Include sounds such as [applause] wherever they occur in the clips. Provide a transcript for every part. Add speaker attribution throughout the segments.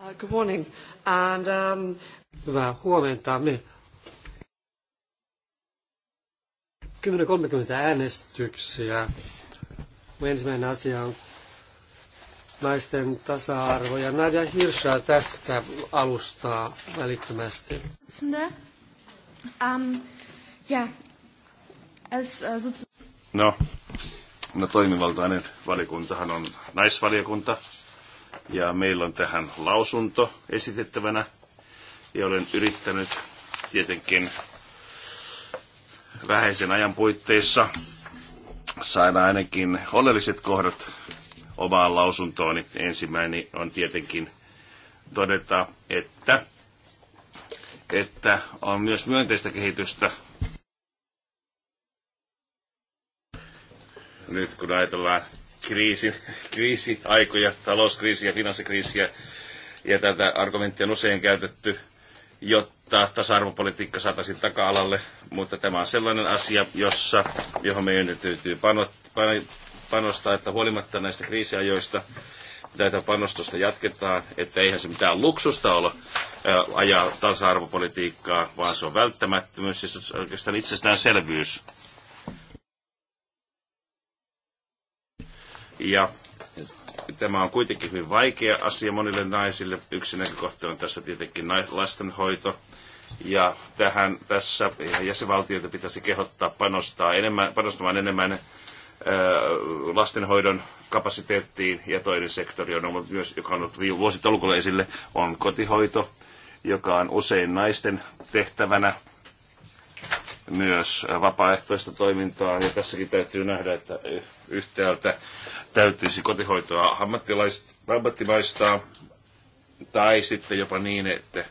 Speaker 1: Uh, good morning. Um, Hyvää huomenta. Me 10.30 äänestyksiä. Mun ensimmäinen asia on naisten tasa-arvo ja Nadja Hirsha tästä alustaa välittömästi. Um, uh,
Speaker 2: no, no toimivaltainen valikuntahan on naisvaliokunta, ja meillä on tähän lausunto esitettävänä ja olen yrittänyt tietenkin vähäisen ajan puitteissa saada ainakin oleelliset kohdat omaan lausuntooni. Ensimmäinen on tietenkin todeta, että, että on myös myönteistä kehitystä. Nyt kun ajatellaan kriisin, kriisiaikoja, talouskriisiä, finanssikriisiä, ja tätä argumenttia on usein käytetty, jotta tasa-arvopolitiikka saataisiin taka-alalle, mutta tämä on sellainen asia, jossa, johon meidän täytyy panostaa, että huolimatta näistä kriisiajoista, tätä panostusta jatketaan, että eihän se mitään luksusta ole ajaa tasa-arvopolitiikkaa, vaan se on välttämättömyys, siis oikeastaan itsestäänselvyys. Ja tämä on kuitenkin hyvin vaikea asia monille naisille. Yksi näkökohta on tässä tietenkin lastenhoito. Ja tähän tässä jäsenvaltioita pitäisi kehottaa panostaa enemmän, panostamaan enemmän lastenhoidon kapasiteettiin ja toinen sektori on ollut myös, joka on ollut vuositolkulla esille, on kotihoito, joka on usein naisten tehtävänä myös vapaaehtoista toimintaa, ja tässäkin täytyy nähdä, että yhtäältä täytyisi kotihoitoa ammattimaistaa, tai sitten jopa niin, että,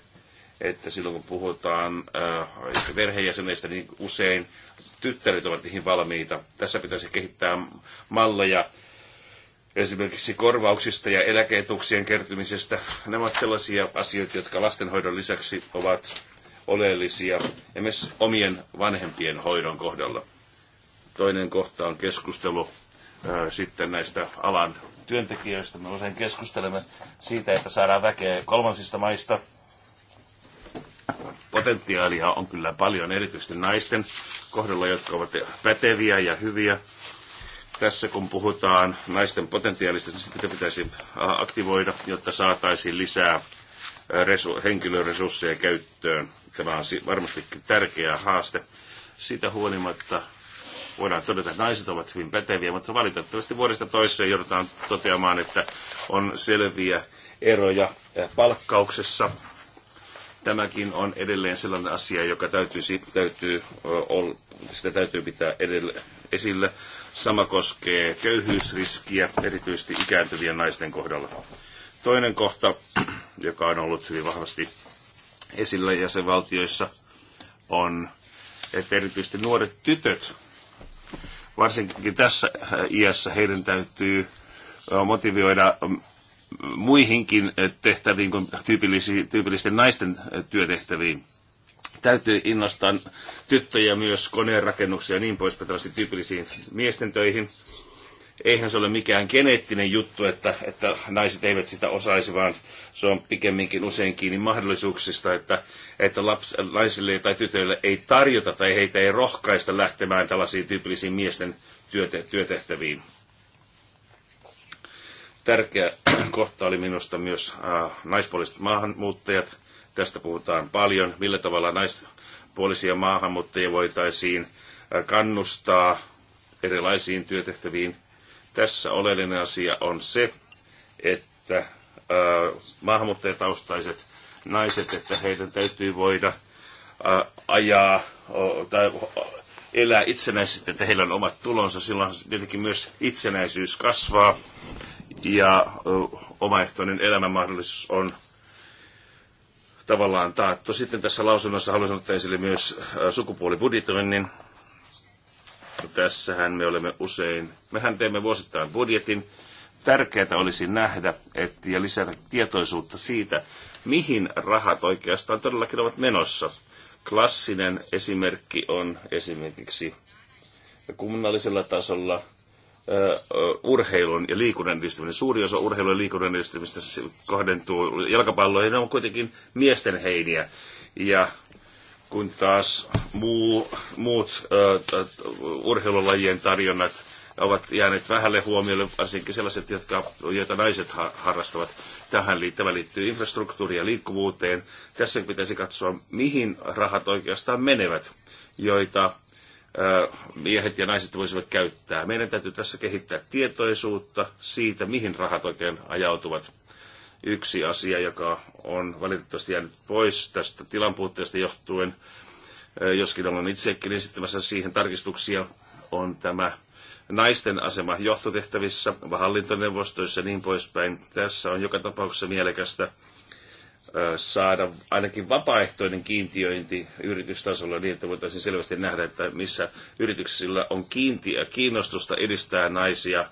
Speaker 2: että silloin kun puhutaan äh, verheenjäsenistä, niin usein tyttärit ovat niihin valmiita. Tässä pitäisi kehittää malleja esimerkiksi korvauksista ja eläkeetuksien kertymisestä. Nämä ovat sellaisia asioita, jotka lastenhoidon lisäksi ovat oleellisia esimerkiksi omien vanhempien hoidon kohdalla. Toinen kohta on keskustelu äh, sitten näistä alan työntekijöistä. Me usein keskustelemme siitä, että saadaan väkeä kolmansista maista. Potentiaalia on kyllä paljon, erityisesti naisten kohdalla, jotka ovat päteviä ja hyviä. Tässä kun puhutaan naisten potentiaalista, niin sitä pitäisi äh, aktivoida, jotta saataisiin lisää henkilöresursseja käyttöön. Tämä on varmastikin tärkeä haaste. Siitä huolimatta voidaan todeta, että naiset ovat hyvin päteviä, mutta valitettavasti vuodesta toiseen joudutaan toteamaan, että on selviä eroja eh, palkkauksessa. Tämäkin on edelleen sellainen asia, joka täytyy täytyy, sitä täytyy pitää edelle, esillä. Sama koskee köyhyysriskiä, erityisesti ikääntyvien naisten kohdalla. Toinen kohta, [clears throat] joka on ollut hyvin vahvasti esillä jäsenvaltioissa on, että erityisesti nuoret tytöt, varsinkin tässä äh, iässä heidän täytyy äh, motivoida mm, muihinkin äh, tehtäviin kuin tyypillisten naisten työtehtäviin. Täytyy innostaa tyttöjä myös rakennuksia ja niin poispäin tällaisiin tyypillisiin miesten töihin eihän se ole mikään geneettinen juttu, että, että naiset eivät sitä osaisi, vaan se on pikemminkin usein kiinni mahdollisuuksista, että, että laps, naisille tai tytöille ei tarjota tai heitä ei rohkaista lähtemään tällaisiin tyypillisiin miesten työte, työtehtäviin. Tärkeä [clears throat] kohta oli minusta myös äh, naispuoliset maahanmuuttajat. Tästä puhutaan paljon, millä tavalla naispuolisia maahanmuuttajia voitaisiin kannustaa erilaisiin työtehtäviin – tässä oleellinen asia on se, että maahanmuuttajataustaiset naiset, että heidän täytyy voida ajaa tai elää itsenäisesti, että heillä on omat tulonsa. Silloin tietenkin myös itsenäisyys kasvaa ja omaehtoinen elämänmahdollisuus on tavallaan taattu. Sitten tässä lausunnossa haluaisin ottaa esille myös sukupuolibudjetoinnin. No tässähän me olemme usein, mehän teemme vuosittain budjetin. Tärkeää olisi nähdä et, ja lisätä tietoisuutta siitä, mihin rahat oikeastaan todellakin ovat menossa. Klassinen esimerkki on esimerkiksi kunnallisella tasolla urheilun ja liikunnan edistäminen. Suuri osa urheilun ja liikunnan edistämistä kohdentuu jalkapalloihin. Ne on kuitenkin miesten heiniä. Ja kun taas muu, muut ö, urheilulajien tarjonnat ovat jääneet vähälle huomiolle, varsinkin sellaiset, jotka, joita naiset harrastavat. Tähän liittyvä liittyy infrastruktuuriin ja liikkuvuuteen. Tässä pitäisi katsoa, mihin rahat oikeastaan menevät, joita miehet ja naiset voisivat käyttää. Meidän täytyy tässä kehittää tietoisuutta siitä, mihin rahat oikein ajautuvat yksi asia, joka on valitettavasti jäänyt pois tästä tilanpuutteesta johtuen, joskin olen itsekin esittämässä siihen tarkistuksia, on tämä naisten asema johtotehtävissä, hallintoneuvostoissa ja niin poispäin. Tässä on joka tapauksessa mielekästä saada ainakin vapaaehtoinen kiintiöinti yritystasolla niin, että voitaisiin selvästi nähdä, että missä yrityksillä on kiintiä kiinnostusta edistää naisia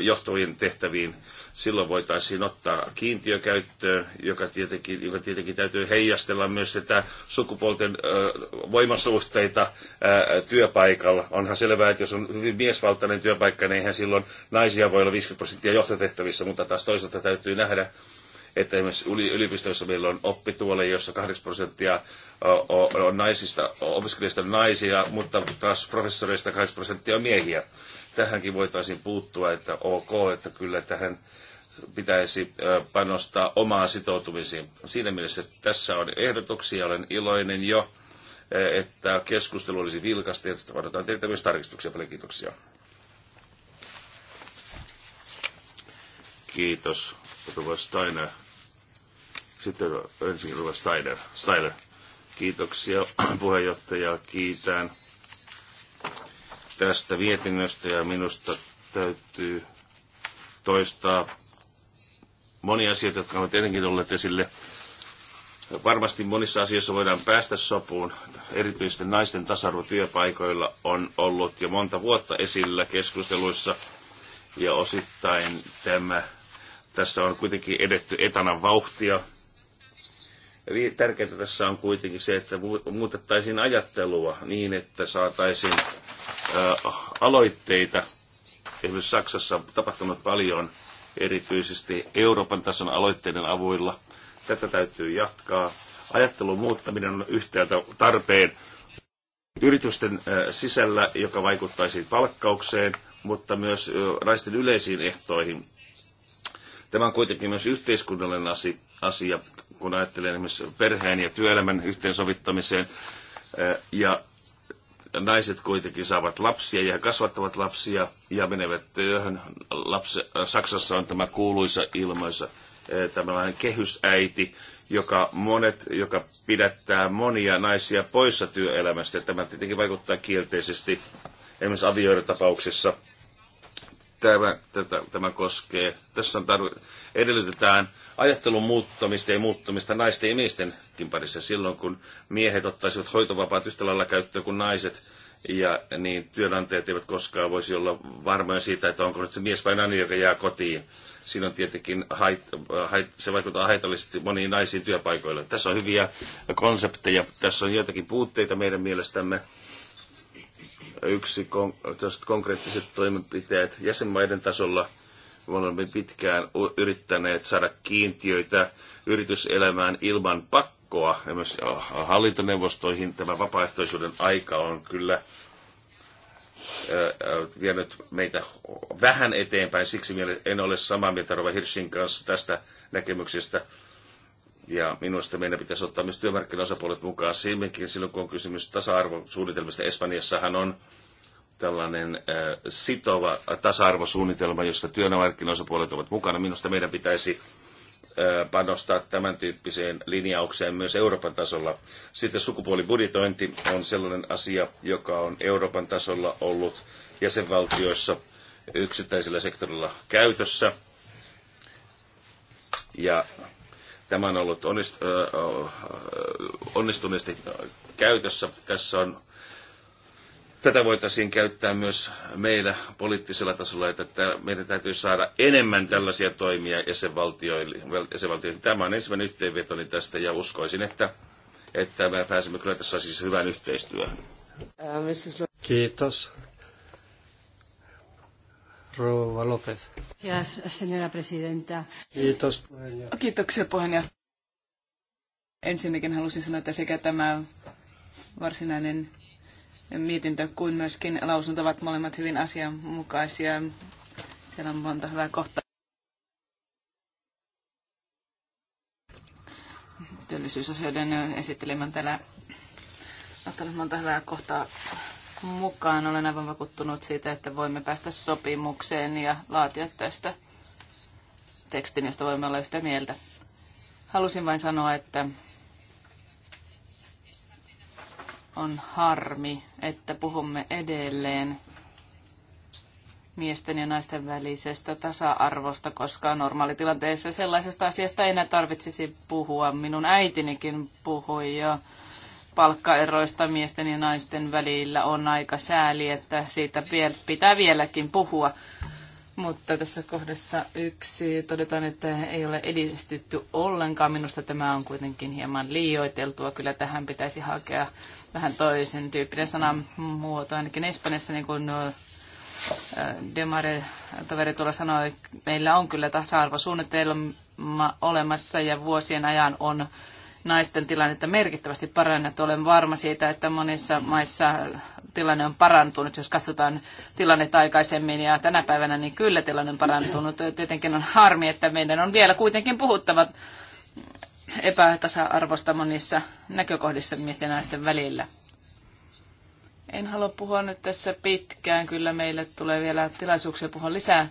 Speaker 2: johtojen tehtäviin silloin voitaisiin ottaa kiintiökäyttöön, joka tietenkin, joka tietenkin täytyy heijastella myös sitä sukupuolten voimasuhteita työpaikalla. Onhan selvää, että jos on hyvin miesvaltainen työpaikka, niin eihän silloin naisia voi olla 50 prosenttia johtotehtävissä, mutta taas toisaalta täytyy nähdä, että esimerkiksi yliopistoissa meillä on oppituoli, jossa 8 prosenttia on naisista, opiskelijoista naisia, mutta taas professoreista 8 prosenttia on miehiä. Tähänkin voitaisiin puuttua, että ok, että kyllä tähän pitäisi panostaa omaan sitoutumisiin. Siinä mielessä tässä on ehdotuksia. Olen iloinen jo, että keskustelu olisi vilkasta ja odotan teiltä myös tarkistuksia. Paljon kiitoksia. Kiitos, Ruva Steiner. Sitten ensin Ruva Steiner. Steiner. Kiitoksia [clears throat] puheenjohtajaa. Kiitän tästä mietinnöstä ja minusta täytyy toistaa monia asioita, jotka ovat tietenkin olleet esille. Varmasti monissa asioissa voidaan päästä sopuun. Erityisesti naisten tasa työpaikoilla on ollut jo monta vuotta esillä keskusteluissa. Ja osittain tämä, tässä on kuitenkin edetty etanan vauhtia. Eli tärkeintä tässä on kuitenkin se, että muutettaisiin ajattelua niin, että saataisiin aloitteita. Esimerkiksi Saksassa on tapahtunut paljon erityisesti Euroopan tason aloitteiden avuilla. Tätä täytyy jatkaa. Ajattelun muuttaminen on yhtäältä tarpeen yritysten sisällä, joka vaikuttaisi palkkaukseen, mutta myös naisten yleisiin ehtoihin. Tämä on kuitenkin myös yhteiskunnallinen asia, kun ajattelee esimerkiksi perheen ja työelämän yhteensovittamiseen ja naiset kuitenkin saavat lapsia ja kasvattavat lapsia ja menevät työhön. Lapsi, Saksassa on tämä kuuluisa ilmaisa eh, tämmöinen kehysäiti, joka monet, joka pidättää monia naisia poissa työelämästä. tämä tietenkin vaikuttaa kielteisesti esimerkiksi tapauksessa tämä, tätä, tämä koskee. Tässä on tarv- edellytetään ajattelun muuttamista ja muuttamista naisten ja miestenkin parissa silloin, kun miehet ottaisivat hoitovapaat yhtä lailla käyttöön kuin naiset, ja niin työnantajat eivät koskaan voisi olla varmoja siitä, että onko nyt se mies vai nainen, joka jää kotiin. Siinä on tietenkin, hait, hait, se vaikuttaa haitallisesti moniin naisiin työpaikoille. Tässä on hyviä konsepteja, tässä on joitakin puutteita meidän mielestämme yksi kon, konkreettiset toimenpiteet jäsenmaiden tasolla. Me olemme pitkään yrittäneet saada kiintiöitä yrityselämään ilman pakkoa. myös äh, hallintoneuvostoihin tämä vapaaehtoisuuden aika on kyllä äh, äh, vienyt meitä vähän eteenpäin. Siksi en ole samaa mieltä Rova Hirsin kanssa tästä näkemyksestä. Ja minusta meidän pitäisi ottaa myös työmarkkinaosapuolet mukaan siihenkin silloin, kun on kysymys tasa-arvosuunnitelmista. Espanjassahan on tällainen äh, sitova tasa-arvosuunnitelma, jossa työmarkkinaosapuolet ovat mukana. Minusta meidän pitäisi äh, panostaa tämän tyyppiseen linjaukseen myös Euroopan tasolla. Sitten sukupuolibudjetointi on sellainen asia, joka on Euroopan tasolla ollut jäsenvaltioissa yksittäisellä sektorilla käytössä. Ja Tämä on ollut onnistuneesti käytössä. Tässä on Tätä voitaisiin käyttää myös meillä poliittisella tasolla, että meidän täytyy saada enemmän tällaisia toimia jäsenvaltioille. jäsenvaltioille. Tämä on ensimmäinen yhteenvetoni tästä ja uskoisin, että, että me pääsemme kyllä tässä siis hyvään yhteistyöhön.
Speaker 1: Äh, Kiitos. Rouva López.
Speaker 3: señora presidenta.
Speaker 1: Kiitos puheenjohtaja.
Speaker 3: Kiitoksia puheenjohtaja. Ensinnäkin halusin sanoa, että sekä tämä varsinainen mietintö kuin myöskin lausunto ovat molemmat hyvin asianmukaisia. Siellä on monta hyvää kohtaa. Työllisyysasioiden esittelemään täällä ottanut monta hyvää kohtaa mukaan. Olen aivan vakuuttunut siitä, että voimme päästä sopimukseen ja laatia tästä tekstin, josta voimme olla yhtä mieltä. Halusin vain sanoa, että on harmi, että puhumme edelleen miesten ja naisten välisestä tasa-arvosta, koska normaalitilanteessa sellaisesta asiasta ei enää tarvitsisi puhua. Minun äitinikin puhui jo palkkaeroista miesten ja naisten välillä on aika sääli, että siitä pitää vieläkin puhua. Mutta tässä kohdassa yksi todetaan, että ei ole edistytty ollenkaan. Minusta tämä on kuitenkin hieman liioiteltua. Kyllä tähän pitäisi hakea vähän toisen tyyppinen muoto. Ainakin Espanjassa, niin kuin Demare-toveri tuolla sanoi, meillä on kyllä tasa-arvosuunnitelma olemassa ja vuosien ajan on naisten tilannetta merkittävästi parannettu. Olen varma siitä, että monissa maissa tilanne on parantunut, jos katsotaan tilannetta aikaisemmin. Ja tänä päivänä niin kyllä tilanne on parantunut. Tietenkin on harmi, että meidän on vielä kuitenkin puhuttava epätasa-arvosta monissa näkökohdissa miesten ja naisten välillä. En halua puhua nyt tässä pitkään, kyllä meille tulee vielä tilaisuuksia puhua lisää,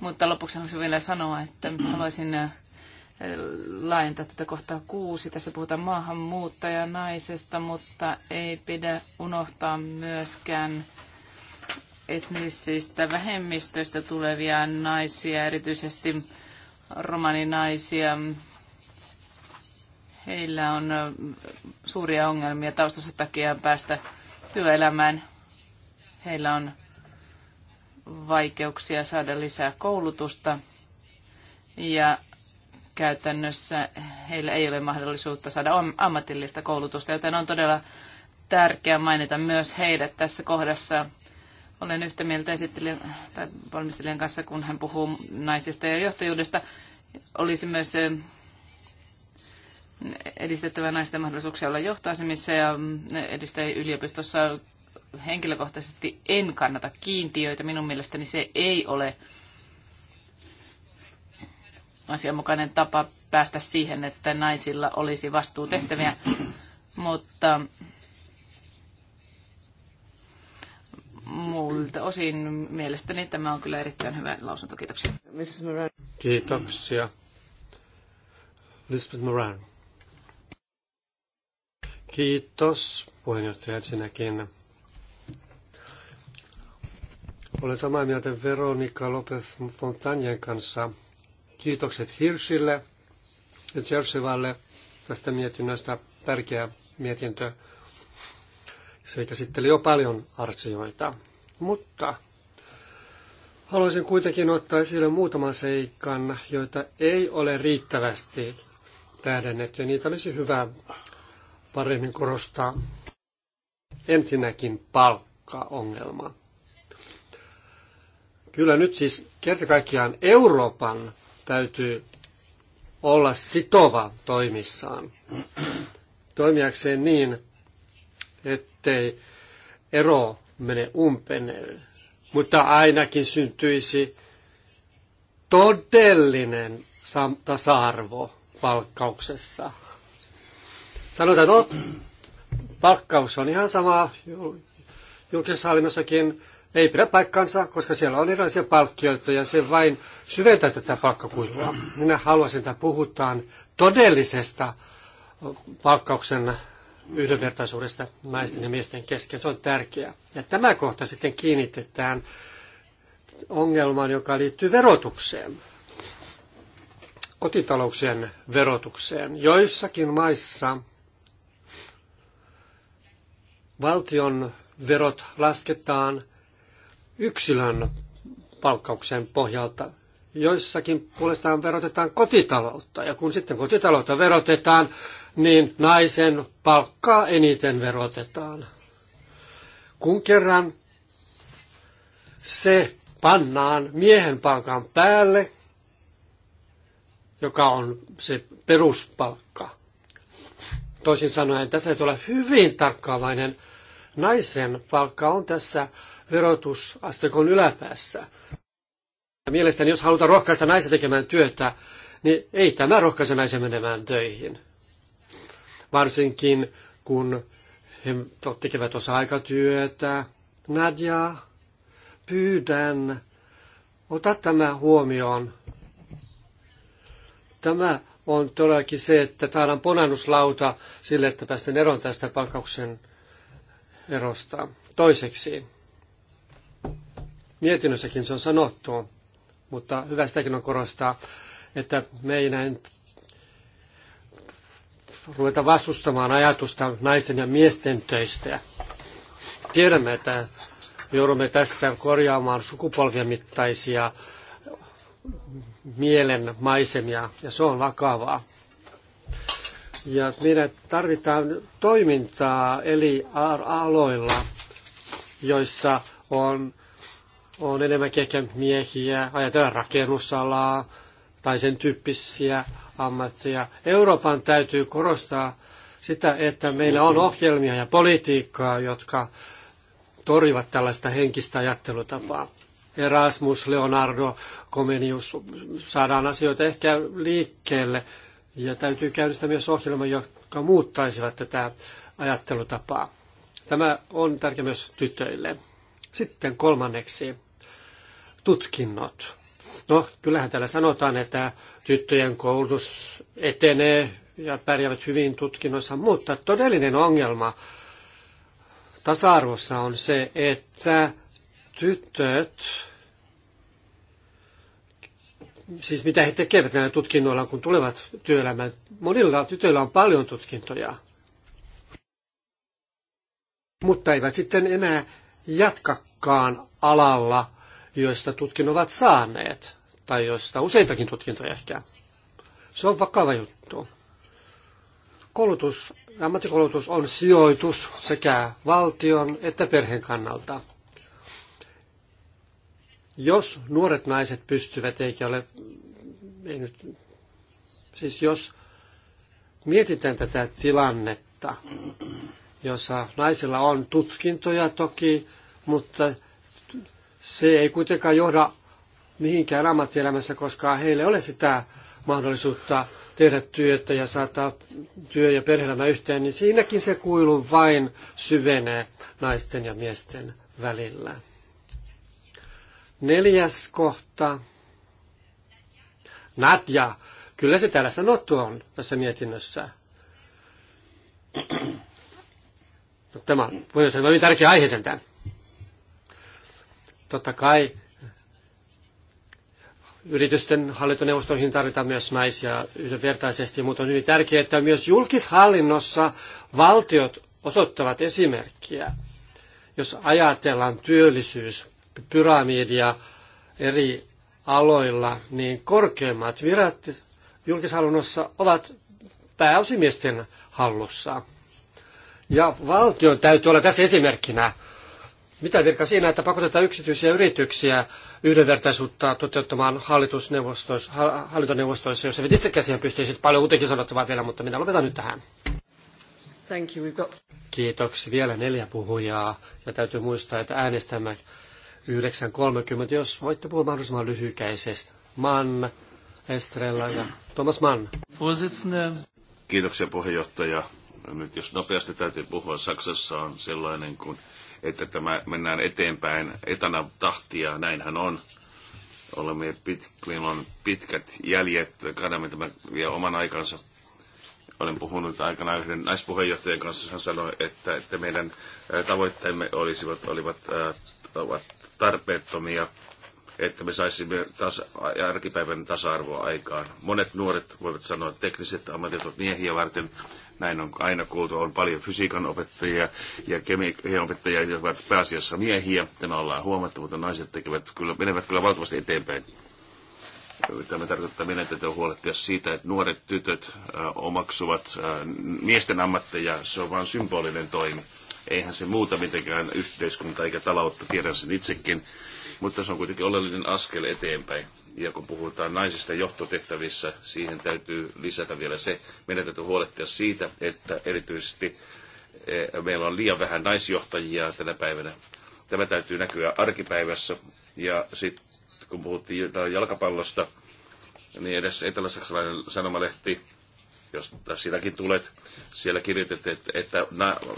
Speaker 3: mutta lopuksi haluaisin vielä sanoa, että haluaisin laajentaa tätä kohtaa kuusi. Tässä puhutaan maahanmuuttajanaisesta, mutta ei pidä unohtaa myöskään etnisistä vähemmistöistä tulevia naisia, erityisesti romaninaisia. Heillä on suuria ongelmia taustansa takia päästä työelämään. Heillä on vaikeuksia saada lisää koulutusta ja käytännössä heillä ei ole mahdollisuutta saada ammatillista koulutusta, joten on todella tärkeää mainita myös heidät tässä kohdassa. Olen yhtä mieltä esittelijän tai valmistelijan kanssa, kun hän puhuu naisista ja johtajuudesta. Olisi myös edistettävä naisten mahdollisuuksia olla johtoasemissa ja edistää yliopistossa henkilökohtaisesti en kannata kiintiöitä. Minun mielestäni se ei ole asianmukainen tapa päästä siihen, että naisilla olisi vastuutehtäviä, mutta muilta osin mielestäni tämä on kyllä erittäin hyvä lausunto.
Speaker 1: Kiitoksia. Kiitoksia. Lisbeth Moran. Kiitos puheenjohtaja ensinnäkin. Olen samaa mieltä Veronika Lopez Fontanien kanssa – Kiitokset Hirsille ja Jersevalle tästä mietinnöstä. Tärkeä mietintö. Se käsitteli jo paljon arsioita. Mutta haluaisin kuitenkin ottaa esille muutaman seikan, joita ei ole riittävästi tähdennetty, ja niitä olisi hyvä paremmin korostaa. Ensinnäkin palkkaongelma. Kyllä nyt siis kerta kaikkiaan Euroopan täytyy olla sitova toimissaan. Toimijakseen niin, ettei ero mene umpeneen, mutta ainakin syntyisi todellinen tasa-arvo palkkauksessa. Sanotaan, no, palkkaus on ihan sama julkisessa hallinnossakin ei pidä paikkaansa, koska siellä on erilaisia palkkioita ja se vain syventää tätä palkkakuilua. Minä haluaisin, että puhutaan todellisesta palkkauksen yhdenvertaisuudesta naisten ja miesten kesken. Se on tärkeää. Ja tämä kohta sitten kiinnitetään ongelmaan, joka liittyy verotukseen, kotitalouksien verotukseen. Joissakin maissa valtion verot lasketaan yksilön palkkauksen pohjalta. Joissakin puolestaan verotetaan kotitaloutta, ja kun sitten kotitaloutta verotetaan, niin naisen palkkaa eniten verotetaan. Kun kerran se pannaan miehen palkan päälle, joka on se peruspalkka. Toisin sanoen, tässä ei ole hyvin tarkkaavainen. Naisen palkka on tässä verotusasteikon yläpäässä. Mielestäni jos halutaan rohkaista naisia tekemään työtä, niin ei tämä rohkaise naisia menemään töihin. Varsinkin kun he tekevät osa-aikatyötä. Nadja, pyydän, ota tämä huomioon. Tämä on todellakin se, että on ponannuslauta sille, että päästään eroon tästä palkauksen erosta. Toiseksi, mietinnössäkin se on sanottu, mutta hyvä sitäkin on korostaa, että me ei näin ruveta vastustamaan ajatusta naisten ja miesten töistä. Tiedämme, että joudumme tässä korjaamaan sukupolvien mittaisia mielen maisemia, ja se on vakavaa. Ja meidän tarvitaan toimintaa eli aloilla, joissa on on enemmänkin ehkä miehiä, ajatellaan rakennusalaa tai sen tyyppisiä ammatteja. Euroopan täytyy korostaa sitä, että meillä on ohjelmia ja politiikkaa, jotka torjuvat tällaista henkistä ajattelutapaa. Erasmus, Leonardo, Comenius, saadaan asioita ehkä liikkeelle ja täytyy käynnistää myös ohjelma, jotka muuttaisivat tätä ajattelutapaa. Tämä on tärkeä myös tytöille. Sitten kolmanneksi tutkinnot. No, kyllähän täällä sanotaan, että tyttöjen koulutus etenee ja pärjäävät hyvin tutkinnoissa, mutta todellinen ongelma tasa-arvossa on se, että tytöt, siis mitä he tekevät näillä tutkinnoilla, kun tulevat työelämään, monilla tytöillä on paljon tutkintoja, mutta eivät sitten enää jatkakaan alalla, joista tutkinnot ovat saaneet, tai joista useitakin tutkintoja ehkä. Se on vakava juttu. Koulutus, ammattikoulutus on sijoitus sekä valtion että perheen kannalta. Jos nuoret naiset pystyvät, eikä ole, ei nyt, siis jos mietitään tätä tilannetta, jossa naisilla on tutkintoja toki, mutta se ei kuitenkaan johda mihinkään ammattielämässä, koska heillä ei ole sitä mahdollisuutta tehdä työtä ja saattaa työ- ja perhe yhteen, niin siinäkin se kuilu vain syvenee naisten ja miesten välillä. Neljäs kohta. Nadja. Kyllä se täällä sanottu on tässä mietinnössä. Tämä on puheenjohtaja hyvin tärkeä aihe sentään. Totta kai yritysten hallintoneuvostoihin tarvitaan myös naisia yhdenvertaisesti, mutta on hyvin tärkeää, että myös julkishallinnossa valtiot osoittavat esimerkkiä. Jos ajatellaan työllisyyspyramidia eri aloilla, niin korkeimmat virat julkishallinnossa ovat pääosimiesten hallussa. Ja valtion täytyy olla tässä esimerkkinä. Mitä virka siinä, että pakotetaan yksityisiä yrityksiä yhdenvertaisuutta toteuttamaan hallitusneuvostoissa, hallintoneuvostoissa, jos eivät itsekään siihen pystyisi. Paljon uutenkin sanottavaa vielä, mutta minä lopetan nyt tähän. Thank you. We've got... Kiitoksia. Vielä neljä puhujaa. Ja täytyy muistaa, että äänestämme 9.30, jos voitte puhua mahdollisimman lyhykäisesti. Mann, Estrella ja Thomas Mann.
Speaker 2: Kiitoksia puheenjohtaja nyt jos nopeasti täytyy puhua, Saksassa on sellainen, kun, että tämä mennään eteenpäin etana tahtia, näinhän on. Olemme pit, meillä on pitkät jäljet, kadamme tämä vie oman aikansa. Olen puhunut aikana yhden naispuheenjohtajan kanssa, hän sanoi, että, että meidän tavoitteemme olisivat, olivat, ovat tarpeettomia että me saisimme tasa, arkipäivän tasa-arvoa aikaan. Monet nuoret voivat sanoa että tekniset ammatit ovat miehiä varten. Näin on aina kuultu. On paljon fysiikan opettajia ja kemian opettajia, jotka ovat pääasiassa miehiä. Tämä ollaan huomattu, mutta naiset tekevät kyllä, menevät kyllä valtavasti eteenpäin. Tämä tarkoittaa meidän täytyy huolehtia siitä, että nuoret tytöt äh, omaksuvat äh, miesten ammatteja. Se on vain symbolinen toimi. Eihän se muuta mitenkään yhteiskunta eikä taloutta, tiedän sen itsekin mutta se on kuitenkin oleellinen askel eteenpäin. Ja kun puhutaan naisista johtotehtävissä, siihen täytyy lisätä vielä se, meidän täytyy huolehtia siitä, että erityisesti eh, meillä on liian vähän naisjohtajia tänä päivänä. Tämä täytyy näkyä arkipäivässä. Ja sitten kun puhuttiin jalkapallosta, niin edes eteläsaksalainen sanomalehti jos sinäkin tulet. Siellä kirjoitit, että, että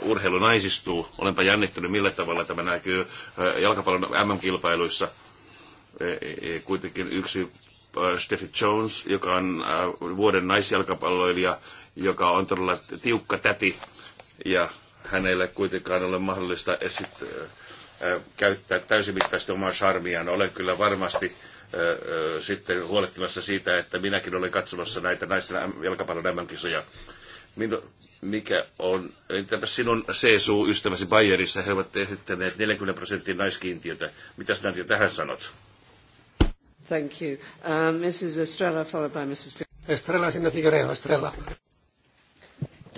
Speaker 2: urheilu naisistuu. Olenpa jännittynyt, millä tavalla tämä näkyy äh, jalkapallon MM-kilpailuissa. E, e, e, kuitenkin yksi äh, Steffi Jones, joka on äh, vuoden naisjalkapalloilija, joka on todella tiukka täti ja hänelle kuitenkaan ole mahdollista esit, käyttää täysimittaisesti omaa charmiaan. Olen kyllä varmasti sitten huolehtimassa siitä, että minäkin olen katsomassa näitä naisten jalkapallon MM-kisoja. Minu, mikä on, entäpä sinun CSU-ystäväsi Bayerissa, he ovat esittäneet 40 prosenttia naiskiintiötä. Mitäs Nadia tähän sanot?
Speaker 1: Thank you. Uh, Mrs. Estrella, followed by Mrs. Estrella, sinne Figueiredo, Estrella.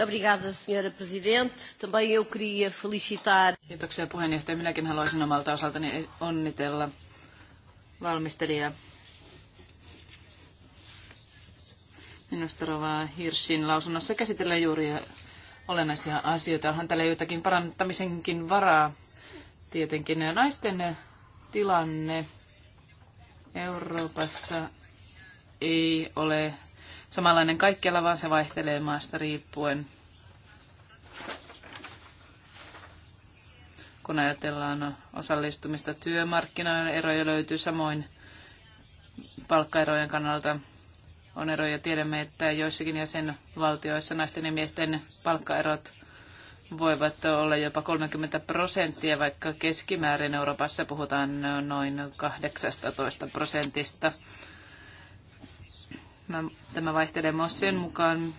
Speaker 3: obrigada, senhora Presidente. Também eu queria felicitar... Kiitoksia puheenjohtaja. Minäkin haluaisin omalta osaltani onnitella valmistelija. Minusta Rova Hirsin lausunnossa käsitellään juuri olennaisia asioita. Onhan täällä jotakin parantamisenkin varaa tietenkin. Naisten tilanne Euroopassa ei ole samanlainen kaikkialla, vaan se vaihtelee maasta riippuen. kun ajatellaan osallistumista työmarkkinoille, eroja löytyy samoin palkkaerojen kannalta on eroja. Tiedämme, että joissakin jäsenvaltioissa naisten ja miesten palkkaerot voivat olla jopa 30 prosenttia, vaikka keskimäärin Euroopassa puhutaan noin 18 prosentista. Tämä vaihtelee sen mukaan,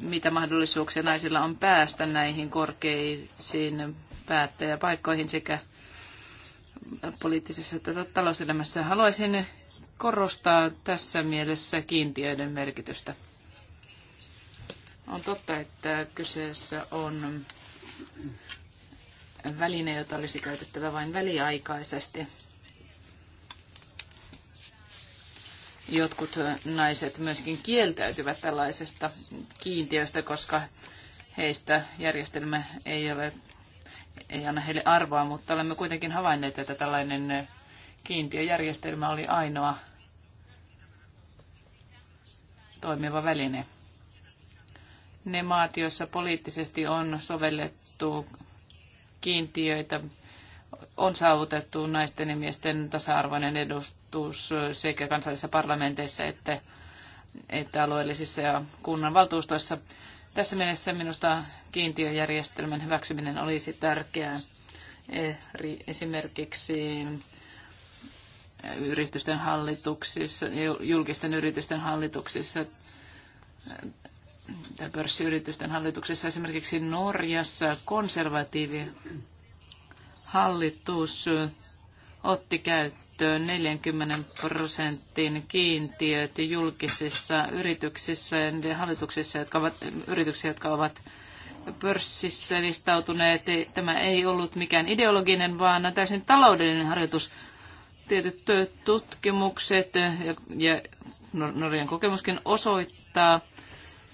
Speaker 3: mitä mahdollisuuksia naisilla on päästä näihin korkeisiin päättäjäpaikkoihin sekä poliittisessa että talouselämässä. Haluaisin korostaa tässä mielessä kiintiöiden merkitystä. On totta, että kyseessä on väline, jota olisi käytettävä vain väliaikaisesti jotkut naiset myöskin kieltäytyvät tällaisesta kiintiöstä, koska heistä järjestelmä ei ole ei anna heille arvoa, mutta olemme kuitenkin havainneet, että tällainen kiintiöjärjestelmä oli ainoa toimiva väline. Ne maat, joissa poliittisesti on sovellettu kiintiöitä on saavutettu naisten ja miesten tasa-arvoinen edustus sekä kansallisissa parlamenteissa että, että alueellisissa ja kunnanvaltuustoissa. Tässä mielessä minusta kiintiöjärjestelmän hyväksyminen olisi tärkeää esimerkiksi yritysten hallituksissa, julkisten yritysten hallituksissa tai pörssiyritysten hallituksissa. Esimerkiksi Norjassa konservatiivi hallitus otti käyttöön 40 prosentin kiintiöt julkisissa yrityksissä ja hallituksissa, jotka ovat, yrityksiä, jotka ovat pörssissä listautuneet. Tämä ei ollut mikään ideologinen, vaan täysin taloudellinen harjoitus. Tietyt tutkimukset ja Norjan kokemuskin osoittaa,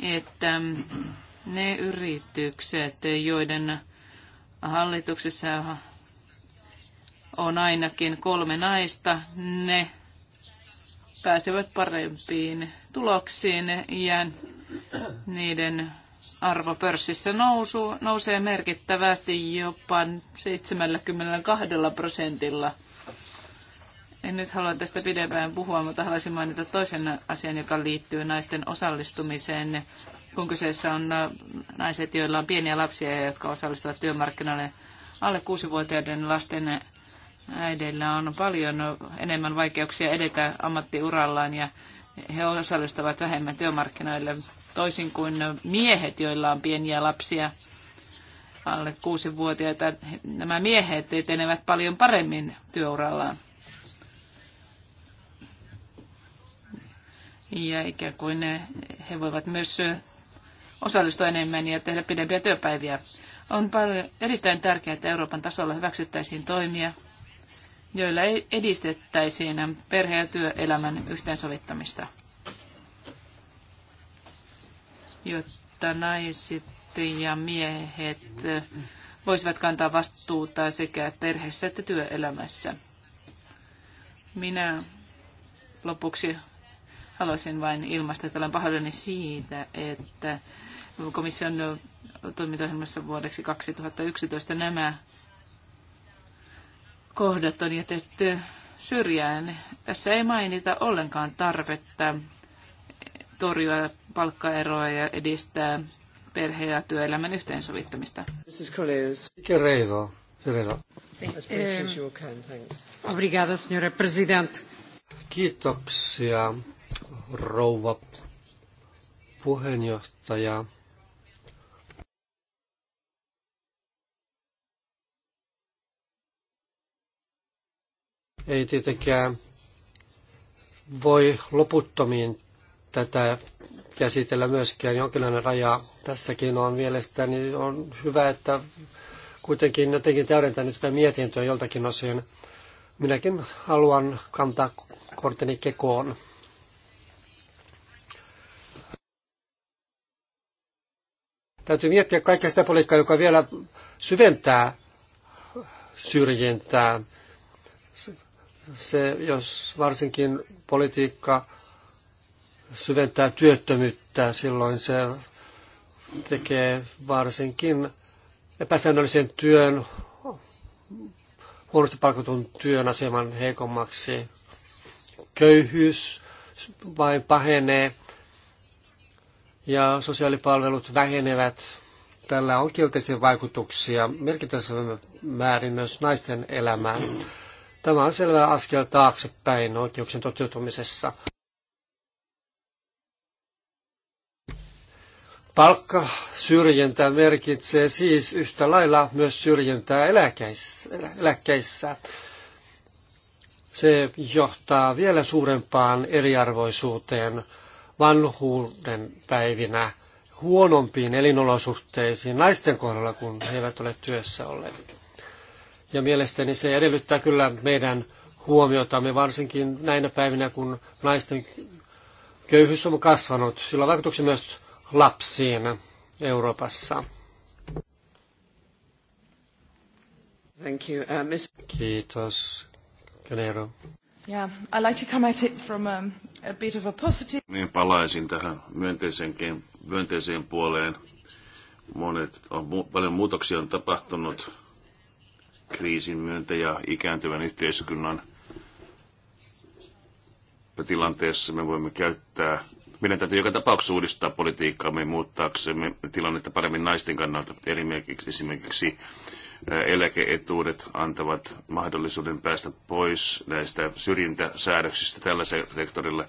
Speaker 3: että ne yritykset, joiden hallituksessa on ainakin kolme naista. Ne pääsevät parempiin tuloksiin ja niiden arvo pörssissä nousu, nousee merkittävästi jopa 72 prosentilla. En nyt halua tästä pidempään puhua, mutta haluaisin mainita toisen asian, joka liittyy naisten osallistumiseen. Kun kyseessä on äh, naiset, joilla on pieniä lapsia ja jotka osallistuvat työmarkkinoille alle 6-vuotiaiden lasten äidillä on paljon enemmän vaikeuksia edetä ammattiurallaan ja he osallistuvat vähemmän työmarkkinoille toisin kuin miehet, joilla on pieniä lapsia alle kuusi kuusi-vuotiaita. Nämä miehet etenevät paljon paremmin työurallaan. Ja ikään kuin ne, he voivat myös osallistua enemmän ja tehdä pidempiä työpäiviä. On paljon erittäin tärkeää, että Euroopan tasolla hyväksyttäisiin toimia, joilla edistettäisiin perhe- ja työelämän yhteensovittamista, jotta naiset ja miehet voisivat kantaa vastuuta sekä perheessä että työelämässä. Minä lopuksi haluaisin vain ilmaista, että olen pahoillani siitä, että komission toimintaohjelmassa vuodeksi 2011 nämä kohdat on jätetty syrjään. Tässä ei mainita ollenkaan tarvetta torjua palkkaeroa ja edistää perhe- ja työelämän yhteensovittamista.
Speaker 1: Mrs. Colliers. Guerreiro. Guerreiro. Obrigada, signora president. Kiitoksia, rouva puheenjohtaja. ei tietenkään voi loputtomiin tätä käsitellä myöskään. Jonkinlainen raja tässäkin on mielestäni. On hyvä, että kuitenkin jotenkin nyt sitä mietintöä joltakin osin. Minäkin haluan kantaa korteni kekoon. Täytyy miettiä kaikkea sitä politiikkaa, joka vielä syventää syrjintää se, jos varsinkin politiikka syventää työttömyyttä, silloin se tekee varsinkin epäsäännöllisen työn, huonosti palkatun työn aseman heikommaksi. Köyhyys vain pahenee ja sosiaalipalvelut vähenevät. Tällä on kielteisiä vaikutuksia merkittävässä määrin myös naisten elämään. Tämä on selvä askel taaksepäin oikeuksien toteutumisessa. Palkka syrjintä merkitsee siis yhtä lailla myös syrjintää eläkkeissä. Se johtaa vielä suurempaan eriarvoisuuteen vanhuuden päivinä huonompiin elinolosuhteisiin naisten kohdalla, kun he eivät ole työssä olleet. Ja mielestäni se edellyttää kyllä meidän huomiotamme, varsinkin näinä päivinä, kun naisten köyhyys on kasvanut. Sillä on vaikutuksia myös lapsiin Euroopassa. Thank you. Uh, Ms. Kiitos. Canero. Yeah,
Speaker 3: I like to come at it from a, um, a bit of a positive...
Speaker 2: Niin palaisin tähän myönteiseen, myönteiseen puoleen. Monet, on, mu, paljon muutoksia on tapahtunut kriisin myöntä ja ikääntyvän yhteiskunnan tilanteessa me voimme käyttää meidän täytyy joka tapauksessa uudistaa politiikkaamme muuttaaksemme tilannetta paremmin naisten kannalta. Esimerkiksi, esimerkiksi eläkeetuudet antavat mahdollisuuden päästä pois näistä syrjintäsäädöksistä tällä sektorilla.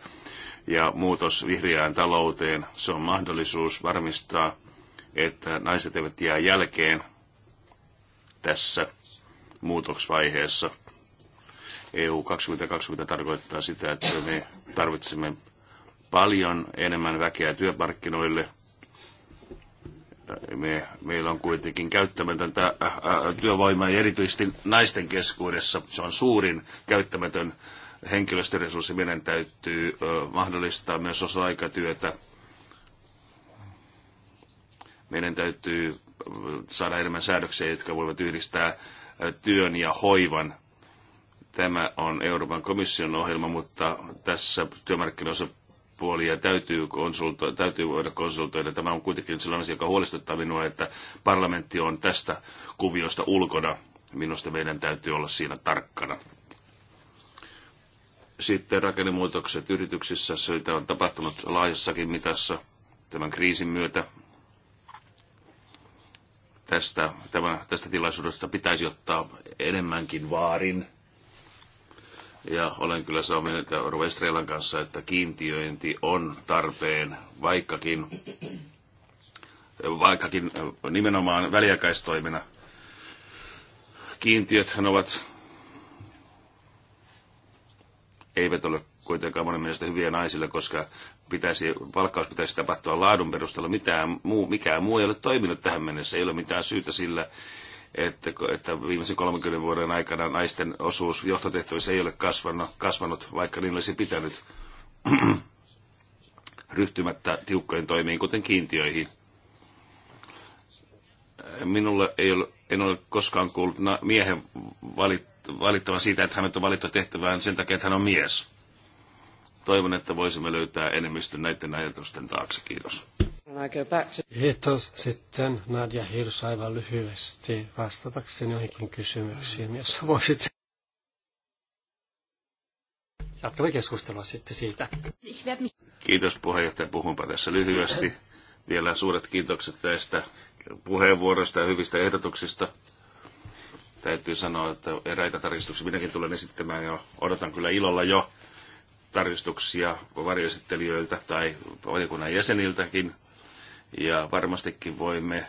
Speaker 2: Ja muutos vihreään talouteen, se on mahdollisuus varmistaa, että naiset eivät jää jälkeen tässä muutoksvaiheessa. EU 2020 tarkoittaa sitä, että me tarvitsemme paljon enemmän väkeä työmarkkinoille. Me, meillä on kuitenkin käyttämätöntä äh, äh, työvoimaa ja erityisesti naisten keskuudessa. Se on suurin käyttämätön henkilöstöresurssi. Meidän täytyy mahdollistaa myös osa-aikatyötä. Meidän täytyy saada enemmän säädöksiä, jotka voivat yhdistää työn ja hoivan. Tämä on Euroopan komission ohjelma, mutta tässä työmarkkinaosapuolia täytyy, konsulto- täytyy voida konsultoida. Tämä on kuitenkin sellainen asia, joka huolestuttaa minua, että parlamentti on tästä kuviosta ulkona. Minusta meidän täytyy olla siinä tarkkana sitten rakennemuutokset yrityksissä, joita on tapahtunut laajassakin mitassa tämän kriisin myötä tästä, tämä, tästä tilaisuudesta pitäisi ottaa enemmänkin vaarin. Ja olen kyllä samaa mieltä Orvo Estrelan kanssa, että kiintiöinti on tarpeen, vaikkakin, vaikkakin nimenomaan väliaikaistoimena. Kiintiöthän ovat, eivät ole kuitenkaan monen mielestä hyviä naisille, koska pitäisi, palkkaus pitäisi tapahtua laadun perusteella. Mitään muu, mikään muu ei ole toiminut tähän mennessä. Ei ole mitään syytä sillä, että, että viimeisen 30 vuoden aikana naisten osuus johtotehtävissä ei ole kasvanut, kasvanut vaikka niin olisi pitänyt [clears throat] ryhtymättä tiukkojen toimiin, kuten kiintiöihin. minulla ei ole, en ole koskaan kuullut miehen valittavan siitä, että hänet on valittu tehtävään sen takia, että hän on mies toivon, että voisimme löytää enemmistön näiden ajatusten taakse. Kiitos.
Speaker 1: Kiitos. Sitten Nadja Hirs aivan lyhyesti vastatakseni joihinkin kysymyksiin, jos voisit. Jatkamme keskustelua sitten siitä.
Speaker 2: Kiitos puheenjohtaja. Puhunpa tässä lyhyesti. Vielä suuret kiitokset tästä puheenvuorosta ja hyvistä ehdotuksista täytyy sanoa, että eräitä tarkistuksia minäkin tulen esittämään ja odotan kyllä ilolla jo tarkistuksia varjoesittelijöiltä tai valiokunnan jäseniltäkin. Ja varmastikin voimme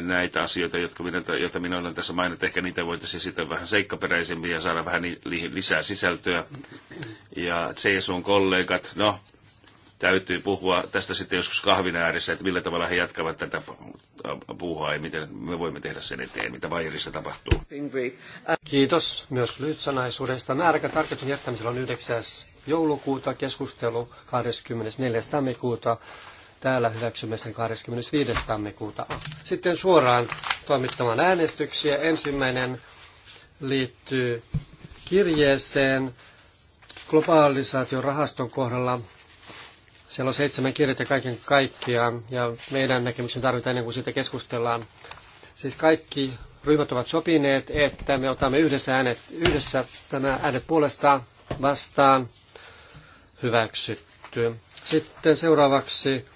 Speaker 2: näitä asioita, jotka minä, joita minä olen tässä mainittu, ehkä niitä voitaisiin sitten vähän seikkaperäisemmin ja saada vähän lisää sisältöä. Ja CSUn kollegat, no täytyy puhua tästä sitten joskus kahvin ääressä, että millä tavalla he jatkavat tätä puuhaa ja miten me voimme tehdä sen eteen, mitä Bayerissa tapahtuu.
Speaker 1: Kiitos myös lyhytsanaisuudesta. Määräkä tarkoituksen jättämisellä on 9. joulukuuta, keskustelu 24. tammikuuta, täällä hyväksymme sen 25. tammikuuta. Sitten suoraan toimittamaan äänestyksiä. Ensimmäinen liittyy kirjeeseen globaalisaation rahaston kohdalla siellä on seitsemän kirjettä kaiken kaikkiaan ja meidän näkemyksen tarvitaan ennen kuin siitä keskustellaan. Siis kaikki ryhmät ovat sopineet, että me otamme yhdessä, äänet, yhdessä tämä äänet puolesta vastaan hyväksytty. Sitten seuraavaksi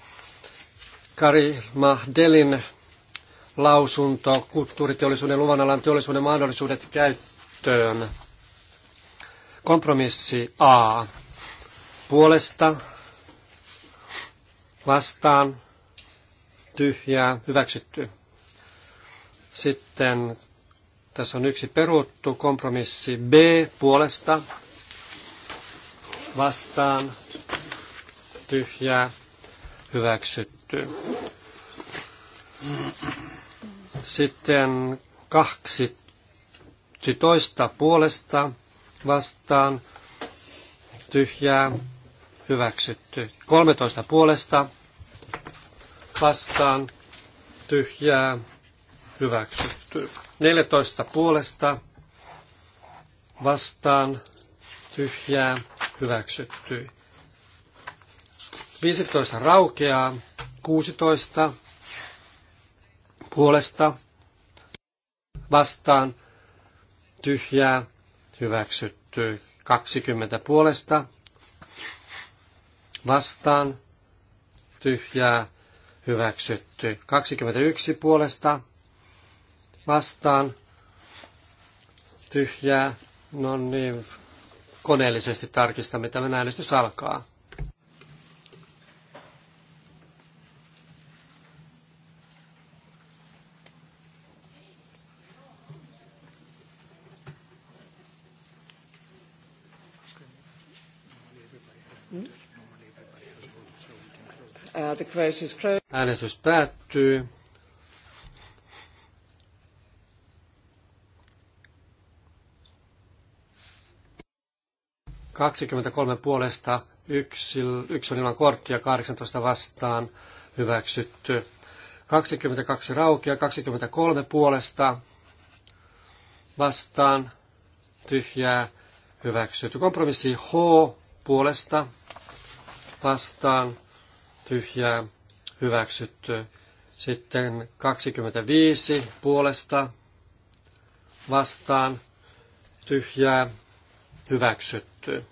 Speaker 1: Kari Mahdelin lausunto kulttuuriteollisuuden luvanalan teollisuuden mahdollisuudet käyttöön. Kompromissi A. Puolesta vastaan, tyhjää, hyväksytty. Sitten tässä on yksi peruttu kompromissi B puolesta, vastaan, tyhjää, hyväksytty. Sitten kaksi toista puolesta vastaan tyhjää hyväksytty. 13 puolesta vastaan tyhjää hyväksytty. 14 puolesta vastaan tyhjää hyväksytty. 15 raukeaa, 16 puolesta vastaan tyhjää hyväksytty. 20 puolesta vastaan, tyhjää, hyväksytty. 21 puolesta vastaan, tyhjää, no niin, koneellisesti tarkistamme, tämä äänestys alkaa. Äänestys päättyy. puolesta, yksi, yksi on ilman korttia, 18 vastaan hyväksytty. 22 raukia, 23 puolesta vastaan tyhjää hyväksytty. Kompromissi H puolesta vastaan tyhjää hyväksytty. Sitten 25 puolesta vastaan tyhjää hyväksytty.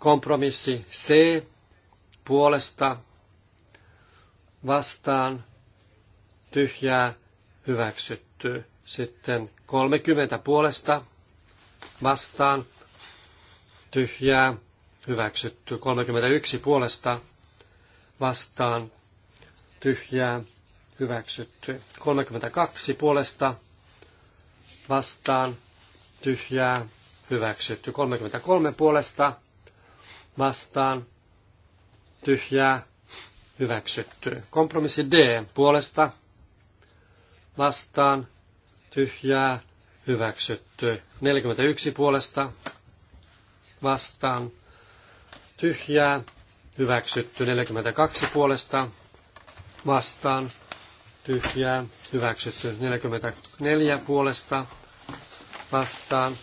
Speaker 1: Kompromissi C puolesta vastaan tyhjää hyväksytty. Sitten 30 puolesta vastaan tyhjää hyväksytty. 31 puolesta vastaan tyhjää hyväksytty. 32 puolesta vastaan tyhjää hyväksytty. 33 puolesta vastaan tyhjää hyväksytty. Kompromissi D puolesta vastaan tyhjää hyväksytty. 41 puolesta vastaan tyhjää hyväksytty 42 puolesta vastaan, tyhjää, hyväksytty 44 puolesta vastaan,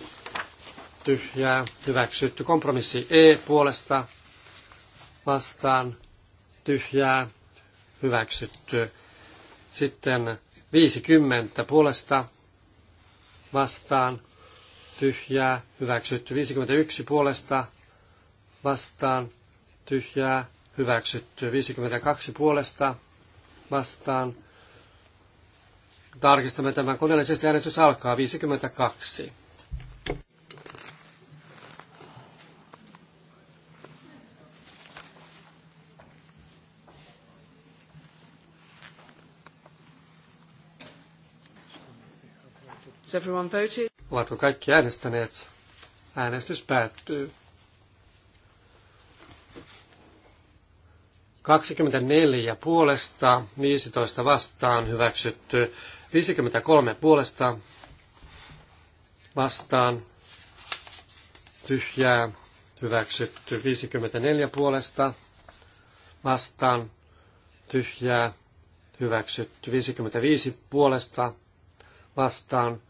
Speaker 1: tyhjää, hyväksytty kompromissi E puolesta vastaan, tyhjää, hyväksytty. Sitten 50 puolesta vastaan, tyhjää, hyväksytty 51 puolesta vastaan, tyhjää hyväksytty. 52 puolesta vastaan. Tarkistamme tämän koneellisesti. Äänestys alkaa 52. Ovatko kaikki äänestäneet? Äänestys päättyy. 24 puolesta, 15 vastaan hyväksytty, 53 puolesta vastaan tyhjää hyväksytty, 54 puolesta vastaan tyhjää hyväksytty, 55 puolesta vastaan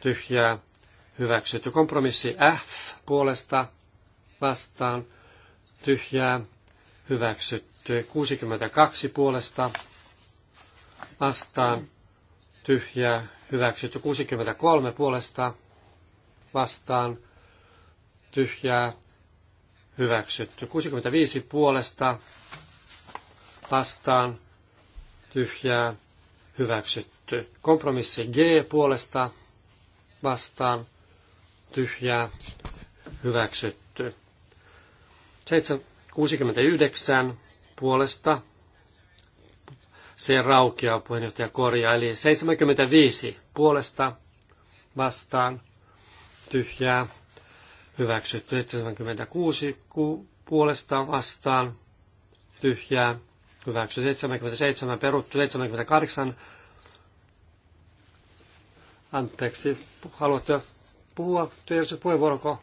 Speaker 1: tyhjää hyväksytty, kompromissi F puolesta vastaan tyhjää hyväksytty. Kuusikymmentäkaksi 62 puolesta vastaan tyhjää hyväksytty. 63 puolesta vastaan tyhjää hyväksytty. 65 puolesta vastaan tyhjää hyväksytty. Kompromissi G puolesta vastaan tyhjää hyväksytty. 769 puolesta. Se raukia puheenjohtaja korjaa. Eli 75 puolesta vastaan tyhjää hyväksytty. 76 puolesta vastaan tyhjää hyväksytty. 77 peruttu. 78 anteeksi. Haluatte puhua työjärjestyspuheenvuoroko?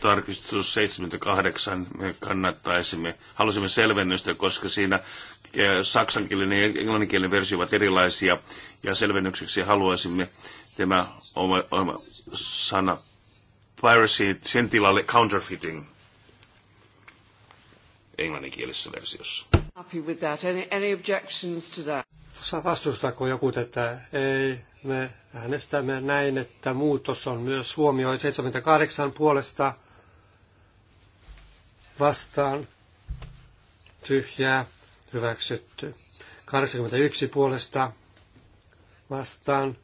Speaker 2: tarkistus 78 me kannattaisimme. Halusimme selvennystä, koska siinä eh, saksankielinen ja englanninkielinen versio ovat erilaisia, ja selvennykseksi haluaisimme tämä oma, oma sana piracy sen tilalle counterfeiting englanninkielisessä versiossa.
Speaker 1: Happy with that. Any, any objections to that? Vastustaako joku tätä? Ei. Me äänestämme näin, että muutos on myös huomioitu 78 puolesta vastaan tyhjää hyväksytty. 81 puolesta vastaan.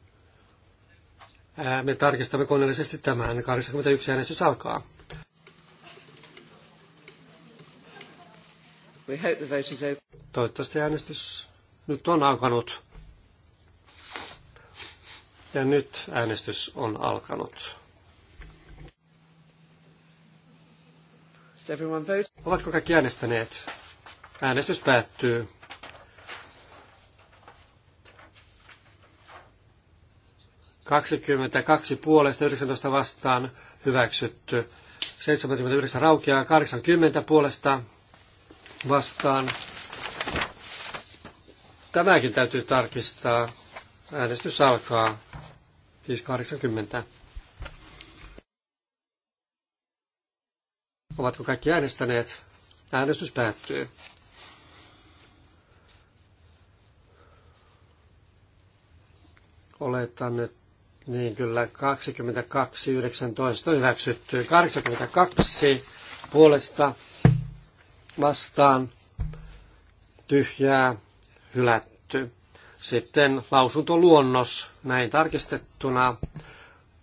Speaker 1: Me tarkistamme koneellisesti tämän. 81 äänestys alkaa. We hope the vote is open. Toivottavasti äänestys nyt on alkanut. Ja nyt äänestys on alkanut. Ovatko kaikki äänestäneet? Äänestys päättyy. Kaksikymmentäkaksi puolesta 19 vastaan hyväksytty. 79 raukeaa 80 puolesta vastaan. Tämäkin täytyy tarkistaa. Äänestys alkaa. Siis 80. Ovatko kaikki äänestäneet? Äänestys päättyy. Oletan, että niin kyllä 22, 19 hyväksytty. 82 puolesta vastaan tyhjää hylätty. Sitten lausuntoluonnos näin tarkistettuna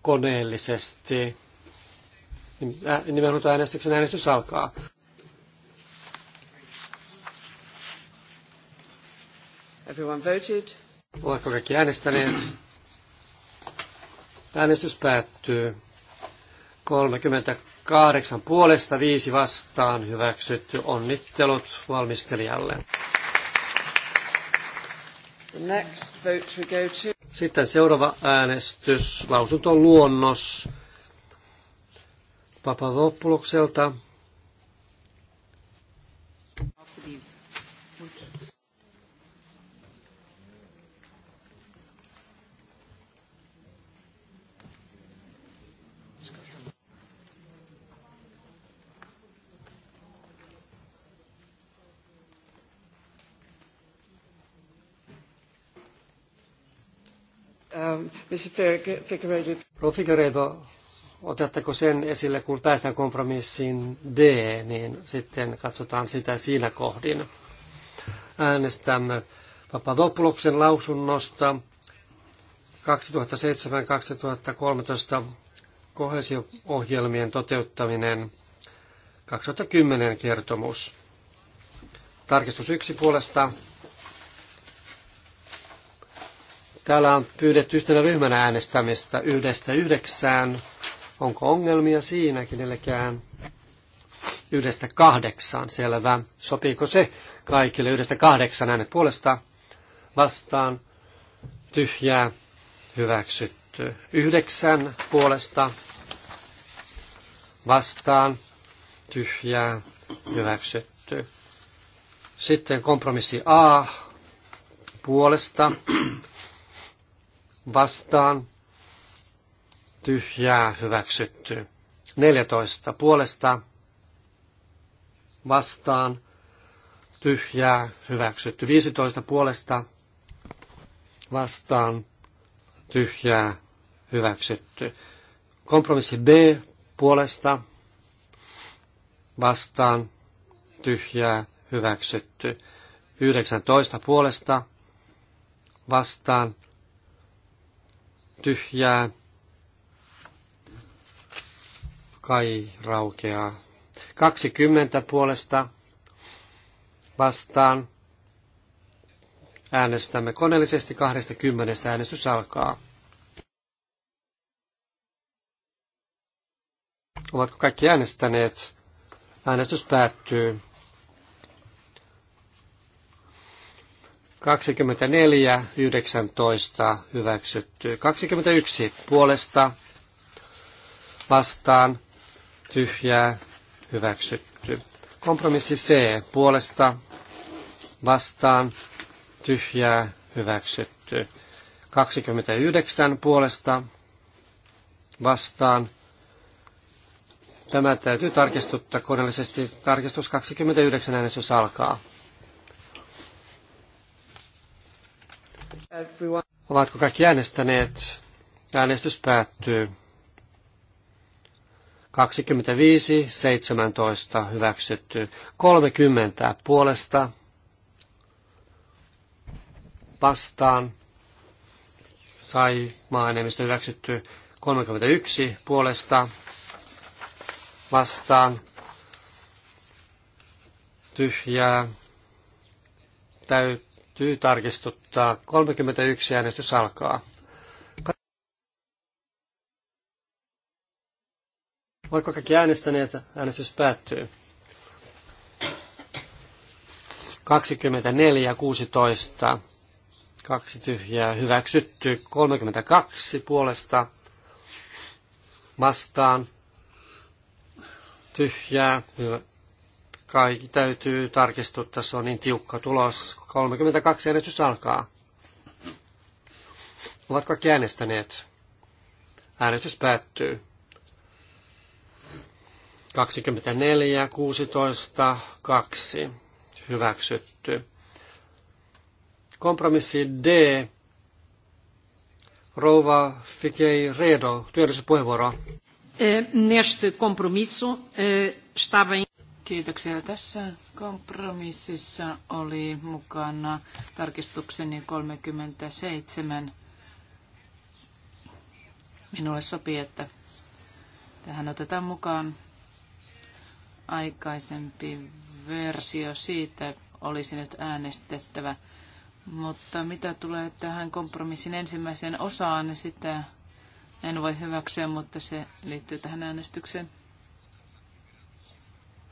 Speaker 1: koneellisesti. Nimenhuuto äänestyksen äänestys alkaa. Everyone voted. Oletko kaikki äänestäneet? Äänestys päättyy. 38 puolesta, 5 vastaan hyväksytty. Onnittelut valmistelijalle. The next vote we go to. Sitten seuraava äänestys, lausunto luonnos. Papadopoulokselta. Um, Mr. Figueredo. Figueredo otatteko sen esille, kun päästään kompromissiin D, niin sitten katsotaan sitä siinä kohdin. Äänestämme Papadopuloksen lausunnosta 2007-2013 kohesio-ohjelmien toteuttaminen 2010 kertomus. Tarkistus yksi puolesta. Täällä on pyydetty yhtenä ryhmänä äänestämistä yhdestä yhdeksään Onko ongelmia siinä kenellekään? Yhdestä kahdeksaan, selvä. Sopiiko se kaikille? Yhdestä kahdeksan äänet puolesta vastaan. Tyhjää hyväksytty. Yhdeksän puolesta vastaan. Tyhjää hyväksytty. Sitten kompromissi A puolesta vastaan tyhjää hyväksytty. 14 puolesta vastaan tyhjää hyväksytty. 15 puolesta vastaan tyhjää hyväksytty. Kompromissi B puolesta vastaan tyhjää hyväksytty. 19 puolesta vastaan tyhjää kai raukeaa. 20 puolesta vastaan äänestämme koneellisesti 20 äänestys alkaa. Ovatko kaikki äänestäneet? Äänestys päättyy. 24, 19 hyväksytty. 21 puolesta vastaan tyhjää, hyväksytty. Kompromissi C puolesta vastaan tyhjää, hyväksytty. 29 puolesta vastaan. Tämä täytyy tarkistuttaa koneellisesti. Tarkistus 29 äänestys alkaa. Ovatko kaikki äänestäneet? Äänestys päättyy. 25, 17 hyväksytty. 30 puolesta vastaan sai maaenemmistö hyväksytty 31 puolesta vastaan tyhjää täytyy tarkistuttaa. 31 äänestys alkaa. Oletko kaikki äänestäneet? Äänestys päättyy. 24, 16, kaksi tyhjää hyväksytty, 32 puolesta vastaan, tyhjää, hyvä. kaikki täytyy tarkistuttaa, se on niin tiukka tulos, 32 äänestys alkaa. Ovatko kaikki äänestäneet? Äänestys päättyy. 24, 16, 2 hyväksytty. Kompromissi D. Rouva Fikei Redo, työllisyyspuheenvuoro.
Speaker 3: Eh, neste kompromissu eh, estava Kiitoksia. Tässä kompromississa oli mukana tarkistukseni 37. Minulle sopii, että tähän otetaan mukaan aikaisempi versio siitä olisi nyt äänestettävä. Mutta mitä tulee tähän kompromissin ensimmäiseen osaan, niin sitä en voi hyväksyä, mutta se liittyy tähän äänestykseen.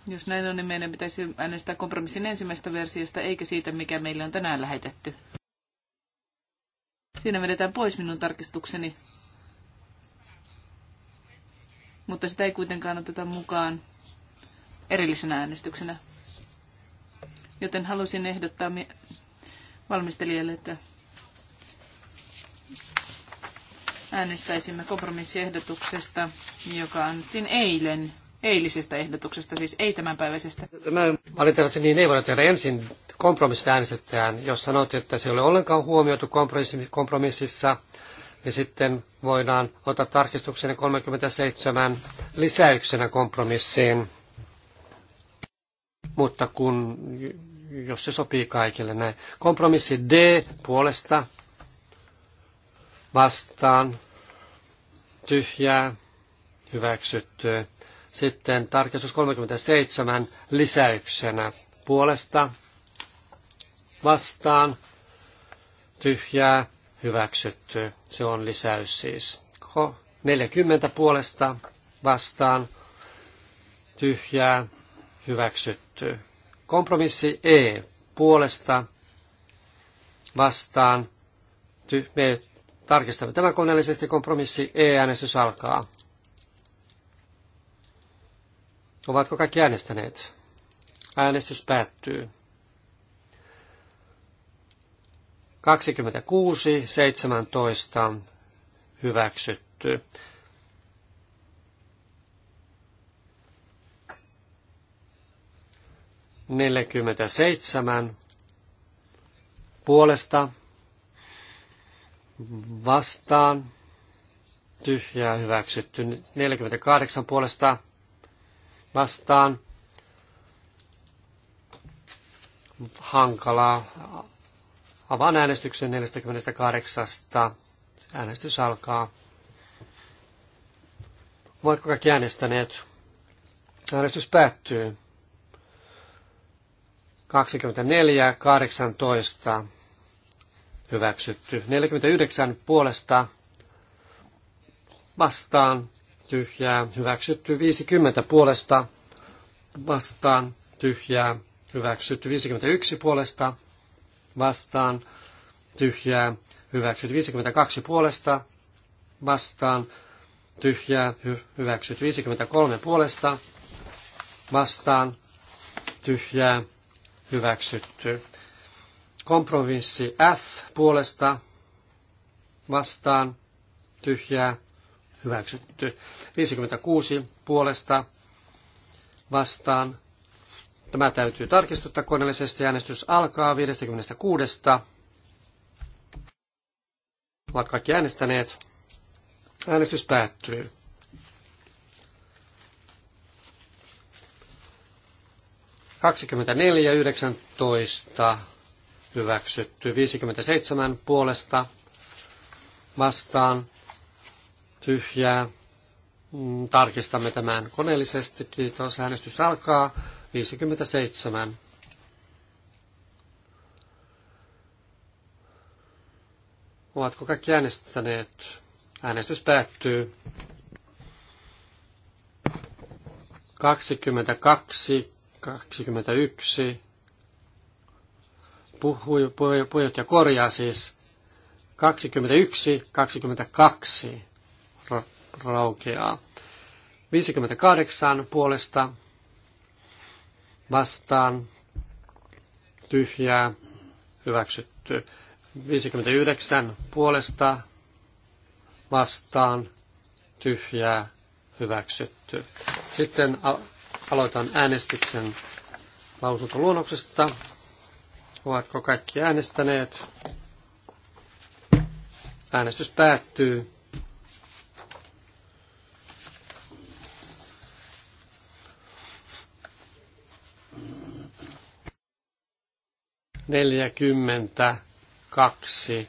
Speaker 3: Jos näin on, niin meidän pitäisi äänestää kompromissin ensimmäisestä versiosta, eikä siitä, mikä meille on tänään lähetetty. Siinä vedetään pois minun tarkistukseni. Mutta sitä ei kuitenkaan oteta mukaan erillisenä äänestyksenä. Joten halusin ehdottaa valmistelijalle, että äänestäisimme kompromissiehdotuksesta, joka annettiin eilen, eilisestä ehdotuksesta, siis ei tämänpäiväisestä.
Speaker 1: Mä valitettavasti niin ei voida tehdä ensin kompromissi äänestetään. Jos sanot, että se ei ole ollenkaan huomioitu kompromississa, niin sitten voidaan ottaa tarkistuksen 37 lisäyksenä kompromissiin mutta kun, jos se sopii kaikille näin. Kompromissi D puolesta vastaan tyhjää hyväksytty. Sitten tarkistus 37 lisäyksenä puolesta vastaan tyhjää hyväksytty. Se on lisäys siis. 40 puolesta vastaan tyhjää hyväksytty Kompromissi E puolesta vastaan. Ty, me tarkistamme tämän koneellisesti. Kompromissi E-äänestys alkaa. Ovatko kaikki äänestäneet? Äänestys päättyy. 26.17 hyväksytty. 47 puolesta vastaan tyhjää hyväksytty 48 puolesta vastaan hankalaa. Avaan äänestyksen 48. Äänestys alkaa. Ovatko kaikki äänestäneet? Äänestys päättyy. 24, 18 hyväksytty. 49 puolesta vastaan tyhjää hyväksytty. 50 puolesta vastaan tyhjää hyväksytty. 51 puolesta vastaan tyhjää hyväksytty. 52 puolesta vastaan tyhjää hyväksytty. 53 puolesta vastaan tyhjää hyväksytty. Kompromissi F puolesta vastaan tyhjää hyväksytty. 56 puolesta vastaan. Tämä täytyy tarkistuttaa koneellisesti. Äänestys alkaa 56. Ovat kaikki äänestäneet. Äänestys päättyy. 24, 19 hyväksytty. 57 puolesta vastaan tyhjää. Mm, tarkistamme tämän koneellisesti. Kiitos. Äänestys alkaa. 57. Ovatko kaikki äänestäneet? Äänestys päättyy. 22 21. Puhui, puheenjohtaja korjaa siis 21, 22 raukeaa. 58 puolesta vastaan tyhjää hyväksytty. 59 puolesta vastaan tyhjää hyväksytty. Sitten Aloitan äänestyksen lausuntoluonnoksesta. Ovatko kaikki äänestäneet? Äänestys päättyy. Neljäkymmentä kaksi.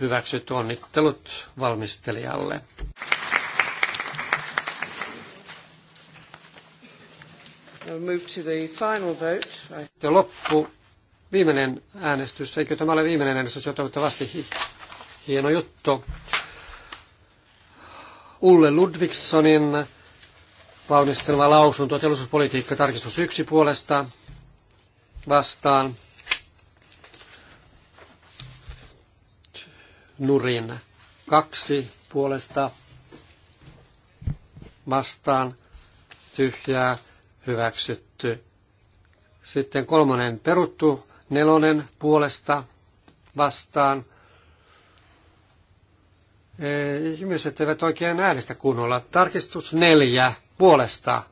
Speaker 1: Hyväksyt onnittelut valmistelijalle. Ja loppu, viimeinen äänestys. Eikö tämä ole viimeinen äänestys? Jo toivottavasti hieno juttu. Ulle Ludvigssonin valmistelma lausunto teollisuuspolitiikka tarkistus yksi puolesta vastaan nurin kaksi puolesta vastaan tyhjää hyväksytty. Sitten kolmonen peruttu, nelonen puolesta vastaan. E, ihmiset eivät oikein äänestä kunnolla. Tarkistus neljä puolesta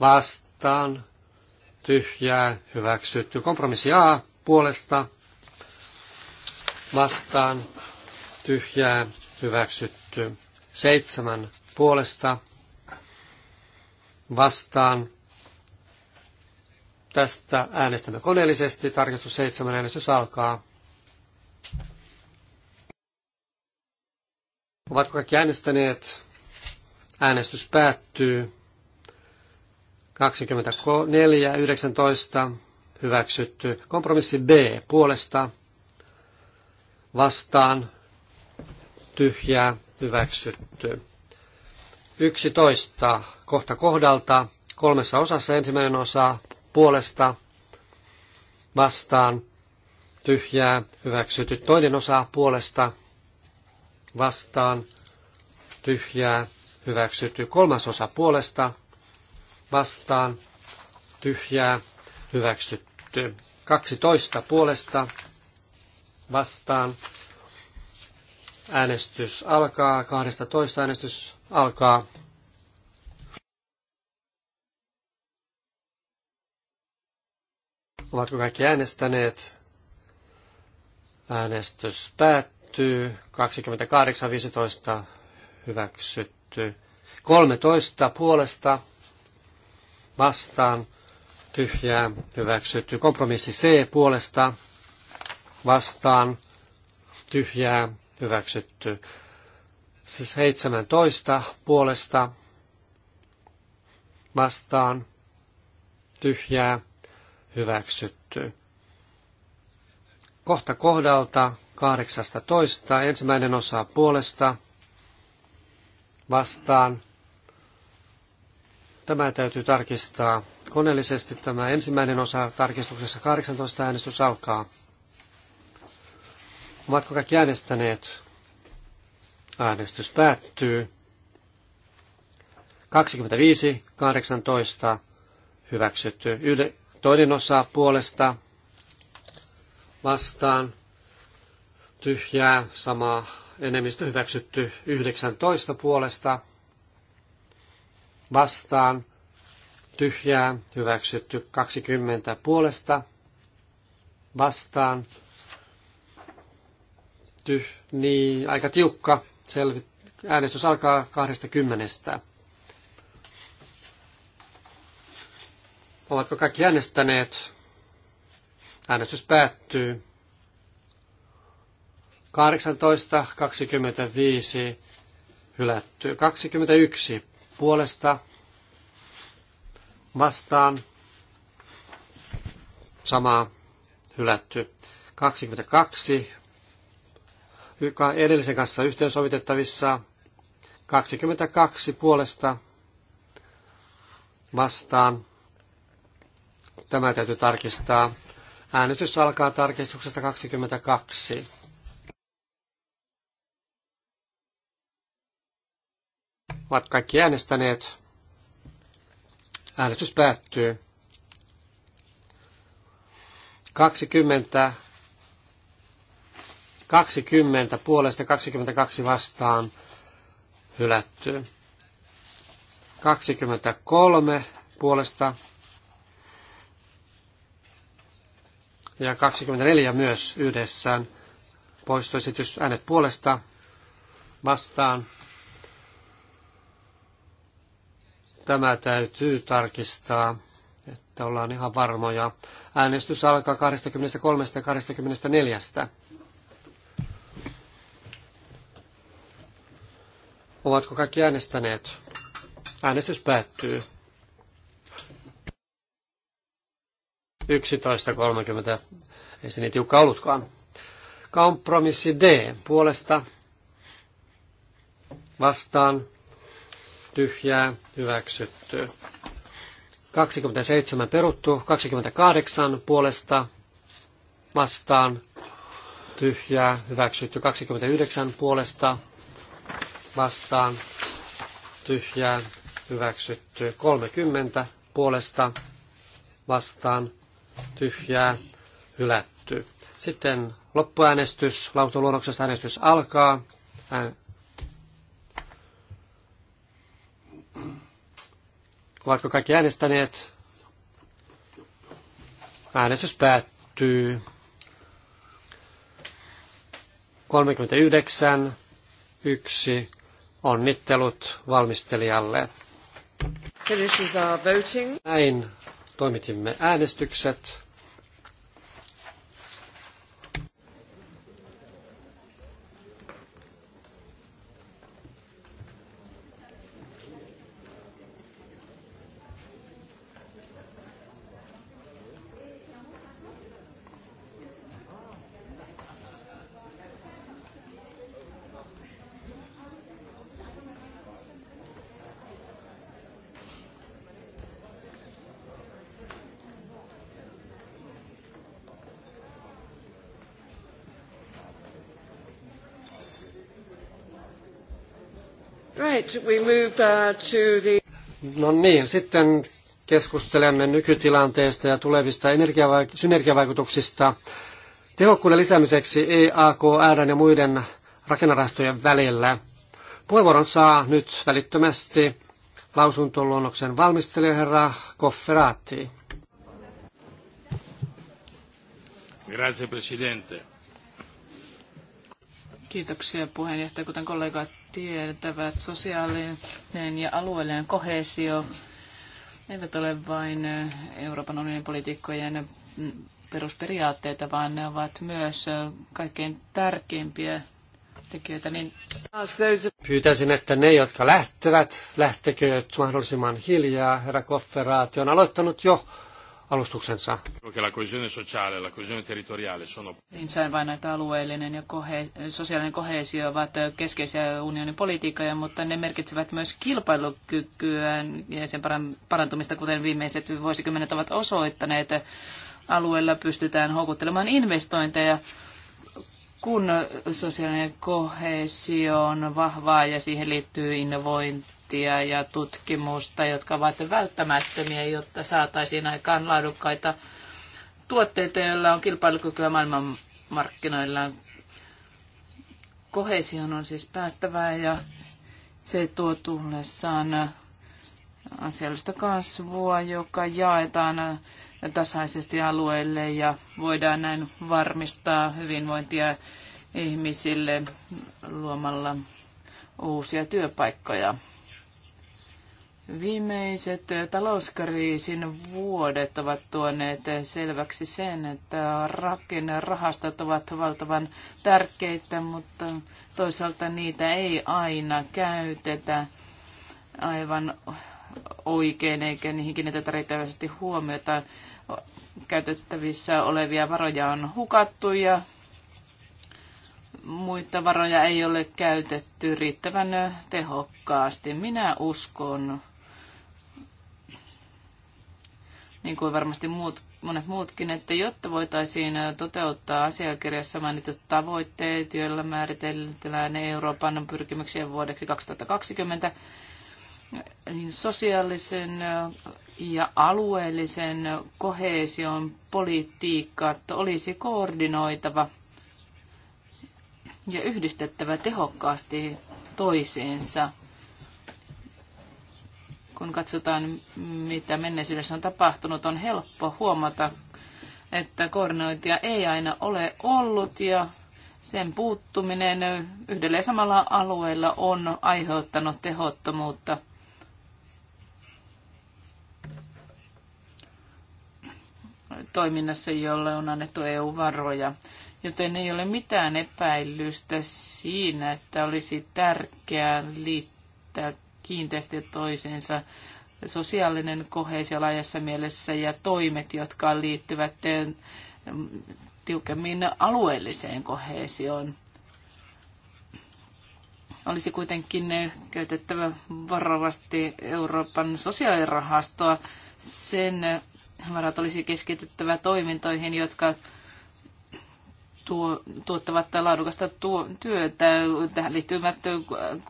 Speaker 1: vastaan. Tyhjää hyväksytty. Kompromissi A puolesta vastaan. Tyhjää hyväksytty. Seitsemän puolesta vastaan Tästä äänestämme koneellisesti. Tarkistus seitsemän äänestys alkaa. Ovatko kaikki äänestäneet? Äänestys päättyy. 24, 19 hyväksytty. Kompromissi B puolesta vastaan tyhjää hyväksytty. 11 kohta kohdalta kolmessa osassa ensimmäinen osa puolesta vastaan tyhjää hyväksytty. Toinen osa puolesta vastaan tyhjää hyväksytty. Kolmas osa puolesta vastaan tyhjää hyväksytty. 12 puolesta vastaan äänestys alkaa. 12 äänestys alkaa. Ovatko kaikki äänestäneet? Äänestys päättyy. 28.15 hyväksytty. 13 puolesta vastaan tyhjää hyväksytty. Kompromissi C puolesta vastaan tyhjää hyväksytty. 17 puolesta vastaan tyhjää hyväksytty. Kohta kohdalta 18. Ensimmäinen osa puolesta vastaan. Tämä täytyy tarkistaa koneellisesti. Tämä ensimmäinen osa tarkistuksessa 18 äänestys alkaa. Ovatko kaikki äänestäneet? Äänestys päättyy. 25, 18, hyväksytty. Toinen osa puolesta vastaan tyhjää, sama enemmistö hyväksytty 19 puolesta vastaan tyhjää, hyväksytty 20 puolesta vastaan. Tyh, niin, aika tiukka selvi, äänestys alkaa 20. Ovatko kaikki äänestäneet? Äänestys päättyy. 18.25 hylätty. 21 puolesta vastaan samaa hylätty. 22 edellisen kanssa yhteensovitettavissa. 22 puolesta vastaan Tämä täytyy tarkistaa. Äänestys alkaa tarkistuksesta 22. Ovat kaikki äänestäneet. Äänestys päättyy. 20, 20 puolesta 22 vastaan hylätty. 23 puolesta ja 24 myös yhdessään. Poistoesitys äänet puolesta vastaan. Tämä täytyy tarkistaa, että ollaan ihan varmoja. Äänestys alkaa 23 ja 24. Ovatko kaikki äänestäneet? Äänestys päättyy. 11.30. Ei se niin tiukka ollutkaan. Kompromissi D puolesta vastaan tyhjää hyväksytty. 27 peruttu, 28 puolesta vastaan tyhjää hyväksytty, 29 puolesta vastaan tyhjää hyväksytty, 30 puolesta vastaan tyhjää, hylätty. Sitten loppuäänestys, lausuntoluonnoksesta äänestys alkaa. Ään... Ovatko kaikki äänestäneet? Äänestys päättyy. 39, 1. Onnittelut valmistelijalle. Näin toimitimme äänestykset Right, we move, uh, to the... No niin, sitten keskustelemme nykytilanteesta ja tulevista synergiavaikutuksista tehokkuuden lisäämiseksi EAKR ja muiden rakennerahastojen välillä. Puheenvuoron saa nyt välittömästi lausuntoluonnoksen valmistelija herra Kofferati.
Speaker 2: Grazie Presidente.
Speaker 1: Kiitoksia
Speaker 3: puheenjohtaja, kuten kollegat tiedettävät sosiaalinen ja alueellinen kohesio eivät ole vain eh, Euroopan unionin politiikkojen mm, perusperiaatteita, vaan ne ovat myös eh, kaikkein tärkeimpiä tekijöitä.
Speaker 1: Niin... Pyytäisin, että ne, jotka lähtevät, lähtekööt mahdollisimman hiljaa. Herra Kofferaatio on aloittanut jo alustuksensa. Niin sain vain,
Speaker 3: että alueellinen ja kohe, sosiaalinen kohesio ovat keskeisiä unionin politiikkoja, mutta ne merkitsevät myös kilpailukykyä ja sen parantumista, kuten viimeiset vuosikymmenet ovat osoittaneet. Alueella pystytään houkuttelemaan investointeja, kun sosiaalinen kohesio on vahvaa ja siihen liittyy innovointi innovointia ja tutkimusta, jotka ovat välttämättömiä, jotta saataisiin aikaan laadukkaita tuotteita, joilla on kilpailukykyä maailmanmarkkinoilla. Kohesion on siis päästävää ja se tuo tullessaan asiallista kasvua, joka jaetaan tasaisesti alueille ja voidaan näin varmistaa hyvinvointia ihmisille luomalla uusia työpaikkoja. Viimeiset talouskriisin vuodet ovat tuoneet selväksi sen, että rakennerahastot ovat valtavan tärkeitä, mutta toisaalta niitä ei aina käytetä aivan oikein eikä niihin kiinnitetä riittävästi huomiota. Käytettävissä olevia varoja on hukattu ja muita varoja ei ole käytetty riittävän tehokkaasti. Minä uskon niin kuin varmasti muut, monet muutkin, että jotta voitaisiin toteuttaa asiakirjassa mainitut tavoitteet, joilla määritellään Euroopan pyrkimyksiä vuodeksi 2020, niin sosiaalisen ja alueellisen kohesion politiikka olisi koordinoitava ja yhdistettävä tehokkaasti toisiinsa – kun katsotaan, mitä menneisyydessä on tapahtunut, on helppo huomata, että koordinointia ei aina ole ollut ja sen puuttuminen yhdellä ja samalla alueella on aiheuttanut tehottomuutta. toiminnassa, jolle on annettu EU-varoja. Joten ei ole mitään epäilystä siinä, että olisi tärkeää liittää kiinteästi toisiinsa sosiaalinen koheisio laajassa mielessä ja toimet, jotka liittyvät eh, tiukemmin alueelliseen koheesioon, Olisi kuitenkin eh, käytettävä varovasti Euroopan sosiaalirahastoa. Sen eh, varat olisi keskitettävä toimintoihin, jotka tuo, tuottavat laadukasta tuo, työtä. Tähän liittyvät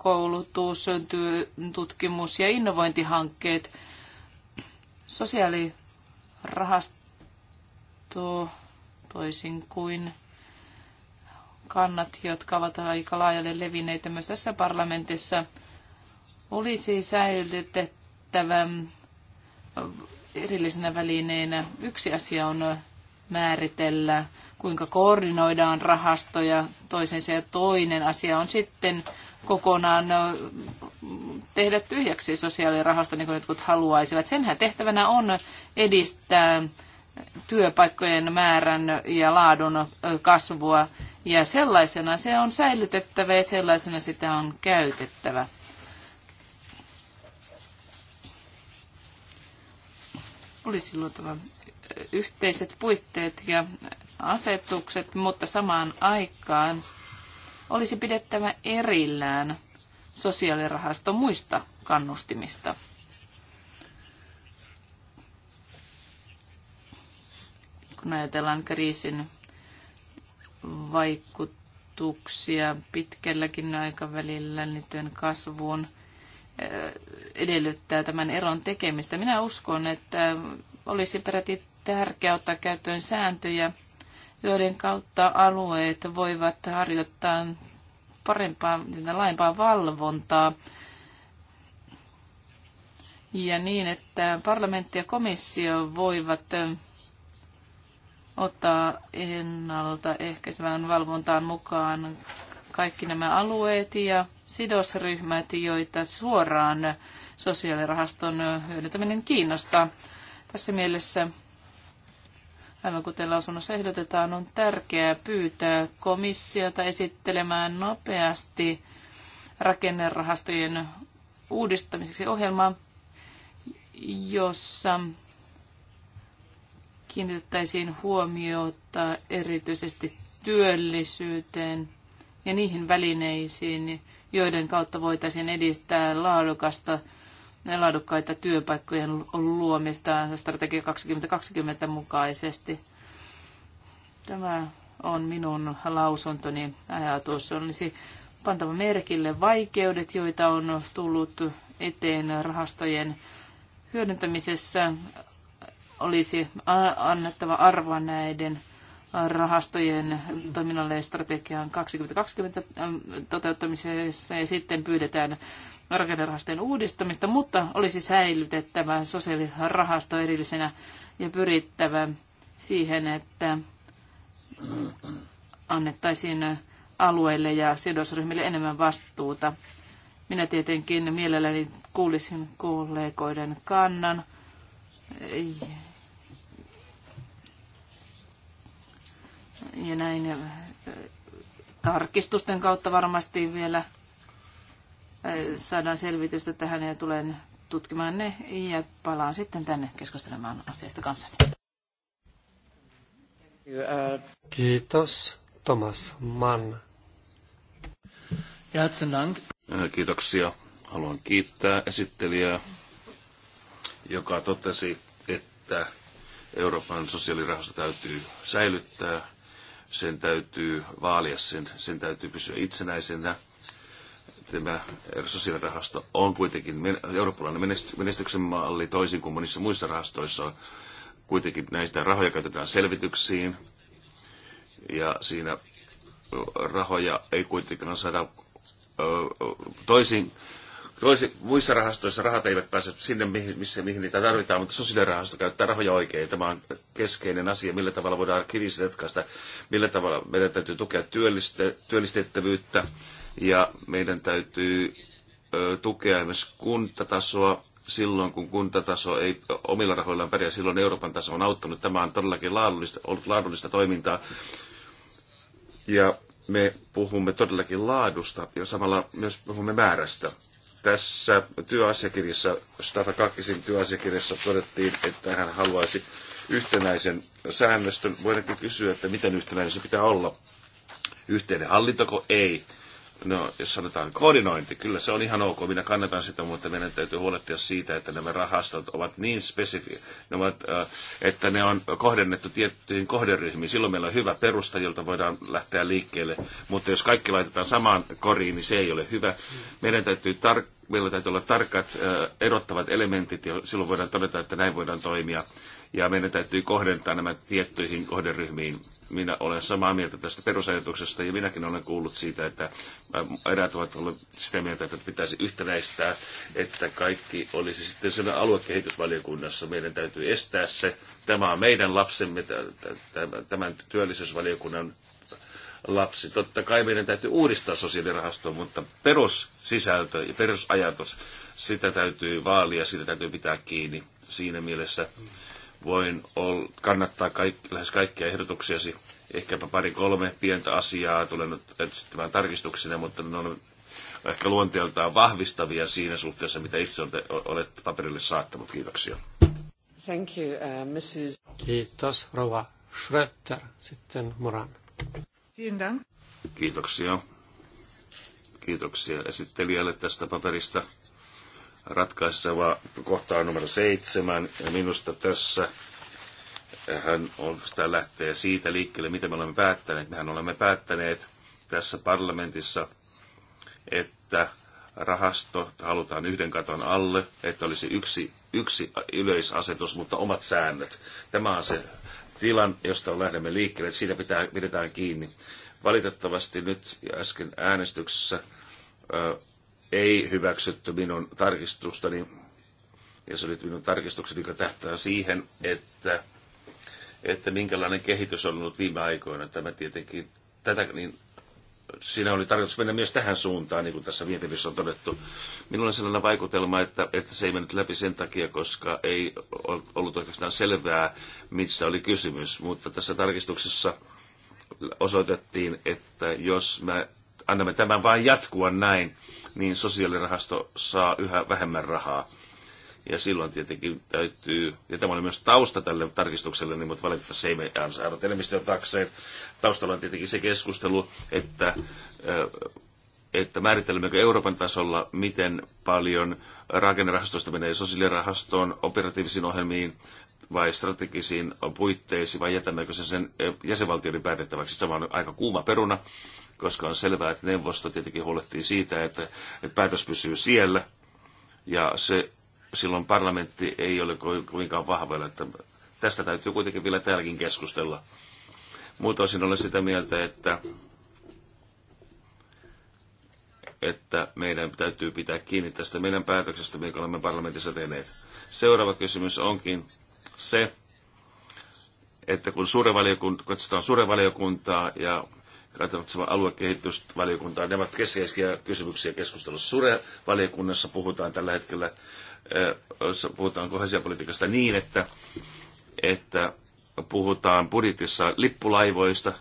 Speaker 3: koulutus, työ, tutkimus ja innovointihankkeet. Sosiaalirahasto toisin kuin kannat, jotka ovat aika laajalle levinneitä myös tässä parlamentissa, olisi säilytettävä erillisenä välineenä. Yksi asia on määritellä kuinka koordinoidaan rahastoja toisensa ja toinen asia on sitten kokonaan tehdä tyhjäksi sosiaalirahasta, niin kuin jotkut haluaisivat. Senhän tehtävänä on edistää työpaikkojen määrän ja laadun kasvua, ja sellaisena se on säilytettävä ja sellaisena sitä on käytettävä. Olisi luotava yhteiset puitteet ja asetukset, mutta samaan aikaan olisi pidettävä erillään sosiaalirahasto muista kannustimista. Kun ajatellaan kriisin vaikutuksia pitkälläkin aikavälillä niin työn kasvuun, eh, edellyttää tämän eron tekemistä. Minä uskon, että olisi peräti tärkeää ottaa käyttöön sääntöjä, joiden kautta alueet voivat harjoittaa parempaa, laajempaa valvontaa ja niin, että parlamentti ja komissio voivat ottaa ennaltaehkäisevän valvontaan mukaan kaikki nämä alueet ja sidosryhmät, joita suoraan sosiaalirahaston hyödyntäminen kiinnostaa. Tässä mielessä Aivan kuten lausunnossa ehdotetaan, on tärkeää pyytää komissiota esittelemään nopeasti rakennerahastojen uudistamiseksi ohjelma, jossa kiinnitettäisiin huomiota erityisesti työllisyyteen ja niihin välineisiin, joiden kautta voitaisiin edistää laadukasta laadukkaita työpaikkojen luomista strategia 2020 mukaisesti. Tämä on minun lausuntoni ajatus. Olisi pantava merkille vaikeudet, joita on tullut eteen rahastojen hyödyntämisessä. Olisi annettava arvoa näiden rahastojen toiminnalle strategian 2020 toteuttamisessa ja sitten pyydetään rakennerahastojen uudistamista, mutta olisi säilytettävä sosiaalirahasto erillisenä ja pyrittävä siihen, että annettaisiin alueille ja sidosryhmille enemmän vastuuta. Minä tietenkin mielelläni kuulisin kollegoiden kannan Ja näin ja tarkistusten kautta varmasti vielä saadaan selvitystä tähän ja tulen tutkimaan ne ja palaan sitten tänne keskustelemaan asiasta kanssani.
Speaker 1: Kiitos, Thomas Mann. Dank.
Speaker 2: Kiitoksia. Haluan kiittää esittelijää, joka totesi, että Euroopan sosiaalirahasto täytyy säilyttää sen täytyy vaalia sen, sen täytyy pysyä itsenäisenä. Tämä sosiaalirahasto on kuitenkin eurooppalainen menestyksen malli toisin kuin monissa muissa rahastoissa on. Kuitenkin näistä rahoja käytetään selvityksiin ja siinä rahoja ei kuitenkaan saada toisin Toisi, muissa rahastoissa rahat eivät pääse sinne, mihin, missä, mihin niitä tarvitaan, mutta sosiaalirahasto käyttää rahoja oikein. Tämä on keskeinen asia, millä tavalla voidaan kivisetkaista, millä tavalla meidän täytyy tukea työlliste, työllistettävyyttä ja meidän täytyy ö, tukea myös kuntatasoa silloin, kun kuntataso ei omilla rahoillaan pärjää, silloin Euroopan taso on auttanut. Tämä on todellakin laadullista, ollut laadullista toimintaa. Ja me puhumme todellakin laadusta ja samalla myös puhumme määrästä. Tässä työasiakirjassa, Statakakisin työasiakirjassa todettiin, että hän haluaisi yhtenäisen säännöstön. Voidaankin kysyä, että miten yhtenäinen se pitää olla. Yhteinen hallintako? Ei. No, jos sanotaan koordinointi, kyllä se on ihan ok, minä kannatan sitä, mutta meidän täytyy huolehtia siitä, että nämä rahastot ovat niin spesifiä, ne ovat, että ne on kohdennettu tiettyihin kohderyhmiin. Silloin meillä on hyvä perusta, jolta voidaan lähteä liikkeelle, mutta jos kaikki laitetaan samaan koriin, niin se ei ole hyvä. Meidän täytyy tar- meillä täytyy olla tarkat erottavat elementit, ja silloin voidaan todeta, että näin voidaan toimia. Ja meidän täytyy kohdentaa nämä tiettyihin kohderyhmiin minä olen samaa mieltä tästä perusajatuksesta ja minäkin olen kuullut siitä, että äh, eräät ovat olleet sitä mieltä, että pitäisi yhtenäistää, että kaikki olisi sitten siellä aluekehitysvaliokunnassa. Meidän täytyy estää se. Tämä on meidän lapsemme, tämän työllisyysvaliokunnan lapsi. Totta kai meidän täytyy uudistaa sosiaalirahastoa, mutta perussisältö ja perusajatus, sitä täytyy vaalia, sitä täytyy pitää kiinni siinä mielessä voin ol, kannattaa kaik, lähes kaikkia ehdotuksiasi. Ehkäpä pari kolme pientä asiaa tulen esittämään tarkistuksena, mutta ne on ehkä luonteeltaan vahvistavia siinä suhteessa, mitä itse olet paperille saattanut. Kiitoksia.
Speaker 1: Thank you, uh, Mrs. Kiitos, rouva Schröter. Sitten Moran.
Speaker 2: Kiitoksia. Kiitoksia esittelijälle tästä paperista ratkaiseva kohta on numero seitsemän. Ja minusta tässä hän on, tämä lähtee siitä liikkeelle, mitä me olemme päättäneet. Mehän olemme päättäneet tässä parlamentissa, että rahasto halutaan yhden katon alle, että olisi yksi, yksi yleisasetus, mutta omat säännöt. Tämä on se tilan, josta lähdemme liikkeelle, että siitä pitää, pidetään kiinni. Valitettavasti nyt äsken äänestyksessä ei hyväksytty minun tarkistustani, ja se oli minun tarkistukseni, joka tähtää siihen, että, että minkälainen kehitys on ollut viime aikoina. Tämä tietenkin, tätä, niin siinä oli tarkoitus mennä myös tähän suuntaan, niin kuin tässä mietinnössä on todettu. Minulla on sellainen vaikutelma, että, että se ei mennyt läpi sen takia, koska ei ollut oikeastaan selvää, mistä oli kysymys. Mutta tässä tarkistuksessa osoitettiin, että jos mä annamme tämän vain jatkua näin, niin sosiaalirahasto saa yhä vähemmän rahaa. Ja silloin tietenkin täytyy, ja tämä oli myös tausta tälle tarkistukselle, niin, mutta valitettavasti se ei me saanut enemmistön takseen. Taustalla on tietenkin se keskustelu, että, että määrittelemmekö Euroopan tasolla, miten paljon rakennerahastosta menee sosiaalirahastoon, operatiivisiin ohjelmiin, vai strategisiin puitteisiin, vai jätämmekö se sen jäsenvaltioiden päätettäväksi. Tämä on aika kuuma peruna, koska on selvää, että neuvosto tietenkin huolehtii siitä, että, että päätös pysyy siellä, ja se, silloin parlamentti ei ole kovinkaan vahvoilla, että tästä täytyy kuitenkin vielä täälläkin keskustella. Muuta osin olen sitä mieltä, että, että meidän täytyy pitää kiinni tästä meidän päätöksestä, minkä olemme parlamentissa tehneet. Seuraava kysymys onkin se, että kun suurevaliokunta, katsotaan suurevaliokuntaa ja katsomaan aluekehitysvaliokuntaa. Ne ovat keskeisiä kysymyksiä keskustelussa. Sure-valiokunnassa puhutaan tällä hetkellä, eh, puhutaan kohesiapolitiikasta niin, että, että puhutaan budjetissa lippulaivoista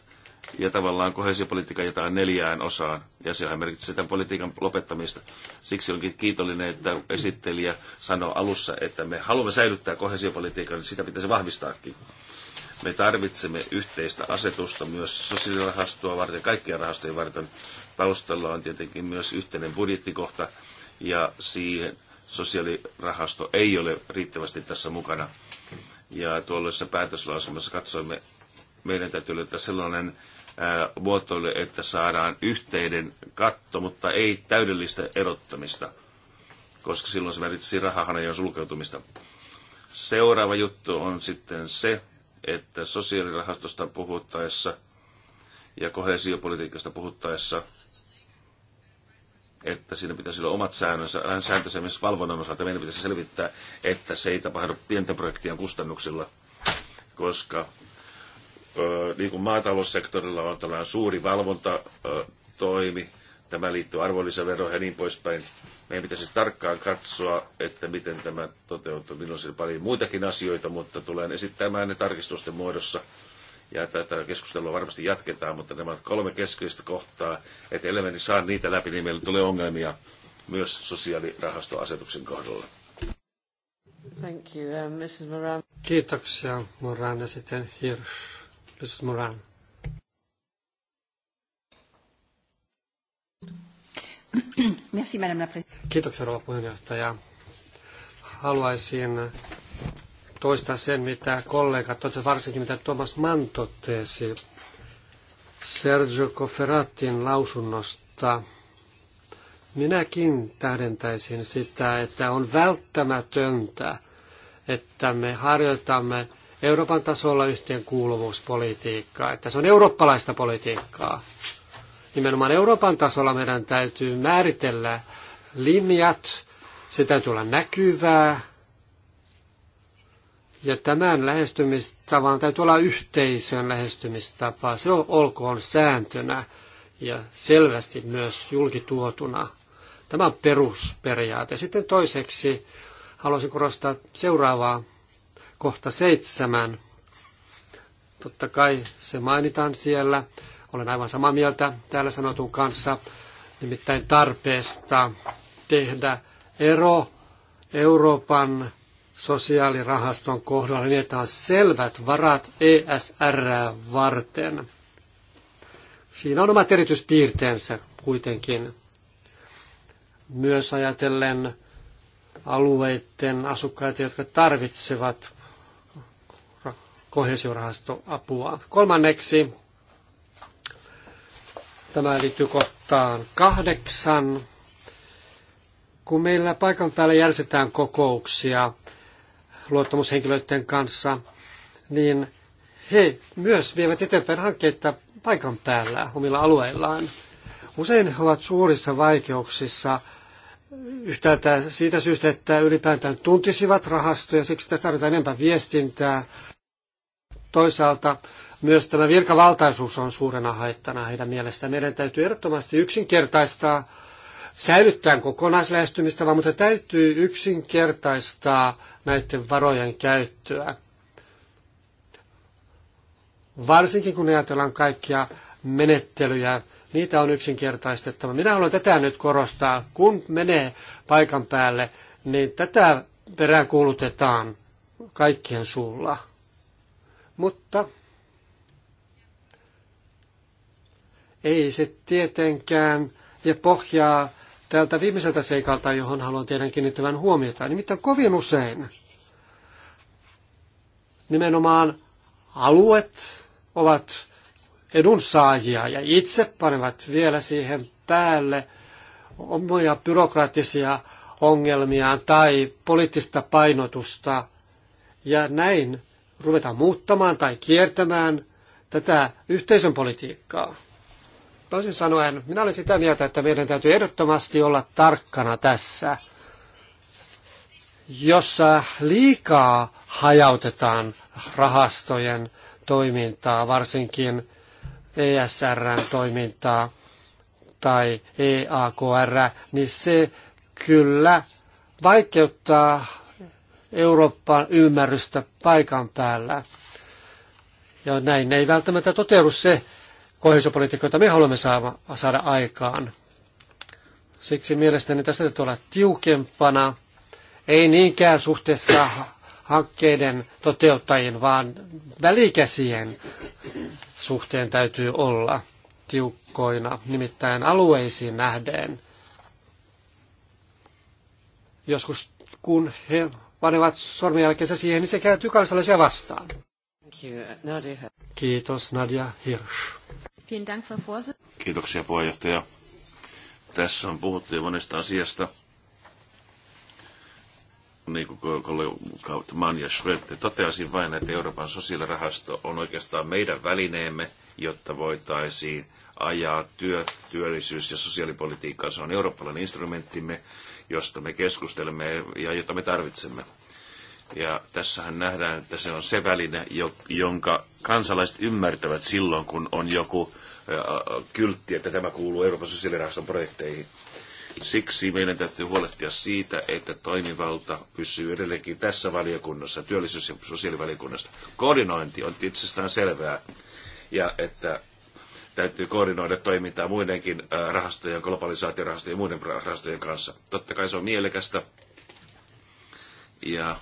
Speaker 2: ja tavallaan kohesiapolitiikka jätetään neljään osaan. Ja sehän merkitsee sitä politiikan lopettamista. Siksi onkin kiitollinen, että esittelijä sanoo alussa, että me haluamme säilyttää kohesiopolitiikan, niin sitä pitäisi vahvistaakin. Me tarvitsemme yhteistä asetusta myös sosiaalirahastoa varten, kaikkia rahastoja varten. Taustalla on tietenkin myös yhteinen budjettikohta ja siihen sosiaalirahasto ei ole riittävästi tässä mukana. Ja tuolloissa päätöslausumassa katsoimme, meidän täytyy löytää sellainen muotoilu, että saadaan yhteinen katto, mutta ei täydellistä erottamista, koska silloin se merkitsisi rahahanajan sulkeutumista. Seuraava juttu on sitten se, että sosiaalirahastosta puhuttaessa ja kohesiopolitiikasta puhuttaessa, että siinä pitäisi olla omat säännönsä, äh, sääntönsä myös valvonnan osalta. Meidän pitäisi selvittää, että se ei tapahdu pienten projektien kustannuksilla, koska niin kuin maataloussektorilla on tällainen suuri valvontatoimi, tämä liittyy arvonlisäveroon ja niin poispäin, meidän pitäisi tarkkaan katsoa, että miten tämä toteutuu. Minulla on paljon muitakin asioita, mutta tulen esittämään ne tarkistusten muodossa. Ja tätä keskustelua varmasti jatketaan, mutta nämä kolme keskeistä kohtaa, että ellei saa niitä läpi, niin meillä tulee ongelmia myös sosiaalirahastoasetuksen kohdalla.
Speaker 1: Thank you, uh, Mrs. Moran. Kiitoksia, Moran ja sitten Hirsch. Mrs. Moran.
Speaker 2: [clears throat] Merci, Madame la
Speaker 1: Kiitoksia, rouva puheenjohtaja. Haluaisin toistaa sen, mitä kollegat totesivat, varsinkin mitä Thomas Mann totesi Sergio Cofferatin lausunnosta. Minäkin tähdentäisin sitä, että on välttämätöntä, että me harjoitamme Euroopan tasolla yhteenkuuluvuuspolitiikkaa, että se on eurooppalaista politiikkaa nimenomaan Euroopan tasolla meidän täytyy määritellä linjat, se täytyy olla näkyvää, ja tämän lähestymistavan täytyy olla yhteisön lähestymistapa. Se on olkoon sääntönä ja selvästi myös julkituotuna. Tämä on perusperiaate. Sitten toiseksi haluaisin korostaa seuraavaa kohta seitsemän. Totta kai se mainitaan siellä. Olen aivan samaa mieltä täällä sanotun kanssa, nimittäin tarpeesta tehdä ero Euroopan sosiaalirahaston kohdalla niin, että on selvät varat ESR varten. Siinä on omat erityispiirteensä kuitenkin. Myös ajatellen alueiden asukkaita, jotka tarvitsevat kohesiorahastoapua. Kolmanneksi Tämä liittyy kohtaan kahdeksan. Kun meillä paikan päällä järjestetään kokouksia luottamushenkilöiden kanssa, niin he myös vievät eteenpäin hankkeita paikan päällä omilla alueillaan. Usein he ovat suurissa vaikeuksissa yhtäältä siitä syystä, että ylipäätään tuntisivat rahastoja, siksi tässä tarvitaan enempää viestintää. Toisaalta myös tämä virkavaltaisuus on suurena haittana heidän mielestään. Meidän täytyy ehdottomasti yksinkertaistaa, säilyttää kokonaislähestymistä, vaan mutta täytyy yksinkertaistaa näiden varojen käyttöä. Varsinkin kun ajatellaan kaikkia menettelyjä, niitä on yksinkertaistettava. Minä haluan tätä nyt korostaa, kun menee paikan päälle, niin tätä peräänkuulutetaan kaikkien suulla. Mutta Ei se tietenkään vie pohjaa tältä viimeiseltä seikalta, johon haluan teidän kiinnittävän huomiota. Nimittäin kovin usein nimenomaan alueet ovat edunsaajia ja itse panevat vielä siihen päälle omia byrokraattisia ongelmia tai poliittista painotusta. Ja näin ruvetaan muuttamaan tai kiertämään tätä yhteisön politiikkaa. Toisin sanoen, minä olen sitä mieltä, että meidän täytyy ehdottomasti olla tarkkana tässä, jossa liikaa hajautetaan rahastojen toimintaa, varsinkin ESRn toimintaa tai EAKR, niin se kyllä vaikeuttaa Euroopan ymmärrystä paikan päällä. Ja näin ei välttämättä toteudu se, kohesiopolitiikka, me haluamme saada aikaan. Siksi mielestäni tässä täytyy olla tiukempana, ei niinkään suhteessa hankkeiden toteuttajien, vaan välikäsien suhteen täytyy olla tiukkoina, nimittäin alueisiin nähden. Joskus kun he panevat sormenjälkensä siihen, niin se käytyy kansalaisia vastaan. Kiitos Nadia Hirsch.
Speaker 2: Kiitoksia puheenjohtaja. Tässä on puhuttu jo monesta asiasta. Niin kuin kollegat Mann ja Schröte niin toteasin vain, että Euroopan sosiaalirahasto on oikeastaan meidän välineemme, jotta voitaisiin ajaa työ, työllisyys- ja sosiaalipolitiikkaa. Se on eurooppalainen instrumenttimme, josta me keskustelemme ja jota me tarvitsemme. Ja tässähän nähdään, että se on se väline, jonka kansalaiset ymmärtävät silloin, kun on joku kyltti, että tämä kuuluu Euroopan sosiaalirahaston projekteihin. Siksi meidän täytyy huolehtia siitä, että toimivalta pysyy edelleenkin tässä valiokunnassa, työllisyys- ja sosiaalivaliokunnassa. Koordinointi on itsestään selvää ja että täytyy koordinoida toimintaa muidenkin rahastojen, globalisaatiorahastojen ja muiden rahastojen kanssa. Totta kai se on mielekästä ja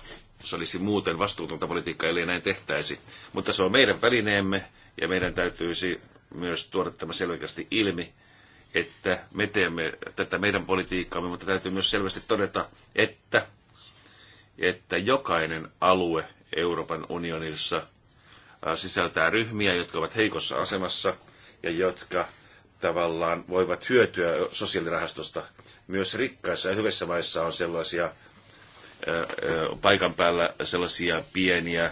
Speaker 2: se olisi muuten vastuutonta politiikkaa, eli näin tehtäisi. Mutta se on meidän välineemme ja meidän täytyisi myös tuoda tämä selkeästi ilmi, että me teemme tätä meidän politiikkaamme, mutta täytyy myös selvästi todeta, että, että jokainen alue Euroopan unionissa äh, sisältää ryhmiä, jotka ovat heikossa asemassa ja jotka tavallaan voivat hyötyä sosiaalirahastosta. Myös rikkaissa ja hyvissä maissa on sellaisia äh, äh, paikan päällä sellaisia pieniä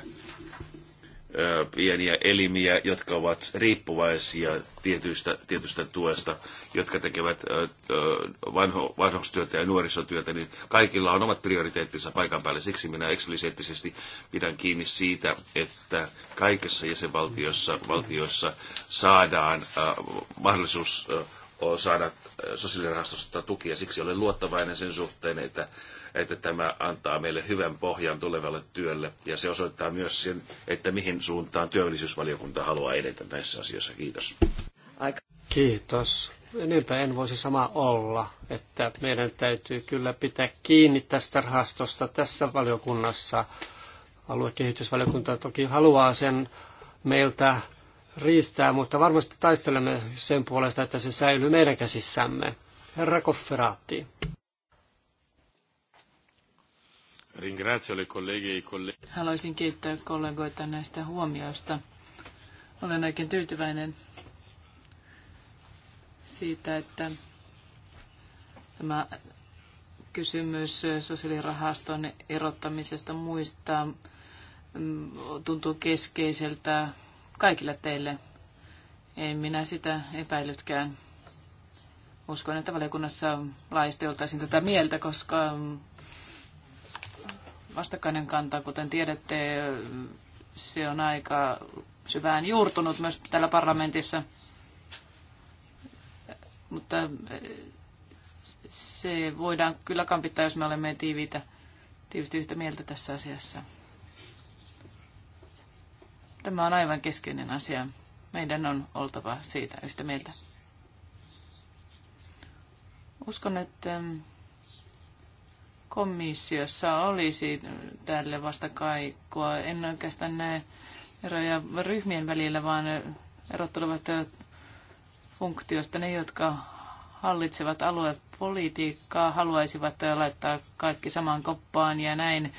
Speaker 2: pieniä elimiä, jotka ovat riippuvaisia tietystä, tietystä tuesta, jotka tekevät vanho, vanhustyötä ja nuorisotyötä, niin kaikilla on omat prioriteettinsa paikan päällä. Siksi minä eksplisiittisesti pidän kiinni siitä, että kaikessa jäsenvaltiossa valtioissa saadaan mahdollisuus saada sosiaalirahastosta tukia. Siksi olen luottavainen sen suhteen, että että tämä antaa meille hyvän pohjan tulevalle työlle ja se osoittaa myös sen, että mihin suuntaan työllisyysvaliokunta haluaa edetä näissä
Speaker 1: asioissa. Kiitos. Kiitos. Enempää en voisi sama olla, että meidän täytyy kyllä pitää kiinni tästä rahastosta tässä valiokunnassa. Aluekehitysvaliokunta toki haluaa sen meiltä riistää, mutta varmasti taistelemme sen puolesta, että se säilyy meidän käsissämme. Herra Kofferaatti. E
Speaker 3: Haluaisin kiittää kollegoita näistä huomioista. Olen oikein tyytyväinen siitä, että tämä kysymys sosiaalirahaston erottamisesta muista mm, tuntuu keskeiseltä kaikille teille. En minä sitä epäilytkään. Uskon, että valiokunnassa laajasti oltaisiin tätä mieltä, koska vastakkainen kanta, kuten tiedätte, se on aika syvään juurtunut myös täällä parlamentissa. Mutta eh, se voidaan kyllä kampittaa, jos me olemme tiiviitä, tiivisti yhtä mieltä tässä asiassa. Tämä on aivan keskeinen asia. Meidän on oltava siitä yhtä mieltä. Uskon, että komissiossa olisi tälle vastakaikua. En oikeastaan näe eroja ryhmien välillä, vaan erot tulevat funktiosta. Ne, jotka hallitsevat aluepolitiikkaa, haluaisivat laittaa kaikki samaan koppaan ja näin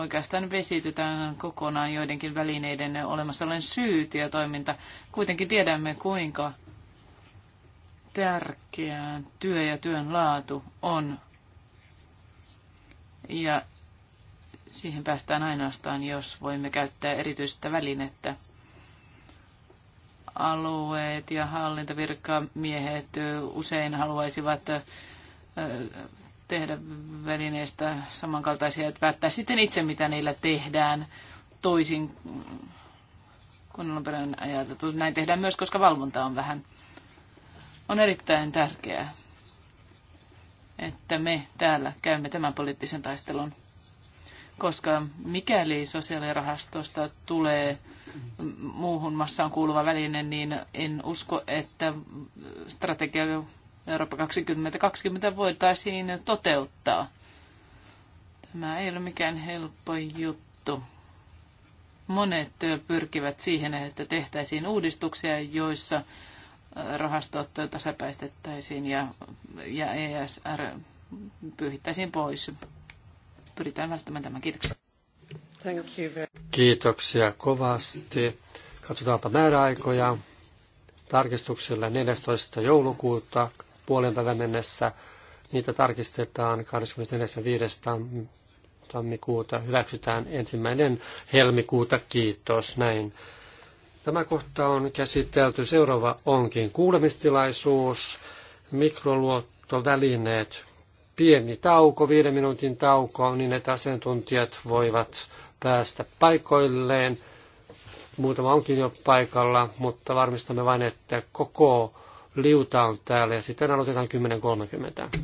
Speaker 3: oikeastaan vesitetään kokonaan joidenkin välineiden olemassaolen syyt ja toiminta. Kuitenkin tiedämme, kuinka tärkeää työ ja työn laatu on ja siihen päästään ainoastaan, jos voimme käyttää erityistä välinettä. Alueet ja hallintovirkamiehet usein haluaisivat tehdä välineistä samankaltaisia, että päättää sitten itse, mitä niillä tehdään toisin kuin on perään ajateltu. Näin tehdään myös, koska valvonta on vähän on erittäin tärkeää että me täällä käymme tämän poliittisen taistelun. Koska mikäli sosiaalirahastosta tulee muuhun massaan kuuluva väline, niin en usko, että strategia Eurooppa 2020 voitaisiin toteuttaa. Tämä ei ole mikään helppo juttu. Monet pyrkivät siihen, että tehtäisiin uudistuksia, joissa rahastot tasapäistettäisiin ja, ja ESR pyyhittäisiin pois. Pyritään välttämään tämän. Kiitoksia.
Speaker 1: Thank you very... Kiitoksia kovasti. Katsotaanpa määräaikoja. Tarkistuksilla 14. joulukuuta puolen päivän mennessä. Niitä tarkistetaan 24.5. tammikuuta. Hyväksytään ensimmäinen helmikuuta. Kiitos. Näin. Tämä kohta on käsitelty. Seuraava onkin kuulemistilaisuus, mikroluottovälineet. Pieni tauko, viiden minuutin tauko, niin että asiantuntijat voivat päästä paikoilleen. Muutama onkin jo paikalla, mutta varmistamme vain, että koko liuta on täällä ja sitten aloitetaan 10.30.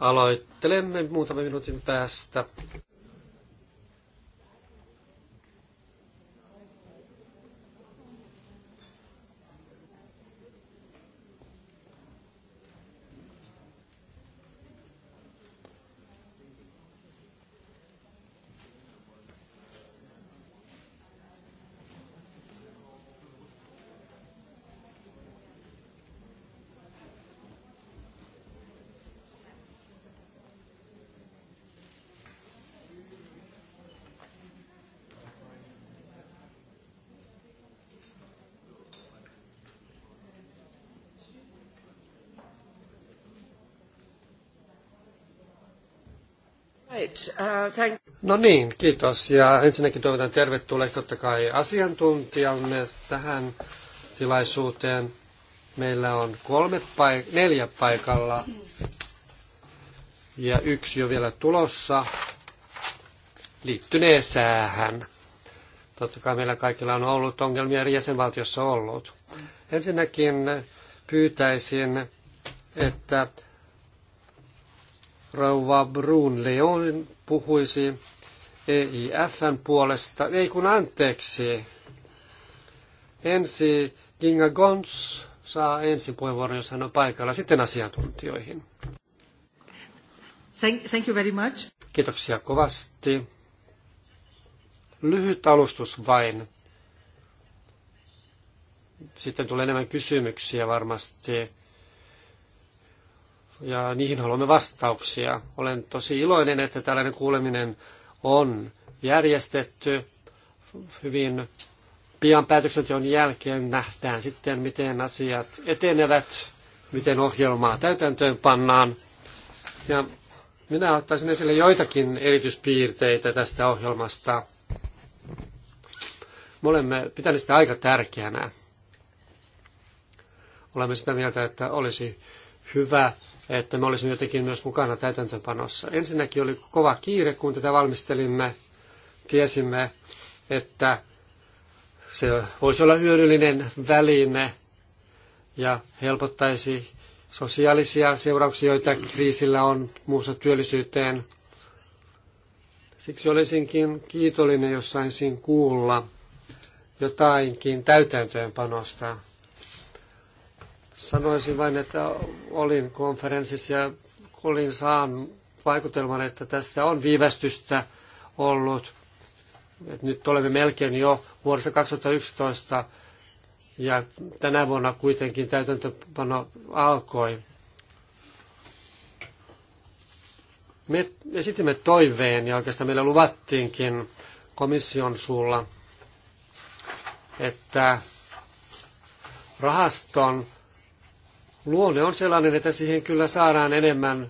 Speaker 1: Aloittelemme muutaman minuutin päästä. uh, thank... No niin, kiitos. Ja ensinnäkin toivotan tervetulleeksi totta kai asiantuntijamme tähän tilaisuuteen. Meillä on kolme paik- neljä paikalla ja yksi jo vielä tulossa liittyneen säähän. Totta kai meillä kaikilla on ollut ongelmia eri jäsenvaltiossa ollut. Ensinnäkin pyytäisin, että Rouva Brun Leon puhuisi EIFn puolesta. Ei kun anteeksi. Ensi Kinga Gons saa ensin puheenvuoron, jos hän on paikalla, sitten asiantuntijoihin. Thank, thank you very much. Kiitoksia kovasti. Lyhyt alustus vain. Sitten tulee enemmän kysymyksiä varmasti ja niihin haluamme vastauksia. Olen tosi iloinen, että tällainen kuuleminen on järjestetty hyvin pian päätöksenteon jälkeen. Nähdään sitten, miten asiat etenevät, miten ohjelmaa täytäntöön pannaan. Ja minä ottaisin esille joitakin erityispiirteitä tästä ohjelmasta. Me olemme pitäneet sitä aika tärkeänä. Olemme sitä mieltä, että olisi hyvä että me olisimme jotenkin myös mukana täytäntöönpanossa. Ensinnäkin oli kova kiire, kun tätä valmistelimme. Tiesimme, että se voisi olla hyödyllinen väline ja helpottaisi sosiaalisia seurauksia, joita kriisillä on muussa työllisyyteen. Siksi olisinkin kiitollinen, jos saisin kuulla jotainkin täytäntöönpanosta Sanoisin vain, että olin konferenssissa ja olin saan vaikutelman, että tässä on viivästystä ollut. Et nyt olemme melkein jo vuodessa 2011 ja tänä vuonna kuitenkin täytäntöpano alkoi. Me esitimme toiveen ja oikeastaan meillä luvattiinkin komission suulla, että rahaston luonne on sellainen, että siihen kyllä saadaan enemmän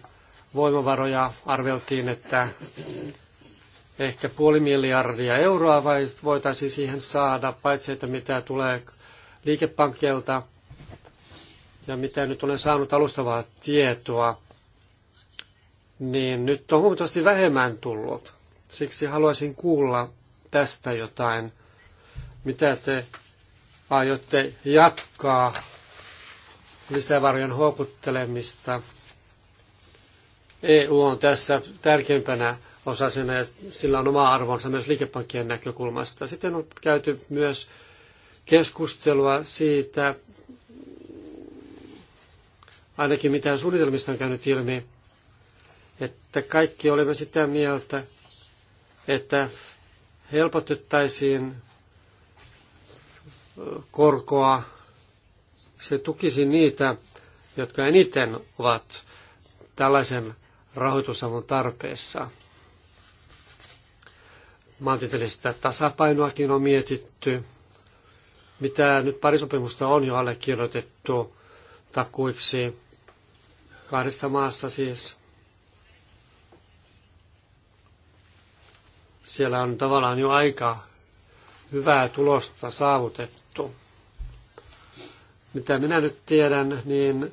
Speaker 1: voimavaroja. Arveltiin, että ehkä puoli miljardia euroa vai voitaisiin siihen saada, paitsi että mitä tulee liikepankkeilta ja mitä nyt olen saanut alustavaa tietoa, niin nyt on huomattavasti vähemmän tullut. Siksi haluaisin kuulla tästä jotain, mitä te aiotte jatkaa lisävarjon houkuttelemista. EU on tässä tärkeimpänä osasena ja sillä on oma arvonsa myös liikepankkien näkökulmasta. Sitten on käyty myös keskustelua siitä, ainakin mitään suunnitelmista on käynyt ilmi, että kaikki olemme sitä mieltä, että helpotettaisiin korkoa se tukisi niitä, jotka eniten ovat tällaisen rahoitusavun tarpeessa. Maantieteellistä tasapainoakin on mietitty. Mitä nyt parisopimusta on jo allekirjoitettu takuiksi kahdessa maassa siis. Siellä on tavallaan jo aika hyvää tulosta saavutettu. Mitä minä nyt tiedän, niin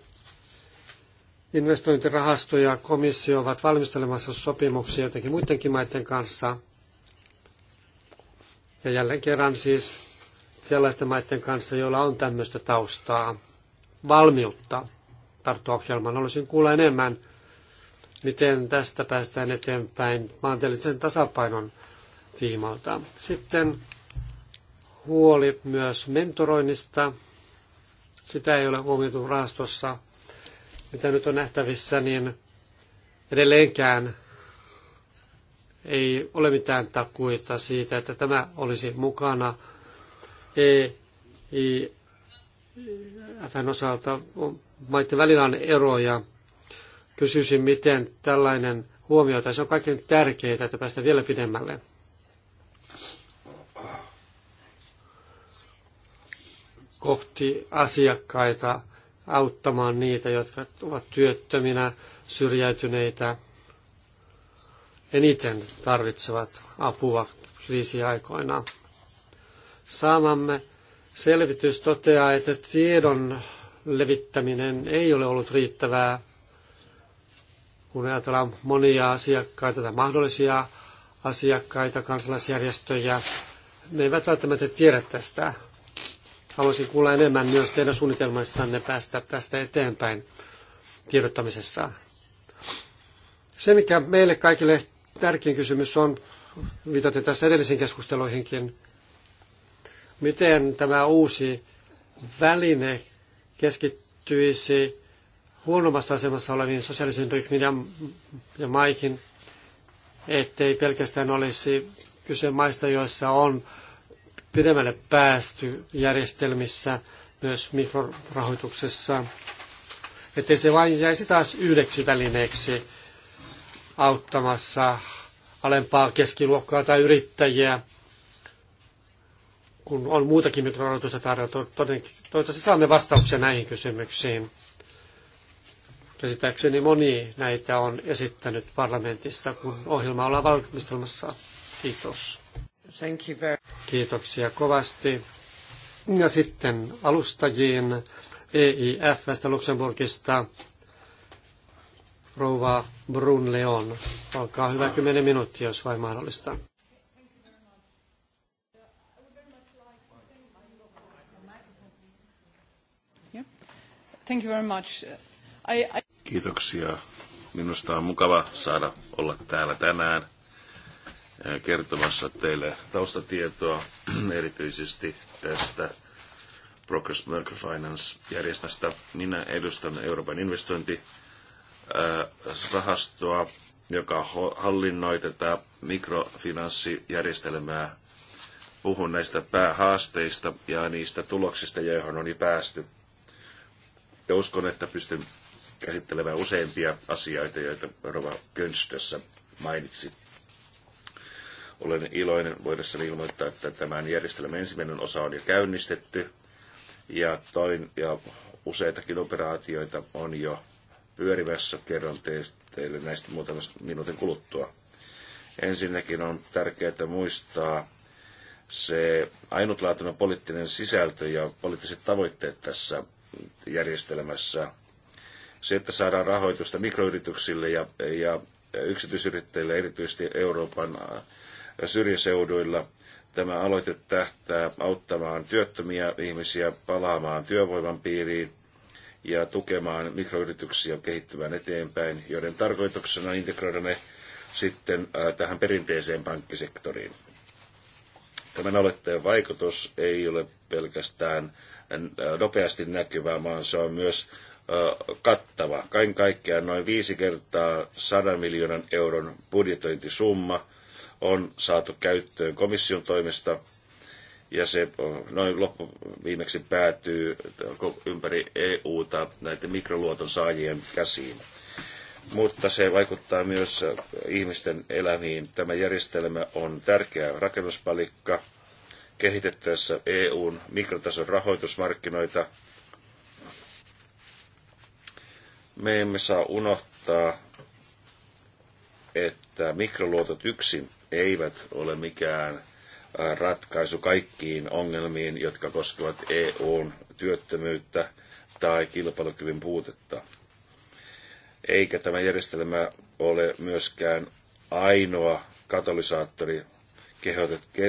Speaker 1: investointirahasto ja komissio ovat valmistelemassa sopimuksia jotenkin muidenkin maiden kanssa. Ja jälleen kerran siis sellaisten maiden kanssa, joilla on tämmöistä taustaa, valmiutta tarttua ohjelmaan. Olisin kuulla enemmän, miten tästä päästään eteenpäin maantieteellisen tasapainon tiimalta. Sitten huoli myös mentoroinnista sitä ei ole huomioitu rahastossa. Mitä nyt on nähtävissä, niin edelleenkään ei ole mitään takuita siitä, että tämä olisi mukana. EIFn osalta maiden välillä on eroja. Kysyisin, miten tällainen huomioitaisiin. Se on kaikkein tärkeintä, että päästään vielä pidemmälle. kohti asiakkaita auttamaan niitä, jotka ovat työttöminä, syrjäytyneitä, eniten tarvitsevat apua kriisiaikoina. Saamamme selvitys toteaa, että tiedon levittäminen ei ole ollut riittävää, kun ajatellaan monia asiakkaita tai mahdollisia asiakkaita, kansalaisjärjestöjä. Ne eivät välttämättä tiedä tästä Haluaisin kuulla enemmän myös teidän suunnitelmaistanne päästä tästä eteenpäin tiedottamisessa. Se, mikä meille kaikille tärkein kysymys on, viitaten tässä edellisiin keskusteluihinkin, miten tämä uusi väline keskittyisi huonommassa asemassa oleviin sosiaalisiin ryhmiin ja, ja maihin, ettei pelkästään olisi kyse maista, joissa on pidemmälle päästy järjestelmissä, myös mikrorahoituksessa, ettei se vain jäisi taas yhdeksi välineeksi auttamassa alempaa keskiluokkaa tai yrittäjiä, kun on muutakin mikrorahoitusta tarjota. Toivottavasti saamme vastauksia näihin kysymyksiin. Käsittääkseni moni näitä on esittänyt parlamentissa, kun ohjelma ollaan valmistelmassa. Kiitos. Thank you very... Kiitoksia kovasti. Ja sitten alustajiin EIFstä Luxemburgista rouva Brun Leon. Olkaa hyvä kymmenen minuuttia, jos vain mahdollista.
Speaker 3: Thank you very much. I, I...
Speaker 2: Kiitoksia. Minusta on mukava saada olla täällä tänään Äh, kertomassa teille taustatietoa [clears throat] erityisesti tästä Progress Microfinance-järjestöstä. Minä edustan Euroopan investointirahastoa, joka hallinnoi tätä mikrofinanssijärjestelmää. Puhun näistä päähaasteista ja niistä tuloksista, joihin on jo päästy. Ja uskon, että pystyn käsittelemään useimpia asioita, joita Rova Gönch tässä mainitsi. Olen iloinen voidessani ilmoittaa, että tämän järjestelmän ensimmäinen osa on jo käynnistetty ja, toin, ja useitakin operaatioita on jo pyörivässä. Kerron teille näistä muutamasta minuutin kuluttua. Ensinnäkin on tärkeää muistaa se ainutlaatuinen poliittinen sisältö ja poliittiset tavoitteet tässä järjestelmässä. Se, että saadaan rahoitusta mikroyrityksille ja, ja yksityisyrittäjille, erityisesti Euroopan syrjäseuduilla. Tämä aloite tähtää auttamaan työttömiä ihmisiä palaamaan työvoiman piiriin ja tukemaan mikroyrityksiä kehittymään eteenpäin, joiden tarkoituksena on integroida ne sitten tähän perinteiseen pankkisektoriin. Tämän aloitteen vaikutus ei ole pelkästään nopeasti näkyvää, vaan se on myös kattava. Kaiken kaikkiaan noin viisi kertaa 100 miljoonan euron budjetointisumma – on saatu käyttöön komission toimesta ja se noin loppu viimeksi päätyy ympäri EUta näiden mikroluoton saajien käsiin. Mutta se vaikuttaa myös ihmisten elämiin. Tämä järjestelmä on tärkeä rakennuspalikka kehitettäessä EUn mikrotason rahoitusmarkkinoita. Me emme saa unohtaa, että mikroluotot yksin eivät ole mikään ratkaisu kaikkiin ongelmiin, jotka koskevat EUn työttömyyttä tai kilpailukyvyn puutetta. Eikä tämä järjestelmä ole myöskään ainoa katalysaattori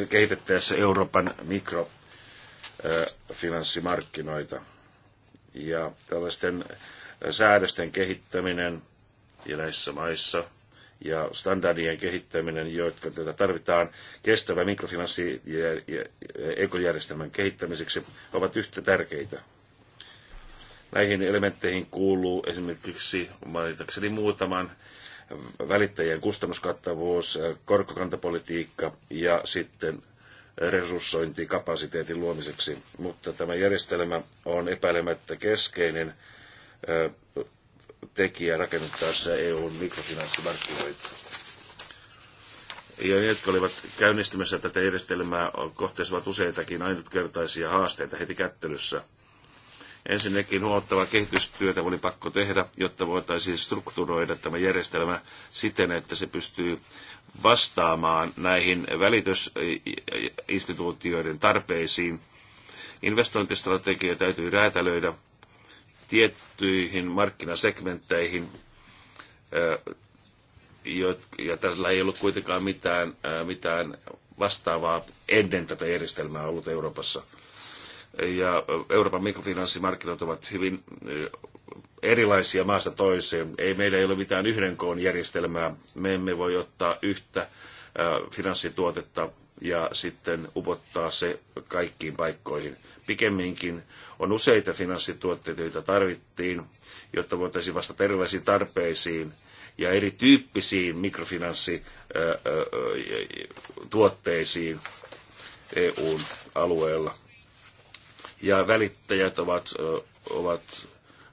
Speaker 2: kehitettäessä Euroopan mikrofinanssimarkkinoita. Ja tällaisten säädösten kehittäminen ja näissä maissa ja standardien kehittäminen, jotka tätä tarvitaan kestävä mikrofinanssi- ja, ekojärjestelmän kehittämiseksi, ovat yhtä tärkeitä. Näihin elementteihin kuuluu esimerkiksi mainitakseni muutaman välittäjien kustannuskattavuus, korkokantapolitiikka ja sitten resurssointi kapasiteetin luomiseksi. Mutta tämä järjestelmä on epäilemättä keskeinen tekijä rakennettaessa EUn mikrofinanssimarkkinoita. Ja ne, jotka olivat käynnistymässä tätä järjestelmää, kohtasivat useitakin ainutkertaisia haasteita heti kättelyssä. Ensinnäkin huomattavaa kehitystyötä oli pakko tehdä, jotta voitaisiin strukturoida tämä järjestelmä siten, että se pystyy vastaamaan näihin välitysinstituutioiden tarpeisiin. Investointistrategia täytyy räätälöidä tiettyihin markkinasegmentteihin, ja tällä ei ollut kuitenkaan mitään, mitään vastaavaa ennen tätä järjestelmää ollut Euroopassa. Ja Euroopan mikrofinanssimarkkinat ovat hyvin erilaisia maasta toiseen. Ei, meillä ei ole mitään yhden koon järjestelmää. Me emme voi ottaa yhtä finanssituotetta ja sitten upottaa se kaikkiin paikkoihin. Pikemminkin on useita finanssituotteita, joita tarvittiin, jotta voitaisiin vastata erilaisiin tarpeisiin ja erityyppisiin mikrofinanssituotteisiin EUn e alueella. Ja välittäjät ovat, ovat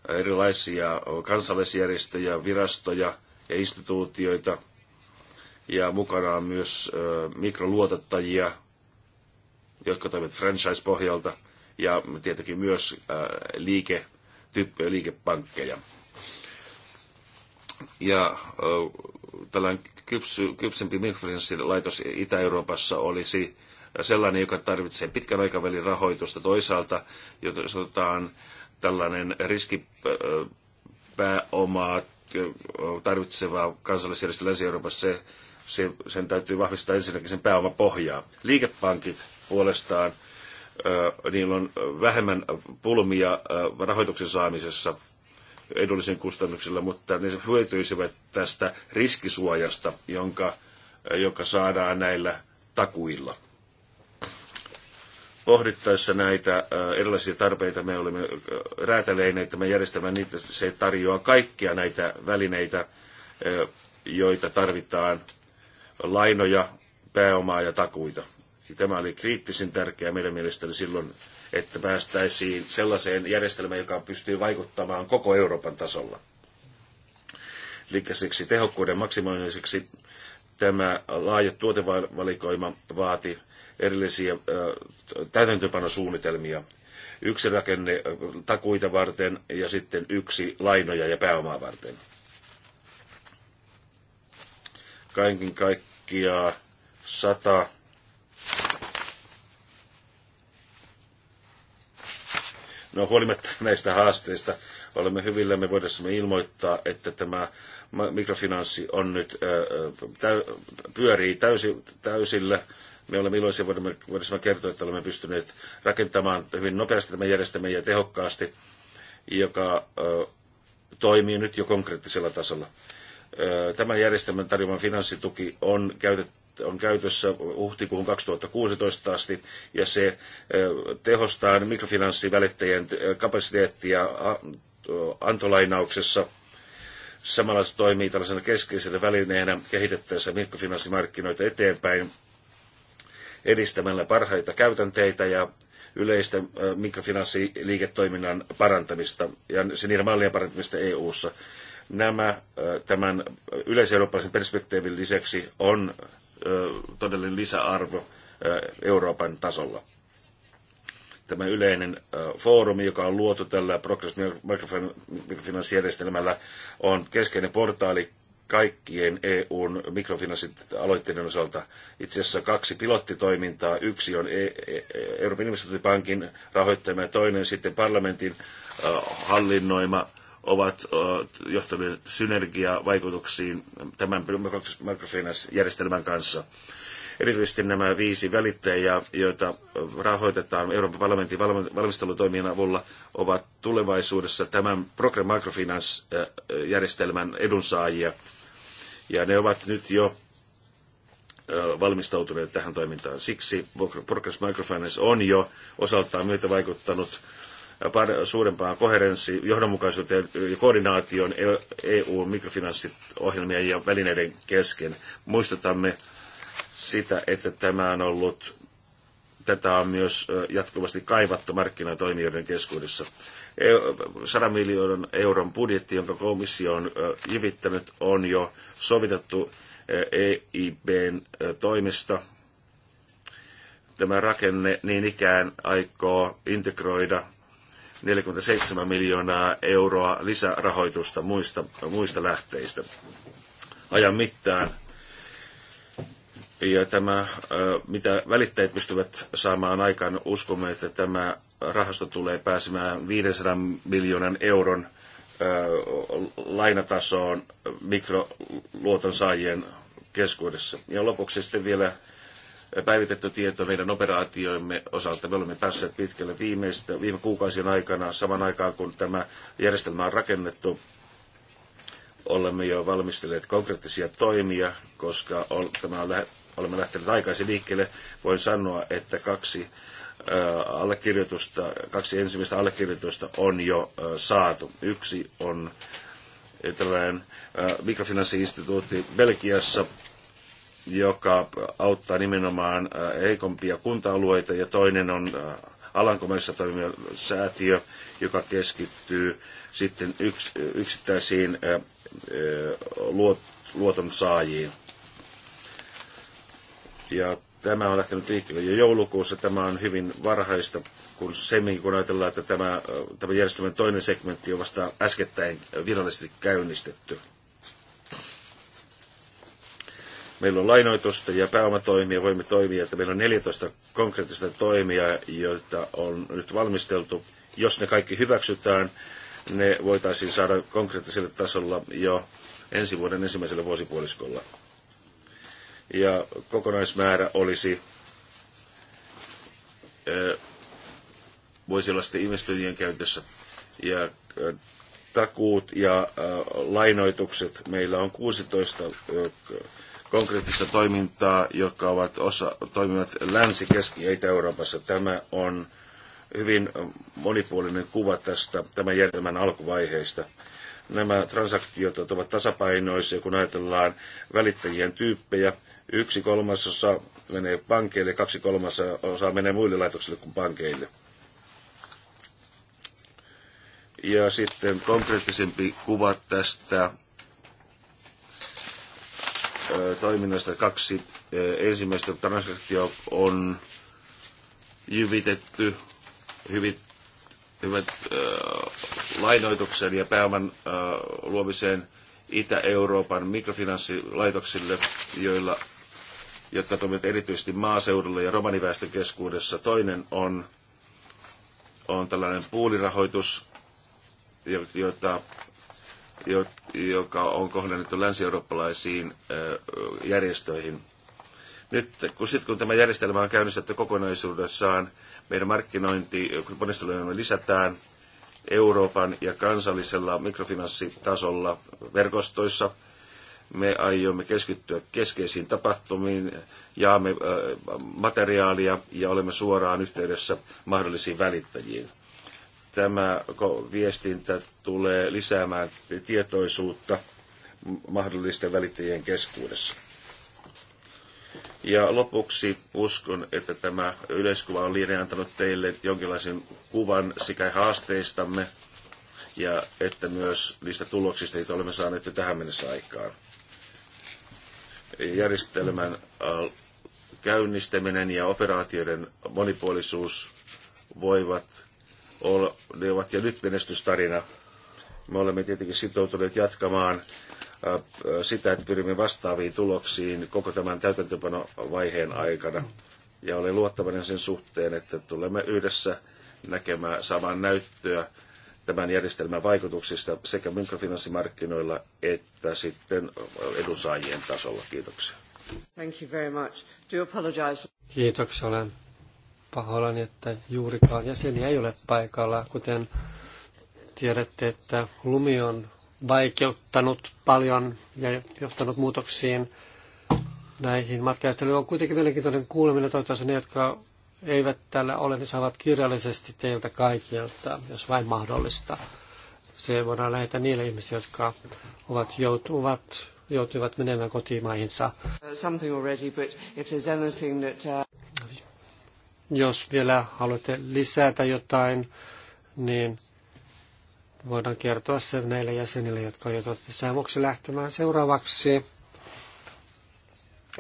Speaker 2: erilaisia kansalaisjärjestöjä, virastoja ja instituutioita – ja mukana on myös mikroluotottajia, jotka toimivat franchise-pohjalta ja tietenkin myös liike, tyyppi, liikepankkeja. Ja tällainen kypsy, kypsempi mikrofinanssilaitos Itä-Euroopassa olisi sellainen, joka tarvitsee pitkän aikavälin rahoitusta. Toisaalta, jos sanotaan tällainen riskipääomaa tarvitsevaa kansallisjärjestö Länsi-Euroopassa, se sen täytyy vahvistaa ensinnäkin sen pääomapohjaa. Liikepankit puolestaan, niillä on vähemmän pulmia rahoituksen saamisessa edullisen kustannuksilla, mutta ne hyötyisivät tästä riskisuojasta, jonka, joka saadaan näillä takuilla. Pohdittaessa näitä erilaisia tarpeita me olemme räätäleineet tämän järjestelmän niin, niitä se tarjoaa kaikkia näitä välineitä, joita tarvitaan lainoja, pääomaa ja takuita. Ja tämä oli kriittisin tärkeää meidän mielestäni silloin, että päästäisiin sellaiseen järjestelmään, joka pystyy vaikuttamaan koko Euroopan tasolla. Eli siksi tehokkuuden maksimoimiseksi tämä laaja tuotevalikoima vaati erillisiä täytäntöpanosuunnitelmia. Yksi rakenne takuita varten ja sitten yksi lainoja ja pääomaa varten. Kaiken kaikkiaan kaikkiaan 100 No huolimatta näistä haasteista olemme hyvillämme voidessamme ilmoittaa, että tämä mikrofinanssi on nyt, täy, pyörii täysi, täysillä. Me olemme iloisia voidessamme, voidessamme kertoa, että olemme pystyneet rakentamaan hyvin nopeasti tämän järjestelmän ja tehokkaasti, joka toimii nyt jo konkreettisella tasolla. Tämän järjestelmän tarjoama finanssituki on käytetty on käytössä huhtikuun 2016 asti, ja se tehostaa mikrofinanssivälittäjien kapasiteettia antolainauksessa. Samalla se toimii tällaisena keskeisenä välineenä kehitettäessä mikrofinanssimarkkinoita eteenpäin edistämällä parhaita käytänteitä ja yleistä mikrofinanssiliiketoiminnan parantamista ja niiden mallien parantamista EU-ssa nämä tämän yleiseurooppalaisen perspektiivin lisäksi on todellinen lisäarvo Euroopan tasolla. Tämä yleinen foorumi, joka on luotu tällä Progress mikrofinanssijärjestelmällä, on keskeinen portaali kaikkien EUn mikrofinanssit aloitteiden osalta itse asiassa kaksi pilottitoimintaa. Yksi on e, e, e, Euroopan investointipankin rahoittama ja toinen sitten parlamentin hallinnoima ovat johtavia synergiavaikutuksiin tämän Microfinance-järjestelmän kanssa. Erityisesti nämä viisi välittäjää, joita rahoitetaan Euroopan parlamentin valmistelutoimien avulla, ovat tulevaisuudessa tämän Program Microfinance-järjestelmän edunsaajia. Ja ne ovat nyt jo valmistautuneet tähän toimintaan. Siksi Progress Microfinance on jo osaltaan myötä vaikuttanut suurempaan koherenssiin, johdonmukaisuuteen ja koordinaation EU-mikrofinanssiohjelmien e ja välineiden kesken. Muistutamme sitä, että tämä on ollut, tätä on myös jatkuvasti kaivattu markkinatoimijoiden keskuudessa. 100 e-, miljoonan euron budjetti, jonka komissio on jivittänyt, on jo sovitettu EIBn toimesta. Tämä rakenne niin ikään aikoo integroida 47 miljoonaa euroa lisärahoitusta muista, muista lähteistä ajan mittaan. Ja tämä, mitä välittäjät pystyvät saamaan aikaan, uskomme, että tämä rahasto tulee pääsemään 500 miljoonan euron lainatasoon mikroluoton saajien keskuudessa. Ja lopuksi sitten vielä päivitetty tieto meidän operaatioimme osalta. Me olemme päässeet pitkälle viimeistä, viime kuukausien aikana, saman aikaan kun tämä järjestelmä on rakennettu. Olemme jo valmistelleet konkreettisia toimia, koska tämä on lähe, olemme lähteneet aikaisin liikkeelle. Voin sanoa, että kaksi allekirjoitusta, kaksi ensimmäistä allekirjoitusta on jo saatu. Yksi on tällainen mikrofinanssiinstituutti Belgiassa, joka auttaa nimenomaan äh, heikompia kunta-alueita, ja toinen on äh, Alankomaissa toimiva säätiö, joka keskittyy sitten yks, yksittäisiin äh, luot, luoton saajiin. Ja tämä on lähtenyt liikkeelle jo joulukuussa. Tämä on hyvin varhaista, kun semminkin kun ajatellaan, että tämä, tämä järjestelmän toinen segmentti on vasta äskettäin virallisesti käynnistetty. Meillä on lainoitusta ja pääomatoimia, voimme toimia, että meillä on 14 konkreettista toimia, joita on nyt valmisteltu. Jos ne kaikki hyväksytään, ne voitaisiin saada konkreettiselle tasolla jo ensi vuoden ensimmäisellä vuosipuoliskolla. Ja kokonaismäärä olisi, voisi olla sitten investoijien käytössä. Ja takuut ja lainoitukset. Meillä on 16 konkreettista toimintaa, jotka ovat osa, toimivat Länsi-, Keski- ja Itä-Euroopassa. Tämä on hyvin monipuolinen kuva tästä tämän järjestelmän alkuvaiheista. Nämä transaktiot ovat tasapainoisia, kun ajatellaan välittäjien tyyppejä. Yksi kolmasosa menee pankeille, kaksi kolmasosa menee muille laitoksille kuin pankeille. Ja sitten konkreettisempi kuva tästä toiminnasta kaksi ensimmäistä transaktiota on jyvitetty hyvit, hyvät äh, lainoituksen ja pääoman äh, luomiseen Itä-Euroopan mikrofinanssilaitoksille, joilla, jotka toimivat erityisesti maaseudulla ja romaniväestön keskuudessa. Toinen on, on tällainen puulirahoitus, jota, jota joka on kohdennettu länsi-eurooppalaisiin järjestöihin. Nyt kun, sit, kun tämä järjestelmä on käynnistetty kokonaisuudessaan, meidän markkinointiponnisteluja lisätään Euroopan ja kansallisella mikrofinanssitasolla verkostoissa. Me aiomme keskittyä keskeisiin tapahtumiin, jaamme materiaalia ja olemme suoraan yhteydessä mahdollisiin välittäjiin Tämä viestintä tulee lisäämään tietoisuutta mahdollisten välittäjien keskuudessa. Ja lopuksi uskon, että tämä yleiskuva on liian antanut teille jonkinlaisen kuvan sekä haasteistamme ja että myös niistä tuloksista, joita olemme saaneet jo tähän mennessä aikaan. Järjestelmän äh, käynnistäminen ja operaatioiden monipuolisuus voivat ne ovat jo nyt menestystarina. Me olemme tietenkin sitoutuneet jatkamaan äh, äh, sitä, että pyrimme vastaaviin tuloksiin koko tämän täytäntöpanovaiheen aikana. Ja olen luottavainen sen suhteen, että tulemme yhdessä näkemään saman näyttöä tämän järjestelmän vaikutuksista sekä mikrofinanssimarkkinoilla että sitten edunsaajien tasolla. Kiitoksia.
Speaker 1: Thank you very much. Do apologize. Kiitoksia. Olen pahoillani, että juurikaan jäseniä ei ole paikalla, kuten tiedätte, että lumi on vaikeuttanut paljon ja johtanut muutoksiin näihin matkaistelu on kuitenkin mielenkiintoinen kuuleminen. Toivottavasti ne, jotka eivät täällä ole, niin saavat kirjallisesti teiltä kaikilta, jos vain mahdollista. Se voidaan lähetä niille ihmisille, jotka ovat joutuvat joutuivat menemään kotimaihinsa. Something already, but if there's anything that, uh... Jos vielä haluatte lisätä jotain, niin voidaan kertoa se näille jäsenille, jotka ovat jo säännöksi lähtemään seuraavaksi.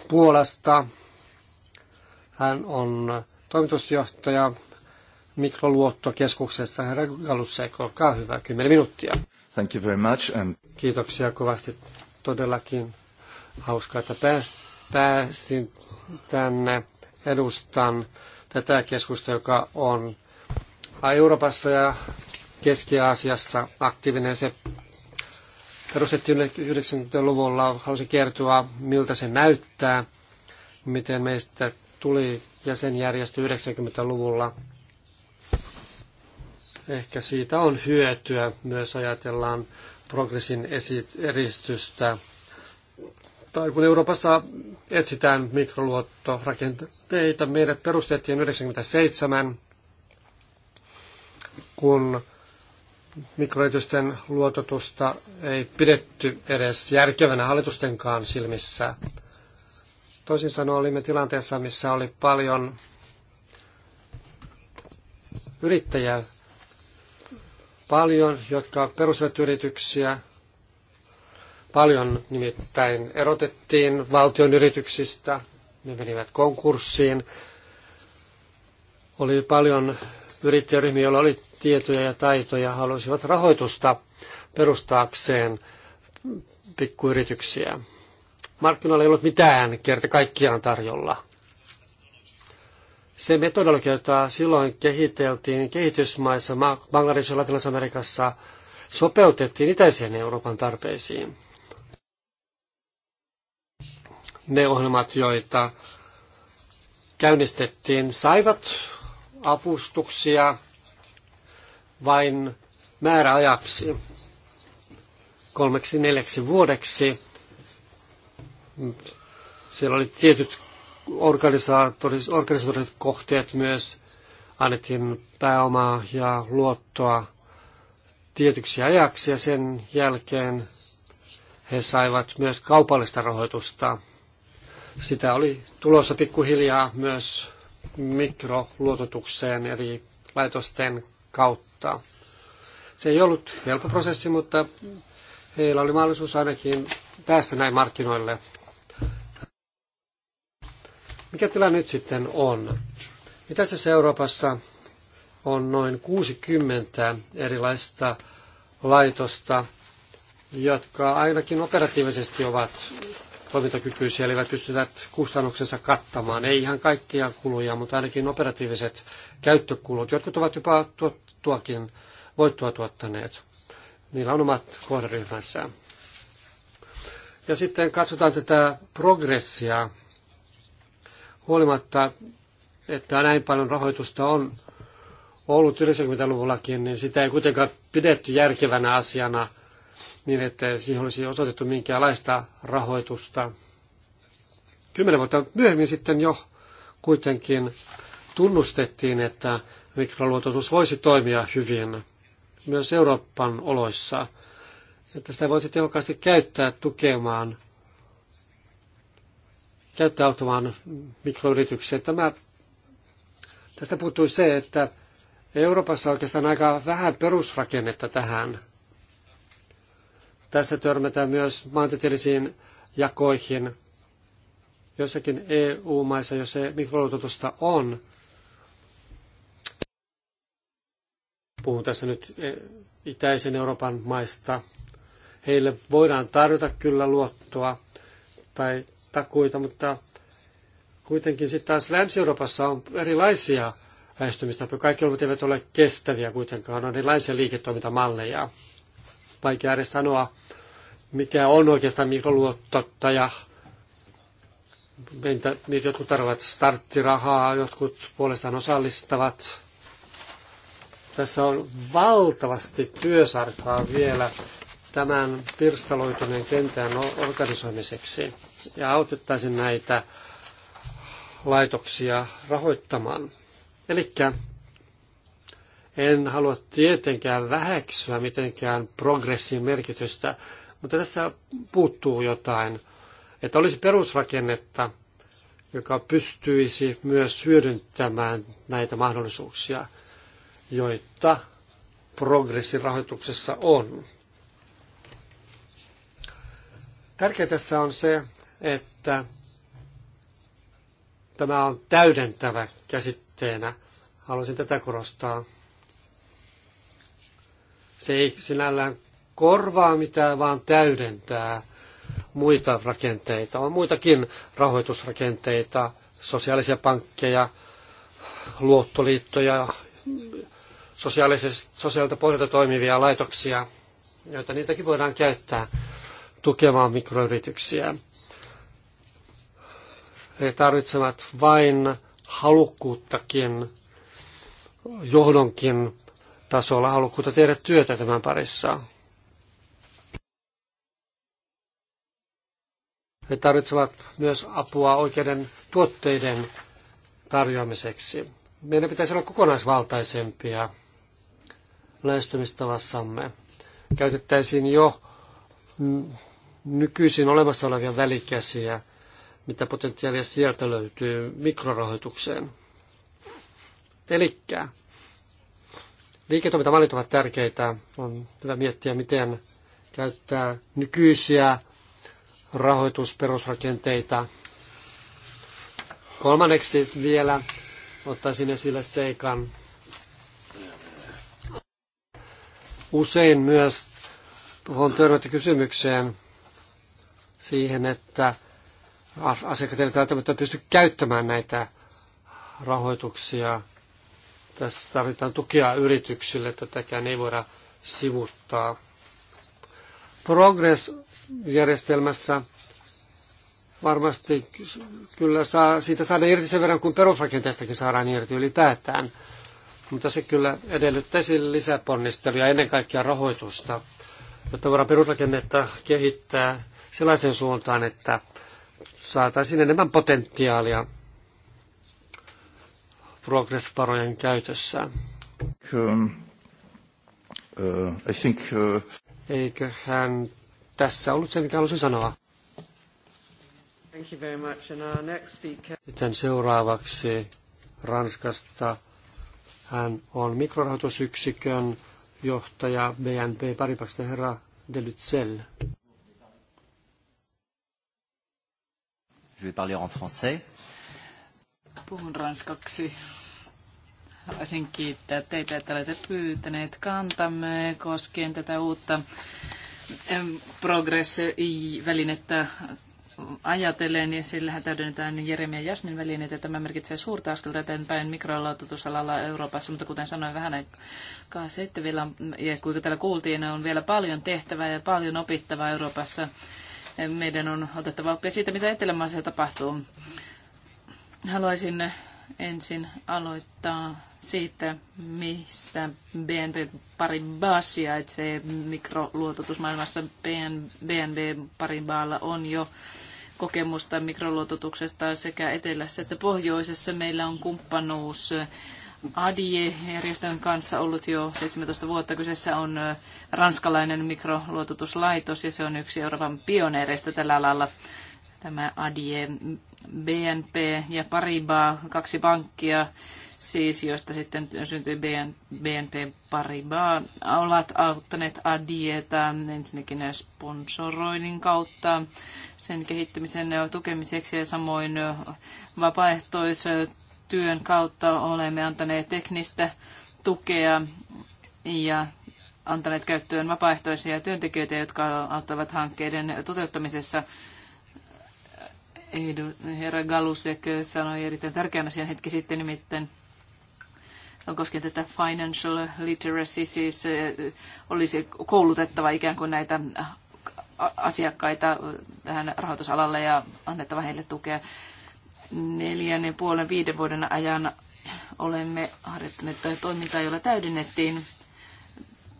Speaker 1: Puolasta hän on toimitusjohtaja mikroluottokeskuksesta. Herra Galusek, olkaa hyvä, 10 minuuttia.
Speaker 2: Thank you very much. And...
Speaker 1: Kiitoksia kovasti todellakin. Hauskaa, että pääsin tänne. Edustan tätä keskusta, joka on Euroopassa ja Keski-Aasiassa aktiivinen. Se perustettiin 90-luvulla, halusin kertoa miltä se näyttää, miten meistä tuli jäsenjärjestö 90-luvulla. Ehkä siitä on hyötyä, myös ajatellaan progressin eristystä tai kun Euroopassa etsitään mikroluottorakenteita, meidät perustettiin 97, kun mikroyritysten luototusta ei pidetty edes järkevänä hallitustenkaan silmissä. Toisin sanoen olimme tilanteessa, missä oli paljon yrittäjiä, paljon, jotka perustivat yrityksiä, Paljon nimittäin erotettiin valtion yrityksistä, ne menivät konkurssiin. Oli paljon yrittäjäryhmiä, joilla oli tietoja ja taitoja, halusivat rahoitusta perustaakseen pikkuyrityksiä. Markkinoilla ei ollut mitään kerta kaikkiaan tarjolla. Se metodologia, jota silloin kehiteltiin kehitysmaissa, Bangladesissa ja Latinalaisessa Amerikassa, sopeutettiin itäiseen Euroopan tarpeisiin ne ohjelmat, joita käynnistettiin, saivat avustuksia vain määräajaksi, kolmeksi neljäksi vuodeksi. Siellä oli tietyt organisatoriset kohteet myös, annettiin pääomaa ja luottoa tietyksi ajaksi ja sen jälkeen he saivat myös kaupallista rahoitusta sitä oli tulossa pikkuhiljaa myös mikroluototukseen eri laitosten kautta. Se ei ollut helppo prosessi, mutta heillä oli mahdollisuus ainakin päästä näin markkinoille. Mikä tilanne nyt sitten on? Mitä tässä Euroopassa on noin 60 erilaista laitosta, jotka ainakin operatiivisesti ovat toimintakykyisiä, eli pystyvät kustannuksensa kattamaan. Ei ihan kaikkia kuluja, mutta ainakin operatiiviset käyttökulut. Jotkut ovat jopa tuokin voittoa tuottaneet. Niillä on omat kohderyhmänsä. Ja sitten katsotaan tätä progressia. Huolimatta, että näin paljon rahoitusta on ollut 90-luvullakin, niin sitä ei kuitenkaan pidetty järkevänä asiana – niin, että siihen olisi osoitettu minkäänlaista rahoitusta. Kymmenen vuotta myöhemmin sitten jo kuitenkin tunnustettiin, että mikroluototus voisi toimia hyvin myös Euroopan oloissa, että sitä voisi tehokkaasti käyttää tukemaan, käyttää auttamaan mikroyrityksiä. Tämä, tästä puuttui se, että Euroopassa oikeastaan aika vähän perusrakennetta tähän – tässä törmätään myös maantieteellisiin jakoihin. Jossakin EU-maissa, jos se mikroluototusta on, puhun tässä nyt e, itäisen Euroopan maista, heille voidaan tarjota kyllä luottoa tai takuita, mutta kuitenkin sitten taas Länsi-Euroopassa on erilaisia lähestymistapoja. Kaikki luvut eivät ole kestäviä kuitenkaan, on erilaisia liiketoimintamalleja vaikea edes sanoa, mikä on oikeastaan mikroluottottaja. Meitä, jotkut tarvitsevat starttirahaa, jotkut puolestaan osallistavat. Tässä on valtavasti työsarkaa vielä tämän pirstaloituneen kentän organisoimiseksi ja autettaisiin näitä laitoksia rahoittamaan. Eli en halua tietenkään väheksyä mitenkään progressin merkitystä, mutta tässä puuttuu jotain, että olisi perusrakennetta, joka pystyisi myös hyödyntämään näitä mahdollisuuksia, joita progressi-rahoituksessa on. Tärkeää tässä on se, että tämä on täydentävä käsitteenä. Haluaisin tätä korostaa. Se ei sinällään korvaa mitään, vaan täydentää muita rakenteita. On muitakin rahoitusrakenteita, sosiaalisia pankkeja, luottoliittoja, sosiaalista pohjalta toimivia laitoksia, joita niitäkin voidaan käyttää tukemaan mikroyrityksiä. He tarvitsevat vain halukkuuttakin johdonkin tasolla halukkuutta tehdä työtä tämän parissa. He tarvitsevat myös apua oikeiden tuotteiden tarjoamiseksi. Meidän pitäisi olla kokonaisvaltaisempia lähestymistavassamme. Käytettäisiin jo nykyisin olemassa olevia välikäsiä, mitä potentiaalia sieltä löytyy mikrorahoitukseen. Elikkä Liiketoimintamallit ovat tärkeitä. On hyvä miettiä, miten käyttää nykyisiä rahoitusperusrakenteita. Kolmanneksi vielä ottaisin esille seikan. Usein myös on törmätty kysymykseen siihen, että asiakkaat eivät välttämättä pysty käyttämään näitä rahoituksia tässä tarvitaan tukea yrityksille, tätäkään ei voida sivuttaa. Progress-järjestelmässä varmasti kyllä saa, siitä saada irti sen verran, kun perusrakenteestakin saadaan irti ylipäätään. Mutta se kyllä edellyttäisi lisäponnisteluja, ennen kaikkea rahoitusta, jotta voidaan perusrakennetta kehittää sellaisen suuntaan, että saataisiin enemmän potentiaalia progressvarojen käytössä? Um, uh, I think, uh... hän tässä ollut se, mikä halusin sanoa. Thank you very much. And our next speaker... Sitten seuraavaksi Ranskasta. Hän on mikrorahoitusyksikön johtaja BNP Paribasta herra Delutsel. Je vais parler en français.
Speaker 3: Puhun ranskaksi. Haluaisin kiittää teitä, että olette pyytäneet kantamme koskien tätä uutta Progress-välinettä ajatellen, ja sillähän täydennetään Jeremia ja Jasmin välineitä. Tämä merkitsee suurta askelta eteenpäin mikroluototusalalla Euroopassa, mutta kuten sanoin vähän aikaa sitten vielä, ja kuinka täällä kuultiin, on vielä paljon tehtävää ja paljon opittavaa Euroopassa. Meidän on otettava oppia siitä, mitä etelämaassa tapahtuu. Haluaisin ensin aloittaa siitä, missä BNB Paribas sijaitsee mikroluototusmaailmassa. BNB baalla on jo kokemusta mikroluototuksesta sekä etelässä että pohjoisessa. Meillä on kumppanuus ADIE-järjestön kanssa ollut jo 17 vuotta. Kyseessä on ranskalainen mikroluototuslaitos ja se on yksi Euroopan pioneereista tällä alalla. Tämä ADIE BNP ja Paribas, kaksi pankkia, siis joista sitten syntyi BNP Paribas, ovat auttaneet Adieta ensinnäkin sponsoroinnin kautta sen kehittymisen tukemiseksi ja samoin vapaaehtoistyön kautta olemme antaneet teknistä tukea ja antaneet käyttöön vapaaehtoisia työntekijöitä, jotka auttavat hankkeiden toteuttamisessa herra Galusek sanoi erittäin tärkeän asian hetki sitten, nimittäin koskien tätä financial literacy, siis eh, olisi koulutettava ikään kuin näitä asiakkaita tähän rahoitusalalle ja annettava heille tukea. Neljän ja puolen viiden vuoden ajan olemme harjoittaneet toimintaa, jolla täydennettiin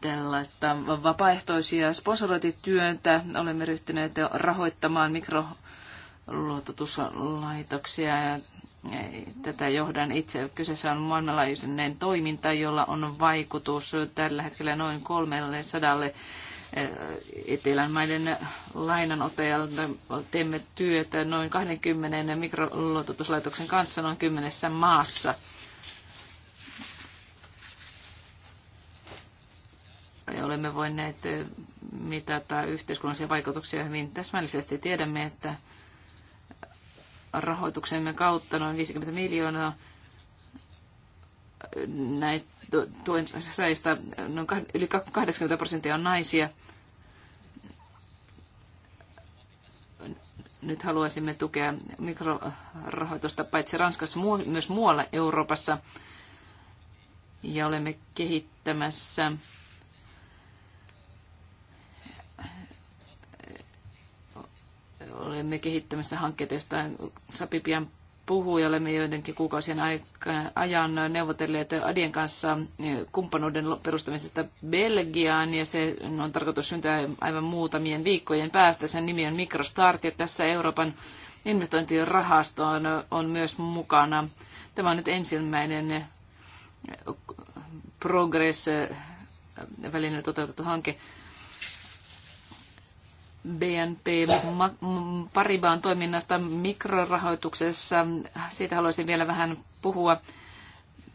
Speaker 3: tällaista vapaaehtoisia sponsorointityöntä. Olemme ryhtyneet rahoittamaan mikro luototuslaitoksia ja tätä johdan itse. Kyseessä on maailmanlaajuinen toiminta, jolla on vaikutus tällä hetkellä noin 300 eh, etelän maiden lainanottajalta. Teemme työtä noin 20 mikroluototuslaitoksen kanssa noin kymmenessä maassa. ja Olemme voineet eh, mitata yhteiskunnallisia vaikutuksia hyvin täsmällisesti. Tiedämme, että rahoituksemme kautta noin 50 miljoonaa näistä tuen saajista noin yli 80 prosenttia on naisia. Nyt haluaisimme tukea mikrorahoitusta paitsi Ranskassa myös muualla Euroopassa. Ja olemme kehittämässä olemme kehittämässä hankkeita, joista Sapi pian puhuu ja olemme joidenkin kuukausien ajan neuvotelleet Adien kanssa kumppanuuden perustamisesta Belgiaan ja se on tarkoitus syntyä aivan muutamien viikkojen päästä. Sen nimi on Microstart ja tässä Euroopan investointien rahasto on, on myös mukana. Tämä on nyt ensimmäinen Progress välineellä toteutettu hanke. BNP Paribaan toiminnasta mikrorahoituksessa. Siitä haluaisin vielä vähän puhua.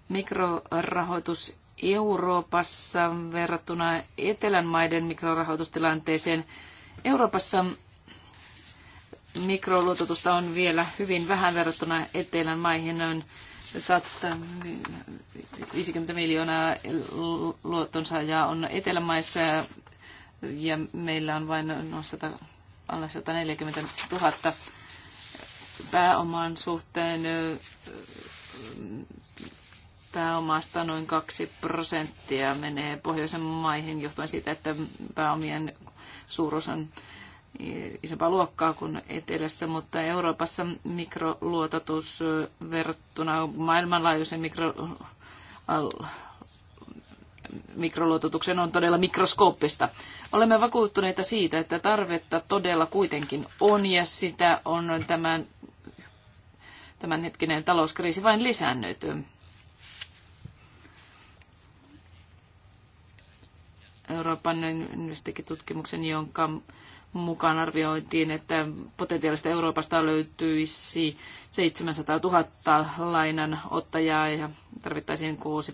Speaker 3: Mikrorahoitus Euroopassa verrattuna etelän maiden mikrorahoitustilanteeseen. Euroopassa mikroluototusta on vielä hyvin vähän verrattuna etelän maihin, noin 150 miljoonaa luotonsaajaa on etelämaissa ja ja meillä on vain noin 100, alle 140 000 pääoman suhteen pääomasta noin 2 prosenttia menee pohjoisen maihin johtuen siitä, että pääomien suuruus on isompaa luokkaa kuin etelässä, mutta Euroopassa mikroluototus verrattuna maailmanlaajuisen mikro mikroluototuksen on todella mikroskooppista. Olemme vakuuttuneita siitä, että tarvetta todella kuitenkin on ja sitä on tämän, tämänhetkinen talouskriisi vain lisännyt. Euroopan tutkimuksen, jonka mukaan arvioitiin, että potentiaalista Euroopasta löytyisi 700 000 lainan ottajaa ja tarvittaisiin 6,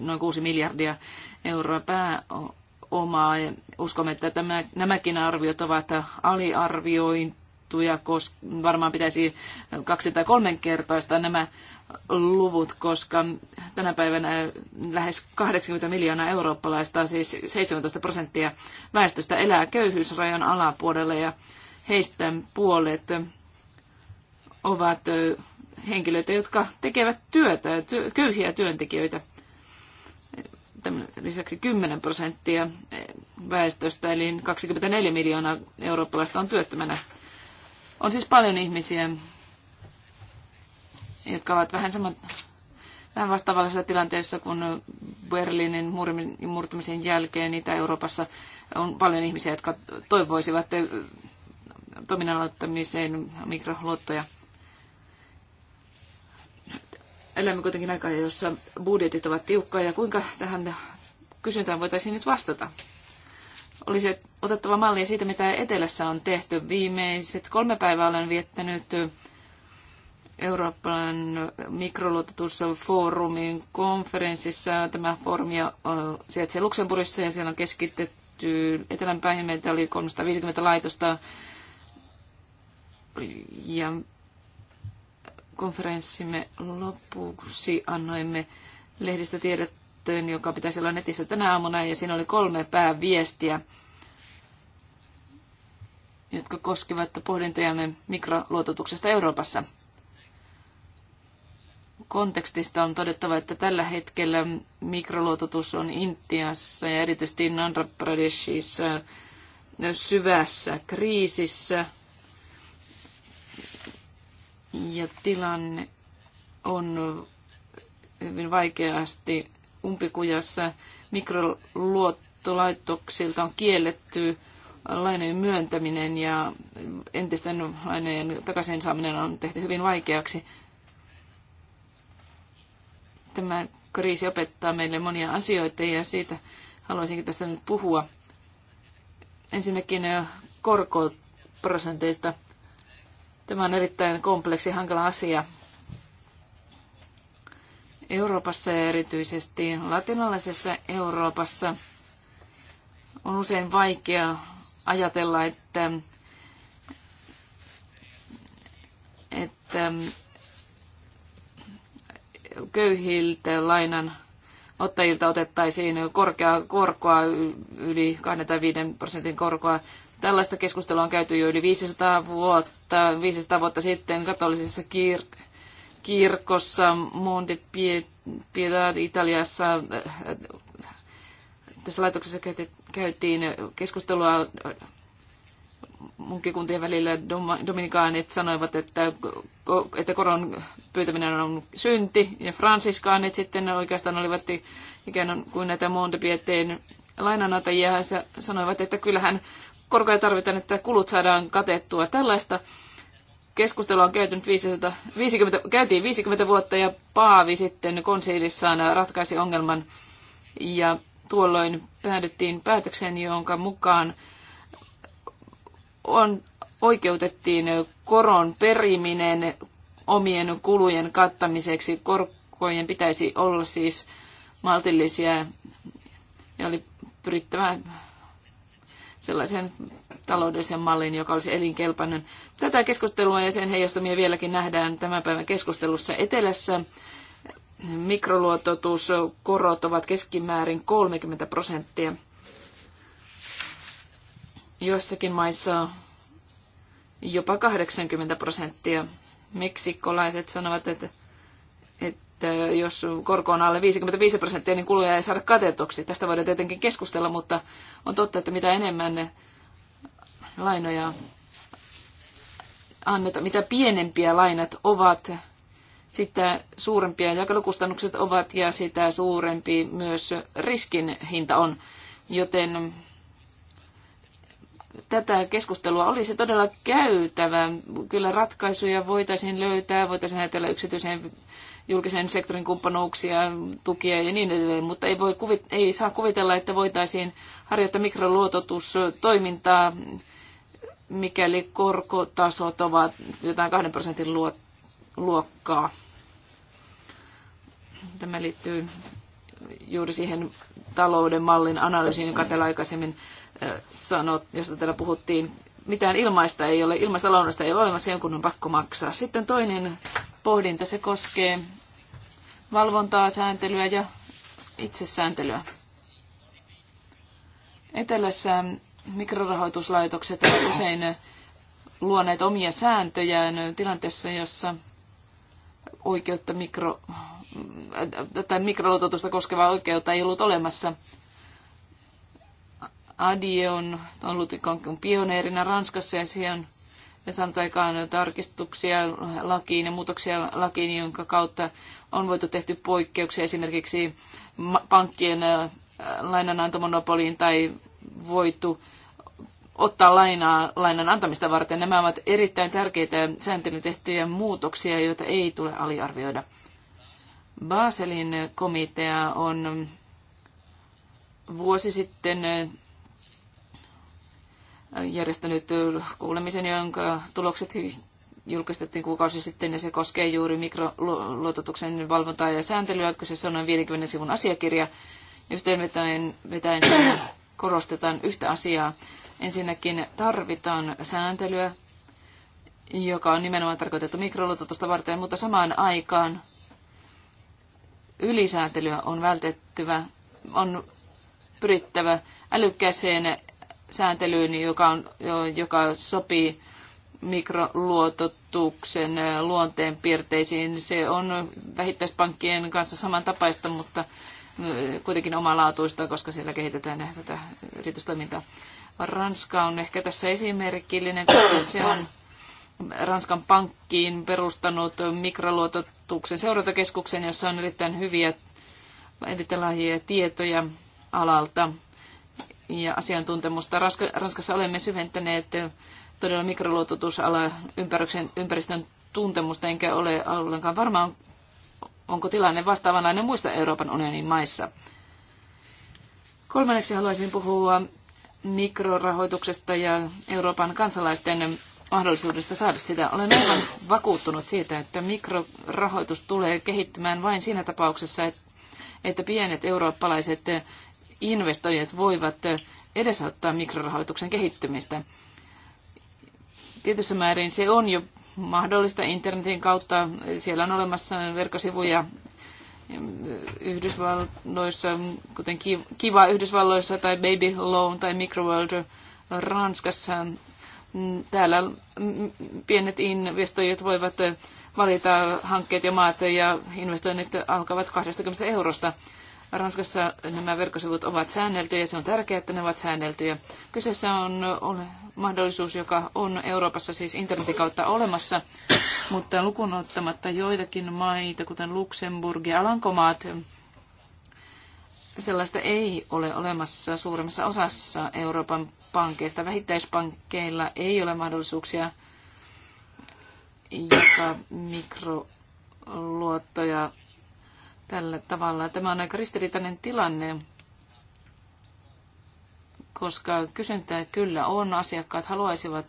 Speaker 3: noin 6 miljardia euroa pääomaa. Ja uskomme, että tämä, nämäkin arviot ovat aliarviointuja, koska varmaan pitäisi kaksi- tai kolmenkertaista nämä luvut, koska tänä päivänä lähes 80 miljoonaa eurooppalaista, siis 17 prosenttia väestöstä elää köyhyysrajan alapuolella ja heistä puolet ovat henkilöitä, jotka tekevät työtä, köyhiä työntekijöitä. Tämän lisäksi 10 prosenttia väestöstä, eli 24 miljoonaa eurooppalaista on työttömänä. On siis paljon ihmisiä, jotka ovat vähän samat, vähän vastaavallisessa tilanteessa kuin Berliinin muurin murtumisen jälkeen Itä-Euroopassa on paljon ihmisiä, jotka toivoisivat eh, toiminnan aloittamiseen mikroluottoja. Elämme kuitenkin aikaa, jossa budjetit ovat tiukkoja ja kuinka tähän kysyntään voitaisiin nyt vastata? Olisi otettava mallia siitä, mitä etelässä on tehty. Viimeiset kolme päivää olen viettänyt Euroopan mikroluototusfoorumin konferenssissa. Tämä foorumi sijaitsee Luxemburgissa ja siellä on keskitetty etelänpäin. Meitä oli 350 laitosta ja konferenssimme lopuksi annoimme lehdistötiedettöön, joka pitäisi olla netissä tänä aamuna, ja siinä oli kolme pääviestiä, jotka koskivat pohdintojamme mikroluototuksesta Euroopassa kontekstista on todettava, että tällä hetkellä mikroluototus on Intiassa ja erityisesti Andhra Pradeshissa äh, syvässä kriisissä. Ja tilanne on hyvin vaikeasti umpikujassa. Mikroluottolaitoksilta on kielletty lainojen myöntäminen ja entisten lainojen takaisin saaminen on tehty hyvin vaikeaksi Tämä kriisi opettaa meille monia asioita ja siitä haluaisinkin tästä nyt puhua. Ensinnäkin korkoprosenteista. Tämä on erittäin kompleksi hankala asia. Euroopassa ja erityisesti latinalaisessa Euroopassa on usein vaikea ajatella, että, että köyhiltä lainan ottajilta otettaisiin korkeaa korkoa, yli 25 prosentin korkoa. Tällaista keskustelua on käyty jo yli 500 vuotta, 500 vuotta sitten katolisessa kir- kirkossa Monte Pietà Italiassa. Tässä laitoksessa käytiin keskustelua munkkikuntien välillä dominikaanit sanoivat, että, että koron pyytäminen on synti, ja fransiskaanit sitten oikeastaan olivat ikään kuin näitä Montepieteen lainanantajia, ja sanoivat, että kyllähän korkoja tarvitaan, että kulut saadaan katettua. Tällaista keskustelua on käyty 500, 50, käytiin 50 vuotta, ja Paavi sitten konsiilissaan ratkaisi ongelman, ja tuolloin päädyttiin päätökseen, jonka mukaan on, oikeutettiin koron periminen omien kulujen kattamiseksi. Korkojen pitäisi olla siis maltillisia ja oli pyrittävä sellaisen taloudellisen mallin, joka olisi elinkelpoinen. Tätä keskustelua ja sen heijastamia vieläkin nähdään tämän päivän keskustelussa etelässä. Mikroluototuskorot ovat keskimäärin 30 prosenttia. Joissakin maissa jopa 80 prosenttia. Meksikolaiset sanovat, että, että jos korko on alle 55 prosenttia, niin kuluja ei saada katetuksi. Tästä voidaan tietenkin keskustella, mutta on totta, että mitä enemmän lainoja anneta, mitä pienempiä lainat ovat, sitä suurempia jakelukustannukset ovat ja sitä suurempi myös riskin hinta on. Joten tätä keskustelua olisi todella käytävä. Kyllä ratkaisuja voitaisiin löytää, voitaisiin ajatella yksityisen julkisen sektorin kumppanuuksia, tukia ja niin edelleen, mutta ei, voi kuvit- ei saa kuvitella, että voitaisiin harjoittaa mikroluototustoimintaa, mikäli korkotasot ovat jotain kahden prosentin luokkaa. Tämä liittyy juuri siihen talouden mallin analyysiin, joka täällä aikaisemmin sanot, josta täällä puhuttiin, mitään ilmaista ei ole, ilmaista lounasta ei ole olemassa, jonkun on pakko maksaa. Sitten toinen pohdinta, se koskee valvontaa, sääntelyä ja itsesääntelyä. Etelässä mikrorahoituslaitokset ovat usein luoneet omia sääntöjään tilanteessa, jossa oikeutta mikro, äh, tai mikroluototusta koskevaa oikeutta ei ollut olemassa. Adie on ollut ikään kuin pioneerina Ranskassa ja siihen on saanut aikaan tarkistuksia lakiin ja muutoksia lakiin, jonka kautta on voitu tehty poikkeuksia esimerkiksi pankkien äh, lainanantomonopoliin tai voitu ottaa lainaa lainan antamista varten. Nämä ovat erittäin tärkeitä tehtyjä muutoksia, joita ei tule aliarvioida. Baselin komitea on vuosi sitten järjestänyt kuulemisen, jonka tulokset julkistettiin kuukausi sitten, ja se koskee juuri mikroluototuksen valvontaa ja sääntelyä. Kyseessä on noin 50 sivun asiakirja. Yhteenvetäen vetäen korostetaan yhtä asiaa. Ensinnäkin tarvitaan sääntelyä, joka on nimenomaan tarkoitettu mikroluototusta varten, mutta samaan aikaan ylisääntelyä on vältettyvä, on pyrittävä älykkäiseen sääntelyyn, joka, on, joka sopii mikroluototuksen luonteen piirteisiin. Se on vähittäispankkien kanssa samantapaista, mutta mm, kuitenkin omalaatuista, koska siellä kehitetään tätä yritystoimintaa. Ranska on ehkä tässä esimerkillinen, koska se on Ranskan pankkiin perustanut mikroluototuksen seurantakeskuksen, jossa on erittäin hyviä, erittäin tietoja alalta ja asiantuntemusta. Ranskassa olemme syventäneet todella mikroluototusala ympäristön, ympäristön tuntemusta, enkä ole ollenkaan varma, onko tilanne vastaavanlainen muista Euroopan unionin maissa. Kolmanneksi haluaisin puhua mikrorahoituksesta ja Euroopan kansalaisten mahdollisuudesta saada sitä. Olen aivan vakuuttunut siitä, että mikrorahoitus tulee kehittymään vain siinä tapauksessa, että pienet eurooppalaiset investoijat voivat edesauttaa mikrorahoituksen kehittymistä. Tietyssä määrin se on jo mahdollista internetin kautta. Siellä on olemassa verkkosivuja Yhdysvalloissa, kuten Kiva Yhdysvalloissa tai Baby Loan tai Microworld Ranskassa. Täällä pienet investoijat voivat valita hankkeet ja maat ja investoinnit alkavat 20 eurosta. Ranskassa nämä verkkosivut ovat säänneltyjä ja se on tärkeää, että ne ovat säänneltyjä. Kyseessä on, mahdollisuus, joka on Euroopassa siis internetin kautta olemassa, mutta lukuun ottamatta joitakin maita, kuten Luxemburg ja Alankomaat, sellaista ei ole olemassa suuremmassa osassa Euroopan pankeista. Vähittäispankkeilla ei ole mahdollisuuksia jakaa mikroluottoja tällä tavalla. Tämä on aika ristiriitainen tilanne, koska kysyntää kyllä on. Asiakkaat haluaisivat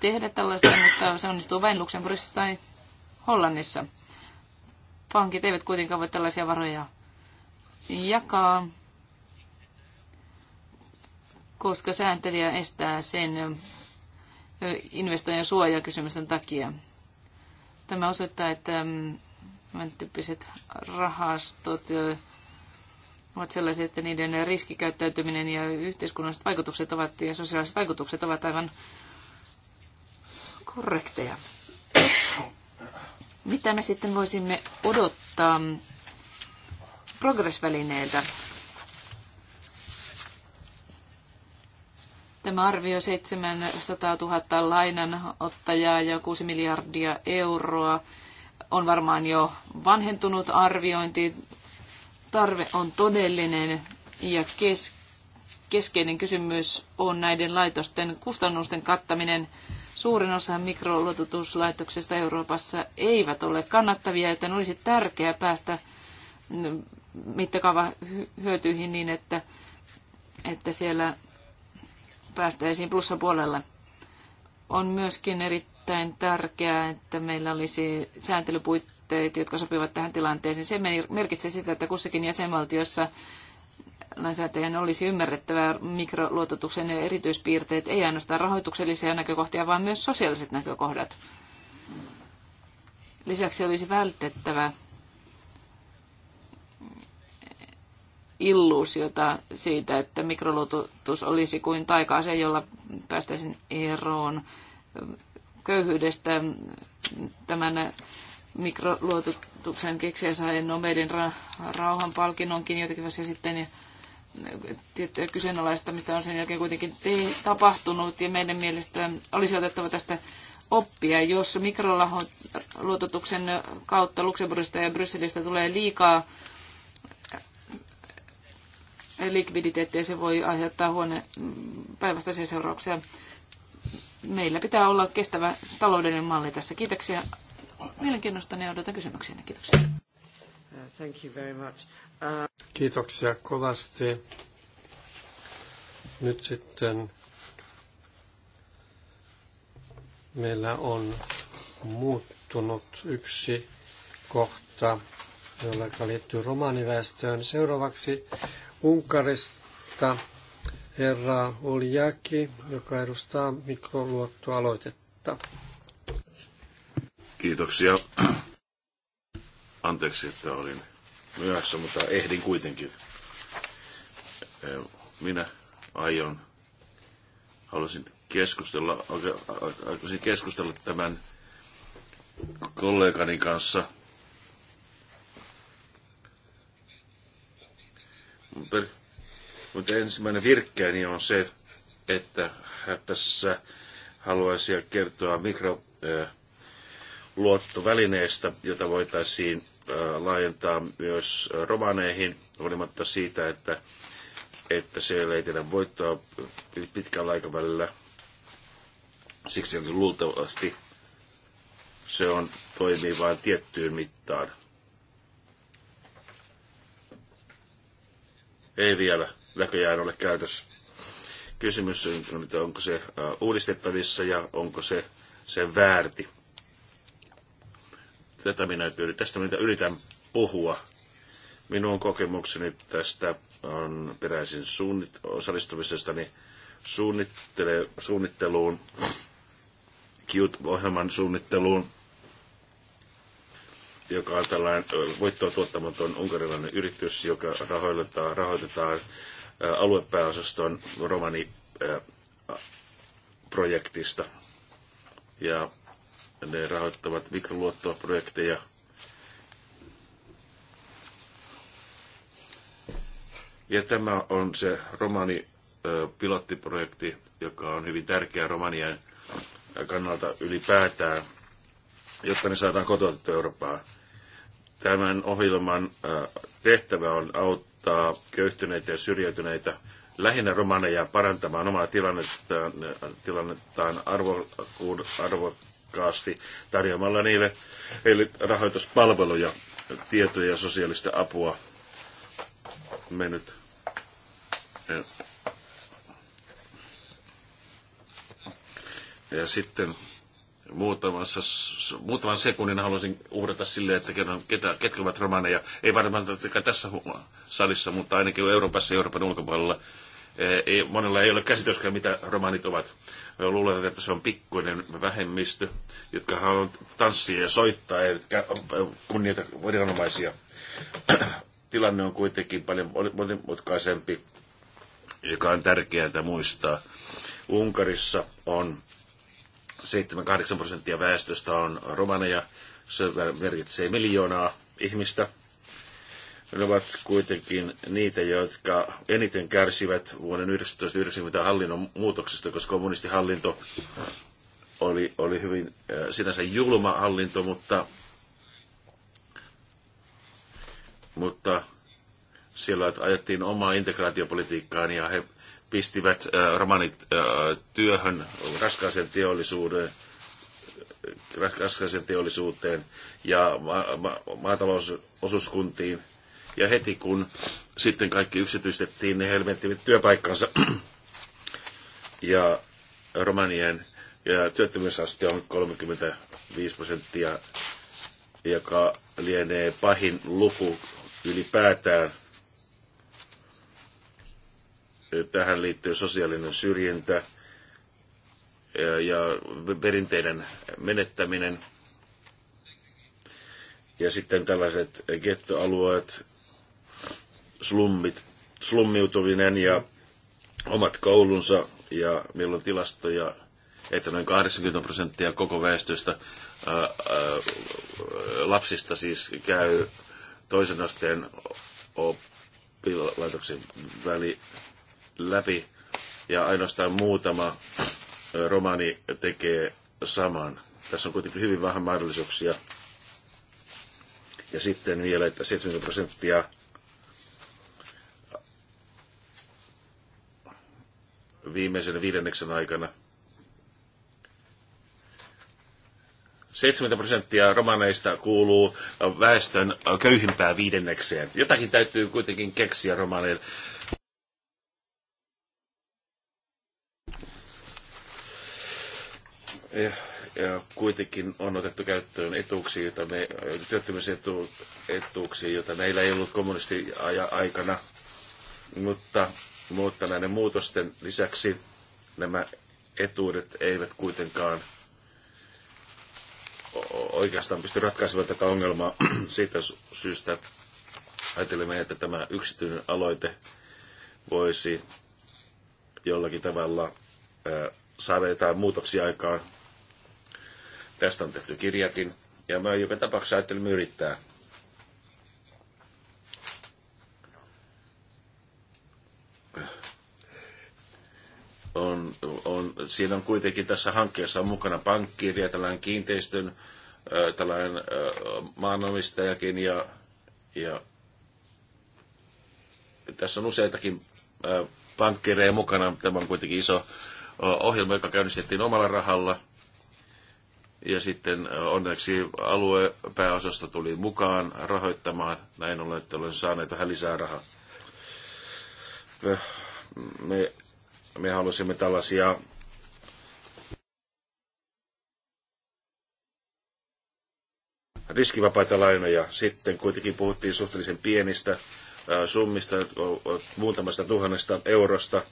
Speaker 3: tehdä tällaista, mutta se onnistuu vain Luxemburgissa tai Hollannissa. Pankit eivät kuitenkaan voi tällaisia varoja jakaa, koska sääntelijä estää sen investoijan suojakysymysten takia. Tämä osoittaa, että mm, Tämän tyyppiset rahastot ovat sellaisia, että niiden riskikäyttäytyminen ja yhteiskunnalliset vaikutukset ovat ja sosiaaliset vaikutukset ovat aivan korrekteja. Mitä me sitten voisimme odottaa progressvälineiltä? Tämä arvio 700 000 lainanottajaa ja 6 miljardia euroa on varmaan jo vanhentunut arviointi. Tarve on todellinen ja kes, keskeinen kysymys on näiden laitosten kustannusten kattaminen. Suurin osa mikroluototuslaitoksista Euroopassa eivät ole kannattavia, joten olisi tärkeää päästä mittakaava hyötyihin niin, että, että siellä päästäisiin plussapuolella. On myöskin eri erittäin tärkeää, että meillä olisi sääntelypuitteet, jotka sopivat tähän tilanteeseen. Se merkitsee sitä, että kussakin jäsenvaltiossa lainsäätäjän olisi ymmärrettävä mikroluototuksen erityispiirteet, ei ainoastaan rahoituksellisia näkökohtia, vaan myös sosiaaliset näkökohdat. Lisäksi olisi vältettävä illuusiota siitä, että mikroluototus olisi kuin taika-ase, jolla päästäisiin eroon köyhyydestä tämän mikroluototuksen keksiä sai Nomeiden rauhanpalkinnonkin jotenkin vuosia sitten. Ja tiettyä kyseenalaistamista on sen jälkeen kuitenkin tapahtunut ja meidän mielestä olisi otettava tästä oppia, jos mikroluototuksen kautta Luxemburgista ja Brysselistä tulee liikaa likviditeettiä, se voi aiheuttaa huone päivästä seurauksia meillä pitää olla kestävä taloudellinen malli tässä. Kiitoksia mielenkiinnosta ja odotan
Speaker 1: kysymyksiä. Kiitoksia. Thank you very much. Uh... Kiitoksia kovasti. Nyt sitten meillä on muuttunut yksi kohta, joka liittyy romaaniväestöön. Seuraavaksi Unkarista herra Uljaki, joka edustaa mikroluottoaloitetta.
Speaker 2: Kiitoksia. Anteeksi, että olin myöhässä, mutta ehdin kuitenkin. Minä aion, halusin keskustella, haluaisin keskustella tämän kollegani kanssa – per, mutta ensimmäinen virkkeeni on se, että tässä haluaisin kertoa mikroluottovälineestä, äh, jota voitaisiin äh, laajentaa myös romaneihin, olimatta siitä, että, että se ei tehdä voittoa pitkällä aikavälillä. Siksi onkin luultavasti se on, toimii vain tiettyyn mittaan. Ei vielä näköjään ole käytössä. Kysymys on, että onko se uudistettavissa ja onko se sen väärti. Tätä minä yritän, tästä minä yritän puhua. Minun kokemukseni tästä on peräisin suunnit- osallistumisestani suunnittele- suunnitteluun, Qt-ohjelman suunnitteluun, joka on tällainen voittoa tuottamaton unkarilainen yritys, joka rahoitetaan, rahoitetaan aluepääosaston projektista Ja ne rahoittavat mikroluottoprojekteja. Ja tämä on se romani pilottiprojekti, joka on hyvin tärkeä Romanien kannalta ylipäätään, jotta ne saadaan kotoutettua Eurooppaan. Tämän ohjelman äh, tehtävä on auttaa köyhtyneitä ja syrjäytyneitä lähinnä romaneja parantamaan omaa tilannettaan, tilannettaan arvo, arvokkaasti tarjoamalla niille, eli rahoituspalveluja, tietoja ja sosiaalista apua. Me nyt ja sitten Muutamassa, muutaman sekunnin haluaisin uhrata sille, että ketä, ketkä ovat romaneja. Ei varmaan tässä salissa, mutta ainakin Euroopassa ja Euroopan ulkopuolella ei, monella ei ole käsityskään, mitä romanit ovat. Luulen, että se on pikkuinen vähemmistö, jotka haluavat tanssia ja soittaa, eivätkä äh, kunnioita viranomaisia. [clears throat] Tilanne on kuitenkin paljon monimutkaisempi, joka on tärkeää muistaa. Unkarissa on 7-8 prosenttia väestöstä on romaneja. Se merkitsee miljoonaa ihmistä. Ne ovat kuitenkin niitä, jotka eniten kärsivät vuoden 1990 hallinnon muutoksesta, koska kommunistihallinto oli, oli hyvin äh, sinänsä julma hallinto, mutta, mutta siellä ajettiin omaa integraatiopolitiikkaan ja he pistivät romanit työhön raskaaseen teollisuuteen, raskaaseen teollisuuteen ja ma- ma- maatalousosuuskuntiin. Ja heti kun sitten kaikki yksityistettiin, ne helmettivät työpaikkansa. [clears throat] Ja romanien ja työttömyysaste on 35 prosenttia, joka lienee pahin luku ylipäätään – Tähän liittyy sosiaalinen syrjintä ja perinteiden menettäminen. Ja sitten tällaiset gettoalueet, slummit, slummiutuminen ja omat koulunsa ja milloin tilastoja, että noin 80 prosenttia koko väestöstä ää, ää, lapsista siis käy toisen asteen oppilaitoksen väli läpi ja ainoastaan muutama romani tekee saman. Tässä on kuitenkin hyvin vähän mahdollisuuksia. Ja sitten vielä, että 70 prosenttia viimeisen viidenneksen aikana. 70 prosenttia romaneista kuuluu väestön köyhimpään viidennekseen. Jotakin täytyy kuitenkin keksiä romaneille. Eh, ja kuitenkin on otettu käyttöön etuuksia, joita me, eh, työttömyysetuuksia, joita meillä ei ollut kommunisti-aikana, mutta, mutta näiden muutosten lisäksi nämä etuudet eivät kuitenkaan oikeastaan pysty ratkaisemaan tätä ongelmaa. [clears throat] Siitä syystä ajattelimme, että tämä yksityinen aloite voisi jollakin tavalla eh, saada jotain muutoksia aikaan Tästä on tehty kirjakin, ja mä joka tapauksessa ajattelin yrittää. On, on, siinä on kuitenkin tässä hankkeessa on mukana pankkiiri ja tällainen kiinteistön tällainen maanomistajakin ja, ja tässä on useitakin pankkireja mukana. Tämä on kuitenkin iso ohjelma, joka käynnistettiin omalla rahalla – ja sitten onneksi aluepääosasta tuli mukaan rahoittamaan. Näin ollen, että olen saanut vähän lisää rahaa. Me, me halusimme tällaisia riskivapaita lainoja. Sitten kuitenkin puhuttiin suhteellisen pienistä summista, muutamasta tuhannesta eurosta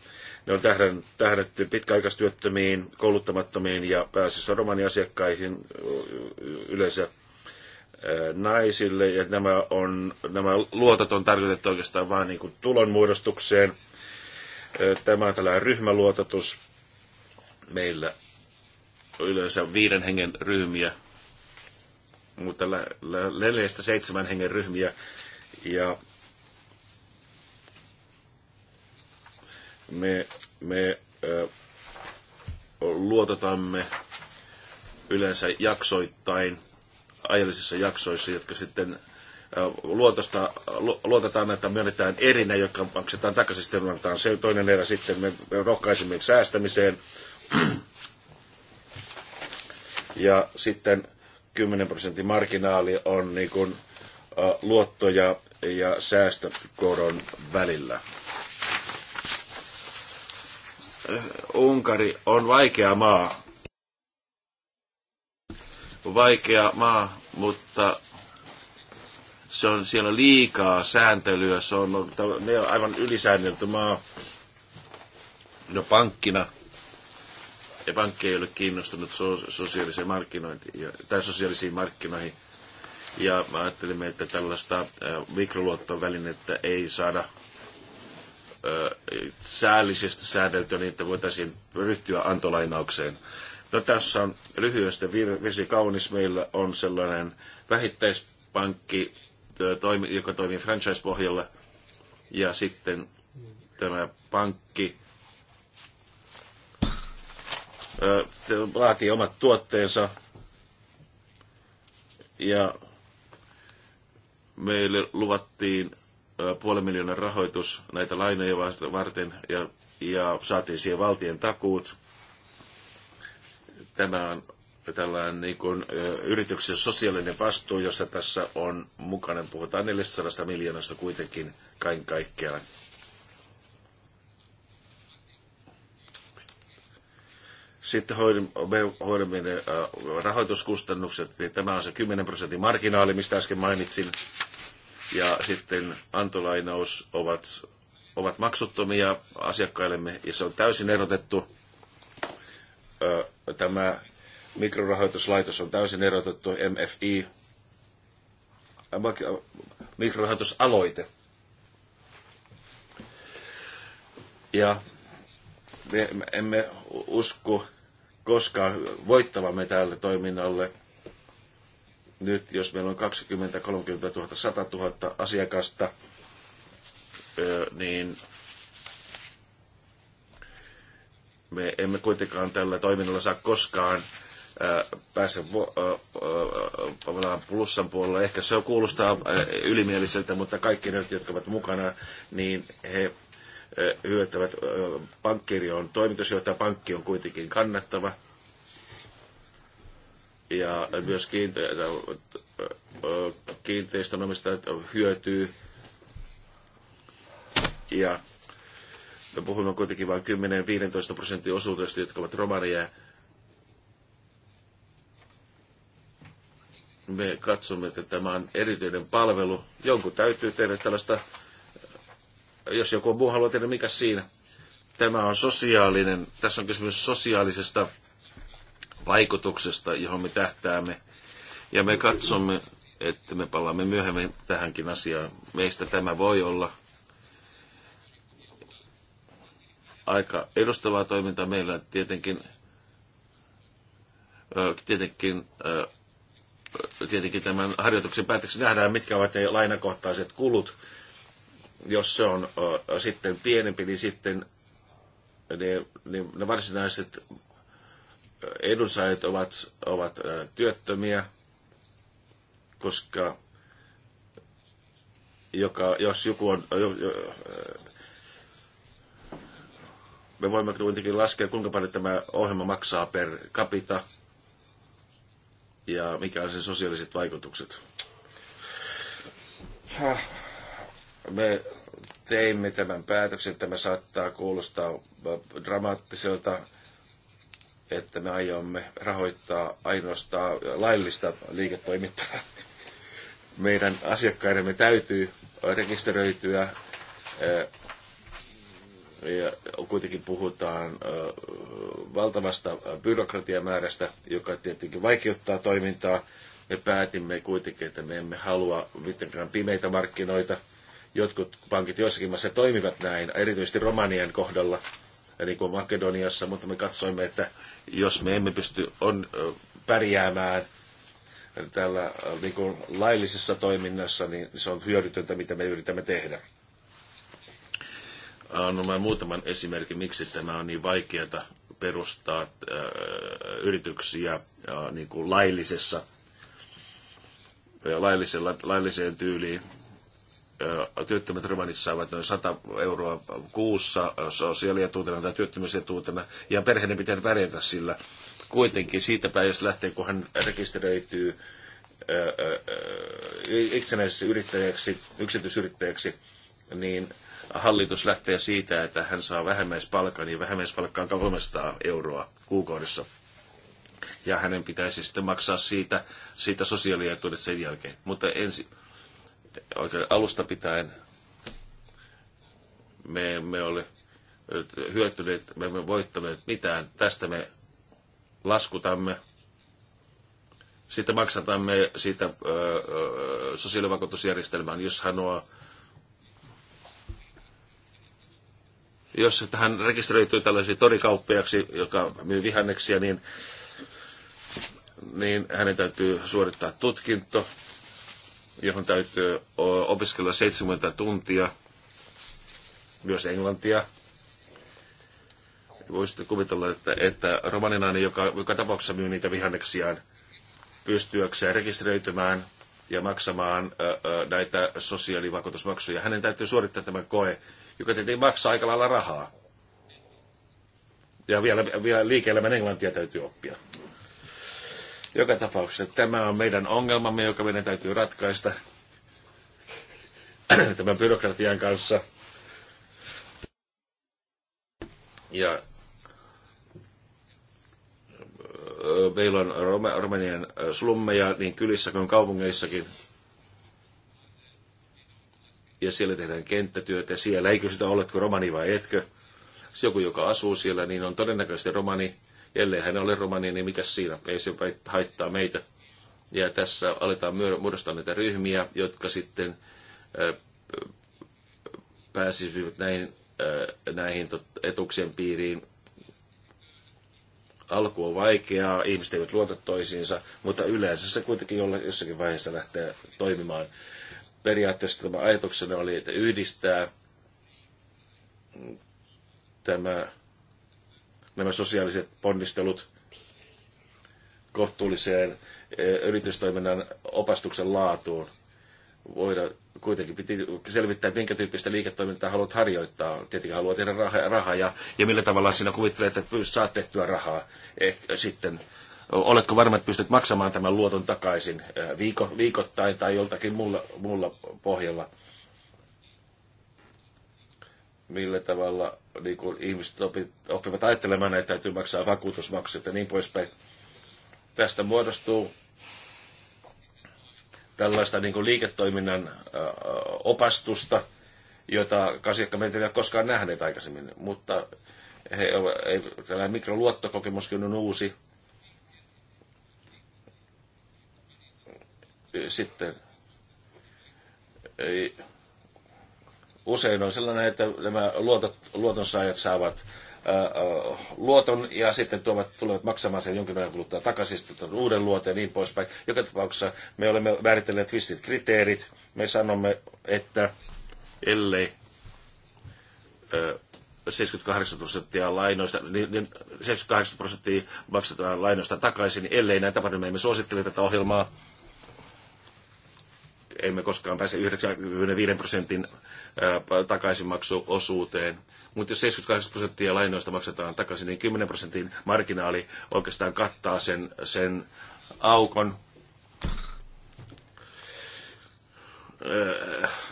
Speaker 2: ne on tähdetty pitkäaikaistyöttömiin, kouluttamattomiin ja pääasiassa romaniasiakkaihin yleensä naisille, ja nämä, on, nämä luotot on tarkoitettu oikeastaan vain niin kuin tulonmuodostukseen. Tämä on tällainen ryhmäluototus. Meillä on yleensä viiden hengen ryhmiä, mutta neljästä seitsemän hengen ryhmiä, ja Me, me luotetamme yleensä jaksoittain, ajallisissa jaksoissa, jotka sitten luotosta, luotetaan, että myönnetään erinä, jotka maksetaan takaisin, sitten annetaan se toinen erä, sitten me rohkaisimme säästämiseen. Ja sitten 10 prosentin marginaali on niin kuin luotto- ja säästökoron välillä. Unkari on vaikea maa. Vaikea maa, mutta se on, siellä on liikaa sääntelyä, se on, ne on aivan ylisäännelty maa. No pankkina, ja pankki ei ole kiinnostunut so- sosiaaliseen markkinointiin, tai sosiaalisiin markkinoihin. Ja ajattelimme, että tällaista mikroluottovälinettä ei saada säällisesti säädeltyä niin, että voitaisiin ryhtyä antolainaukseen. No tässä on lyhyesti vesi kaunis. Meillä on sellainen vähittäispankki, joka toimii franchise-pohjalla, ja sitten tämä pankki vaatii omat tuotteensa, ja meille luvattiin puoli miljoonan rahoitus näitä lainoja varten ja, ja saatiin siihen valtien takuut. Tämä on tällainen niin kuin, yrityksen sosiaalinen vastuu, jossa tässä on mukana, puhutaan 400 miljoonasta kuitenkin kaiken kaikkiaan. Sitten hoidamme rahoituskustannukset, niin tämä on se 10 prosentin marginaali, mistä äsken mainitsin ja sitten antolainaus ovat, ovat maksuttomia asiakkaillemme ja se on täysin erotettu. Tämä mikrorahoituslaitos on täysin erotettu, MFI, mikrorahoitusaloite. Ja me emme usko koskaan voittavamme tälle toiminnalle – nyt jos meillä on 20, 30 000, 100 000 asiakasta, niin me emme kuitenkaan tällä toiminnalla saa koskaan pääse plussan puolella. Ehkä se kuulostaa ylimieliseltä, mutta kaikki ne, jotka ovat mukana, niin he hyötyvät. Pankkiiri on toimitusjohtaja, pankki on kuitenkin kannattava ja myös äh, äh, kiinteistönomistajat hyötyy. Ja me puhumme kuitenkin vain 10-15 prosentin osuudesta, jotka ovat romaneja. Me katsomme, että tämä on erityinen palvelu. Jonkun täytyy tehdä tällaista, jos joku muu haluaa tehdä, mikä siinä. Tämä on sosiaalinen, tässä on kysymys sosiaalisesta vaikutuksesta, johon me tähtäämme. Ja me katsomme, että me palaamme myöhemmin tähänkin asiaan. Meistä tämä voi olla aika edustavaa toimintaa meillä tietenkin, tietenkin tietenkin tämän harjoituksen päätöksi nähdään, mitkä ovat ne lainakohtaiset kulut. Jos se on sitten pienempi, niin sitten ne, ne, ne varsinaiset edunsaajat ovat, ovat työttömiä, koska joka, jos joku on, jo, jo, me voimme kuitenkin laskea, kuinka paljon tämä ohjelma maksaa per capita ja mikä on sen sosiaaliset vaikutukset. Me teimme tämän päätöksen, että tämä saattaa kuulostaa dramaattiselta, että me aiomme rahoittaa ainoastaan laillista liiketoimintaa. Meidän asiakkaidemme täytyy rekisteröityä eh, ja kuitenkin puhutaan eh, valtavasta byrokratiamäärästä, joka tietenkin vaikeuttaa toimintaa. Me päätimme kuitenkin, että me emme halua mitenkään pimeitä markkinoita. Jotkut pankit joissakin maissa toimivat näin, erityisesti Romanian kohdalla – niin kuin Makedoniassa, mutta me katsoimme, että jos me emme pysty on, pärjäämään tällä niin kuin laillisessa toiminnassa, niin se on hyödytöntä, mitä me yritämme tehdä. Annan muutaman esimerkin, miksi tämä on niin vaikeaa perustaa äh, yrityksiä äh, niin kuin laillisessa, laillisella, lailliseen tyyliin työttömät Romanissa saavat noin 100 euroa kuussa sosiaalietuutena tai työttömyysetuutena, ja perheiden pitää pärjätä sillä. Kuitenkin siitä päivästä lähtee, kun hän rekisteröityy itsenäiseksi yrittäjäksi, yksityisyrittäjäksi, niin hallitus lähtee siitä, että hän saa vähemmäispalkan, niin vähemmäispalkka on 300 euroa kuukaudessa. Ja hänen pitäisi sitten maksaa siitä, siitä sosiaalietuudet sen jälkeen. Mutta ensi, oikein alusta pitäen me emme ole hyötyneet, me emme voittaneet mitään. Tästä me laskutamme, sitten maksatamme siitä öö, sosiaalivakuutusjärjestelmään, jos hän on jos hän rekisteröityy tällaisiin torikauppiaksi, joka myy vihanneksia, niin, niin hänen täytyy suorittaa tutkinto johon täytyy opiskella 70 tuntia, myös englantia. Voisitte kuvitella, että, että romaninainen, joka, joka tapauksessa myy niitä vihanneksiaan, pystyäkseen rekisteröitymään ja maksamaan ö, näitä sosiaalivakuutusmaksuja. Hänen täytyy suorittaa tämä koe, joka tietenkin maksaa aika lailla rahaa. Ja vielä, vielä liike-elämän englantia täytyy oppia. Joka tapauksessa tämä on meidän ongelmamme, joka meidän täytyy ratkaista [clears throat] tämän byrokratian kanssa. Ja meillä on Romanian slummeja niin kylissä kuin kaupungeissakin. Ja siellä tehdään kenttätyötä. Siellä ei kysytä, oletko romani vai etkö. Se siis joku, joka asuu siellä, niin on todennäköisesti romani. Ellei hän ole romani, niin mikä siinä? Ei se haittaa meitä. Ja tässä aletaan muodostaa näitä ryhmiä, jotka sitten pääsisivät näihin, näihin etuksien piiriin. Alku on vaikeaa, ihmiset eivät luota toisiinsa, mutta yleensä se kuitenkin jossakin vaiheessa lähtee toimimaan. Periaatteessa tämä ajatuksena oli, että yhdistää tämä nämä sosiaaliset ponnistelut kohtuulliseen eh, yritystoiminnan opastuksen laatuun. Voidaan kuitenkin piti selvittää, minkä tyyppistä liiketoimintaa haluat harjoittaa. Tietenkin haluat tehdä rahaa ja, ja millä tavalla sinä kuvittelet, että saat tehtyä rahaa. Eh, sitten oletko varma, että pystyt maksamaan tämän luoton takaisin eh, viiko, viikoittain tai joltakin muulla, muulla pohjalla? Millä tavalla niin kuin ihmiset oppivat ajattelemaan, että täytyy maksaa vakuutusmaksut ja niin poispäin. Tästä muodostuu tällaista niin kuin liiketoiminnan opastusta, jota asiakkaat eivät koskaan nähneet aikaisemmin, mutta he, ei, tällainen mikroluottokokemuskin on uusi. Sitten ei, Usein on sellainen, että nämä luotot, luotonsaajat saavat luoton ja sitten tuovat, tulevat maksamaan sen jonkin ajan kuluttua takaisin, sitten uuden luoton ja niin poispäin. Joka tapauksessa me olemme määritelleet vissit kriteerit. Me sanomme, että ellei 78 prosenttia lainoista, niin 78 niin prosenttia maksetaan lainoista takaisin, ellei näin tapahdu. Me emme suosittele tätä ohjelmaa emme koskaan pääse 95 prosentin takaisinmaksuosuuteen. Mutta jos 78 prosenttia lainoista maksetaan takaisin, niin 10 prosentin marginaali oikeastaan kattaa sen, sen aukon.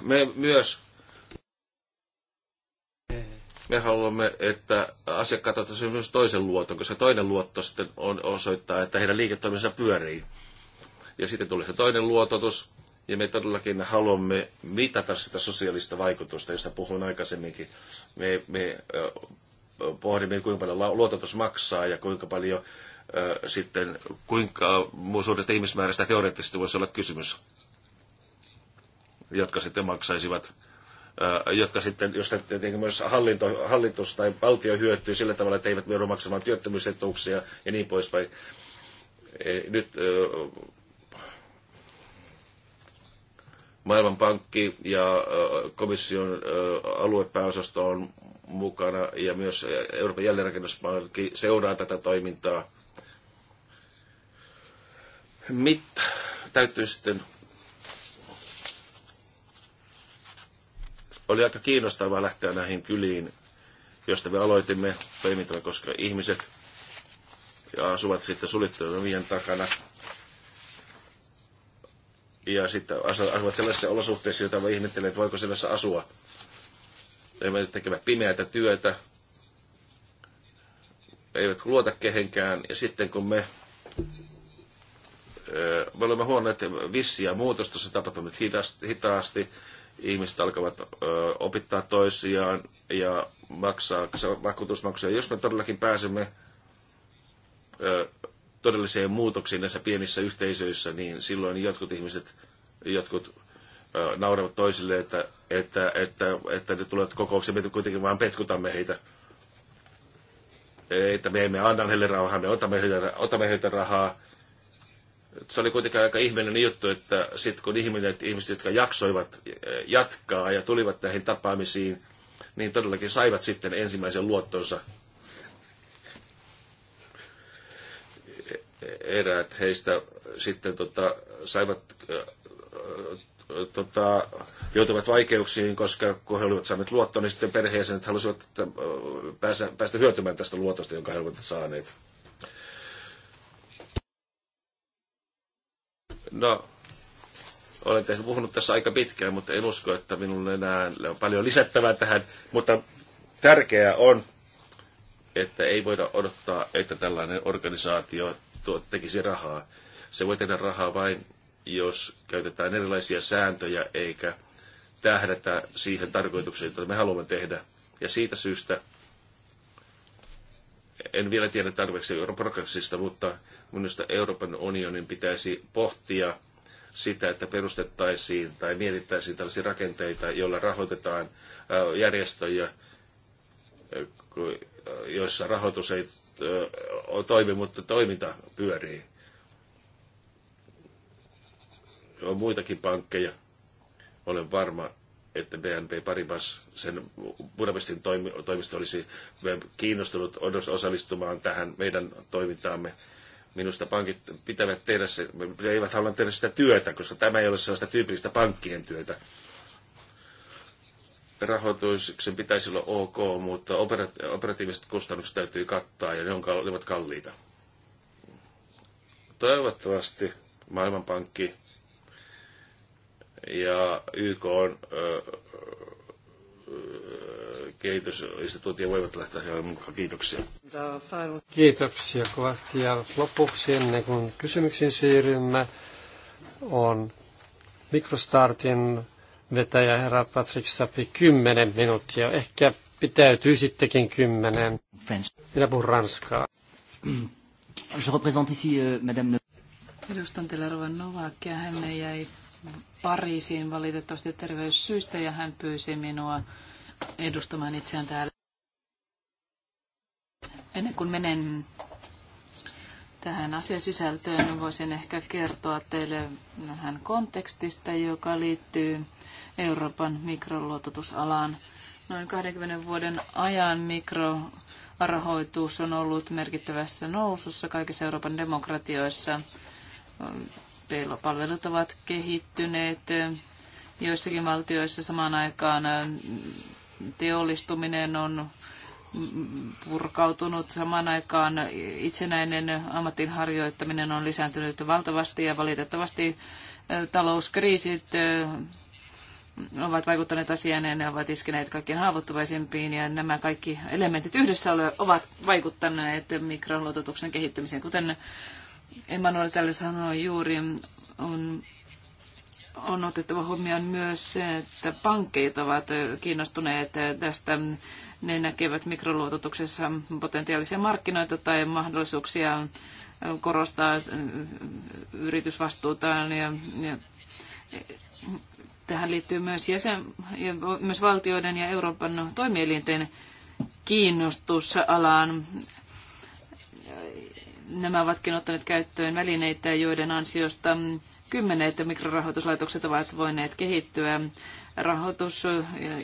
Speaker 2: Me myös me haluamme, että asiakkaat ottaisivat myös toisen luoton, koska toinen luotto sitten on, osoittaa, että heidän liiketoimintansa pyörii. Ja sitten tuli se toinen luototus, ja me todellakin haluamme mitata sitä sosiaalista vaikutusta, josta puhuin aikaisemminkin. Me, me pohdimme, kuinka paljon luototus maksaa ja kuinka paljon sitten, kuinka suuresta ihmismäärästä teoreettisesti voisi olla kysymys, jotka sitten maksaisivat jotka sitten, josta tietenkin myös hallinto, hallitus tai valtio hyötyy sillä tavalla, että eivät joudu maksamaan työttömyysetuuksia ja niin poispäin. E, nyt Maailmanpankki ja komission aluepääosasto on mukana ja myös Euroopan jälleenrakennuspankki seuraa tätä toimintaa. Mit täytyy sitten oli aika kiinnostavaa lähteä näihin kyliin, josta me aloitimme toimintamme, koska ihmiset ja asuvat sitten suljettujen ovien takana ja sitten asuvat sellaisissa olosuhteissa, joita voi ihmettelee, että voiko sellaisessa asua. Eivät tekevät pimeätä työtä, eivät luota kehenkään, ja sitten kun me, me olemme huomanneet, että vissiä muutosta se tapahtuu nyt hitaasti, ihmiset alkavat opittaa toisiaan ja maksaa vakuutusmaksuja. Jos me todellakin pääsemme todelliseen muutokseen näissä pienissä yhteisöissä, niin silloin jotkut ihmiset, jotkut nauravat toisille, että, että, että, että ne tulevat kokoukseen, me kuitenkin vaan petkutamme heitä. Että me emme anna heille rahaa, me otamme heitä, otamme heitä rahaa. Se oli kuitenkin aika ihmeellinen juttu, että sitten kun ihminen, ihmiset, jotka jaksoivat jatkaa ja tulivat näihin tapaamisiin, niin todellakin saivat sitten ensimmäisen luottonsa eräät heistä sitten tota, saivat tota, joutuivat vaikeuksiin, koska kun he olivat saaneet luottoa, niin sitten perheeseen halusivat että päästä, päästä hyötymään tästä luotosta, jonka he olivat saaneet. No, olen tehnyt, puhunut tässä aika pitkään, mutta en usko, että minulla enää on paljon lisättävää tähän. Mutta tärkeää on, että ei voida odottaa, että tällainen organisaatio tuo tekisi rahaa. Se voi tehdä rahaa vain, jos käytetään erilaisia sääntöjä eikä tähdätä siihen tarkoitukseen, jota me haluamme tehdä. Ja siitä syystä en vielä tiedä tarpeeksi progressista, mutta minusta Euroopan unionin pitäisi pohtia sitä, että perustettaisiin tai mietittäisiin tällaisia rakenteita, joilla rahoitetaan järjestöjä, joissa rahoitus ei toimi, mutta toiminta pyörii. On muitakin pankkeja. Olen varma, että BNP Paribas, sen Budapestin toimisto olisi kiinnostunut osallistumaan tähän meidän toimintaamme. Minusta pankit pitävät tehdä se, eivät halua tehdä sitä työtä, koska tämä ei ole sellaista tyypillistä pankkien työtä rahoituksen pitäisi olla ok, mutta operatiiviset kustannukset täytyy kattaa ja ne, on, ovat kalliita. Toivottavasti Maailmanpankki ja YK on kehitysinstituutio voivat lähteä heille mukaan. Kiitoksia.
Speaker 1: Kiitoksia kovasti. Ja lopuksi ennen kuin kysymyksiin siirrymme, on Mikrostartin vetäjä herra Patrick Sapi 10 minuuttia. Ehkä pitäytyy sittenkin kymmenen. Minä puhun ranskaa. Je représente ici, euh, madame...
Speaker 3: Edustan teillä Rovan Novakia. Hän jäi Pariisiin valitettavasti terveyssyistä ja hän pyysi minua edustamaan itseään täällä. Ennen kuin menen tähän asiasisältöön, voisin ehkä kertoa teille vähän kontekstista, joka liittyy Euroopan mikroluototusalaan. Noin 20 vuoden ajan mikrorahoitus on ollut merkittävässä nousussa kaikissa Euroopan demokratioissa. Palvelut ovat kehittyneet. Joissakin valtioissa samaan aikaan teollistuminen on purkautunut. Samaan aikaan itsenäinen ammatin harjoittaminen on lisääntynyt valtavasti ja valitettavasti talouskriisit ovat vaikuttaneet asiaan ja ne ovat iskeneet kaikkein haavoittuvaisimpiin ja nämä kaikki elementit yhdessä ovat vaikuttaneet mikroluototuksen kehittymiseen. Kuten Emmanuel tälle sanoi juuri, on, on otettava huomioon myös se, että pankkeet ovat kiinnostuneet tästä. Ne näkevät mikroluototuksessa potentiaalisia markkinoita tai mahdollisuuksia korostaa yritysvastuutaan ja, ja Tähän liittyy myös, jäsen, myös valtioiden ja Euroopan toimielinten kiinnostus alaan. Nämä ovatkin ottaneet käyttöön välineitä, joiden ansiosta kymmenet mikrorahoituslaitokset ovat voineet kehittyä. Rahoitus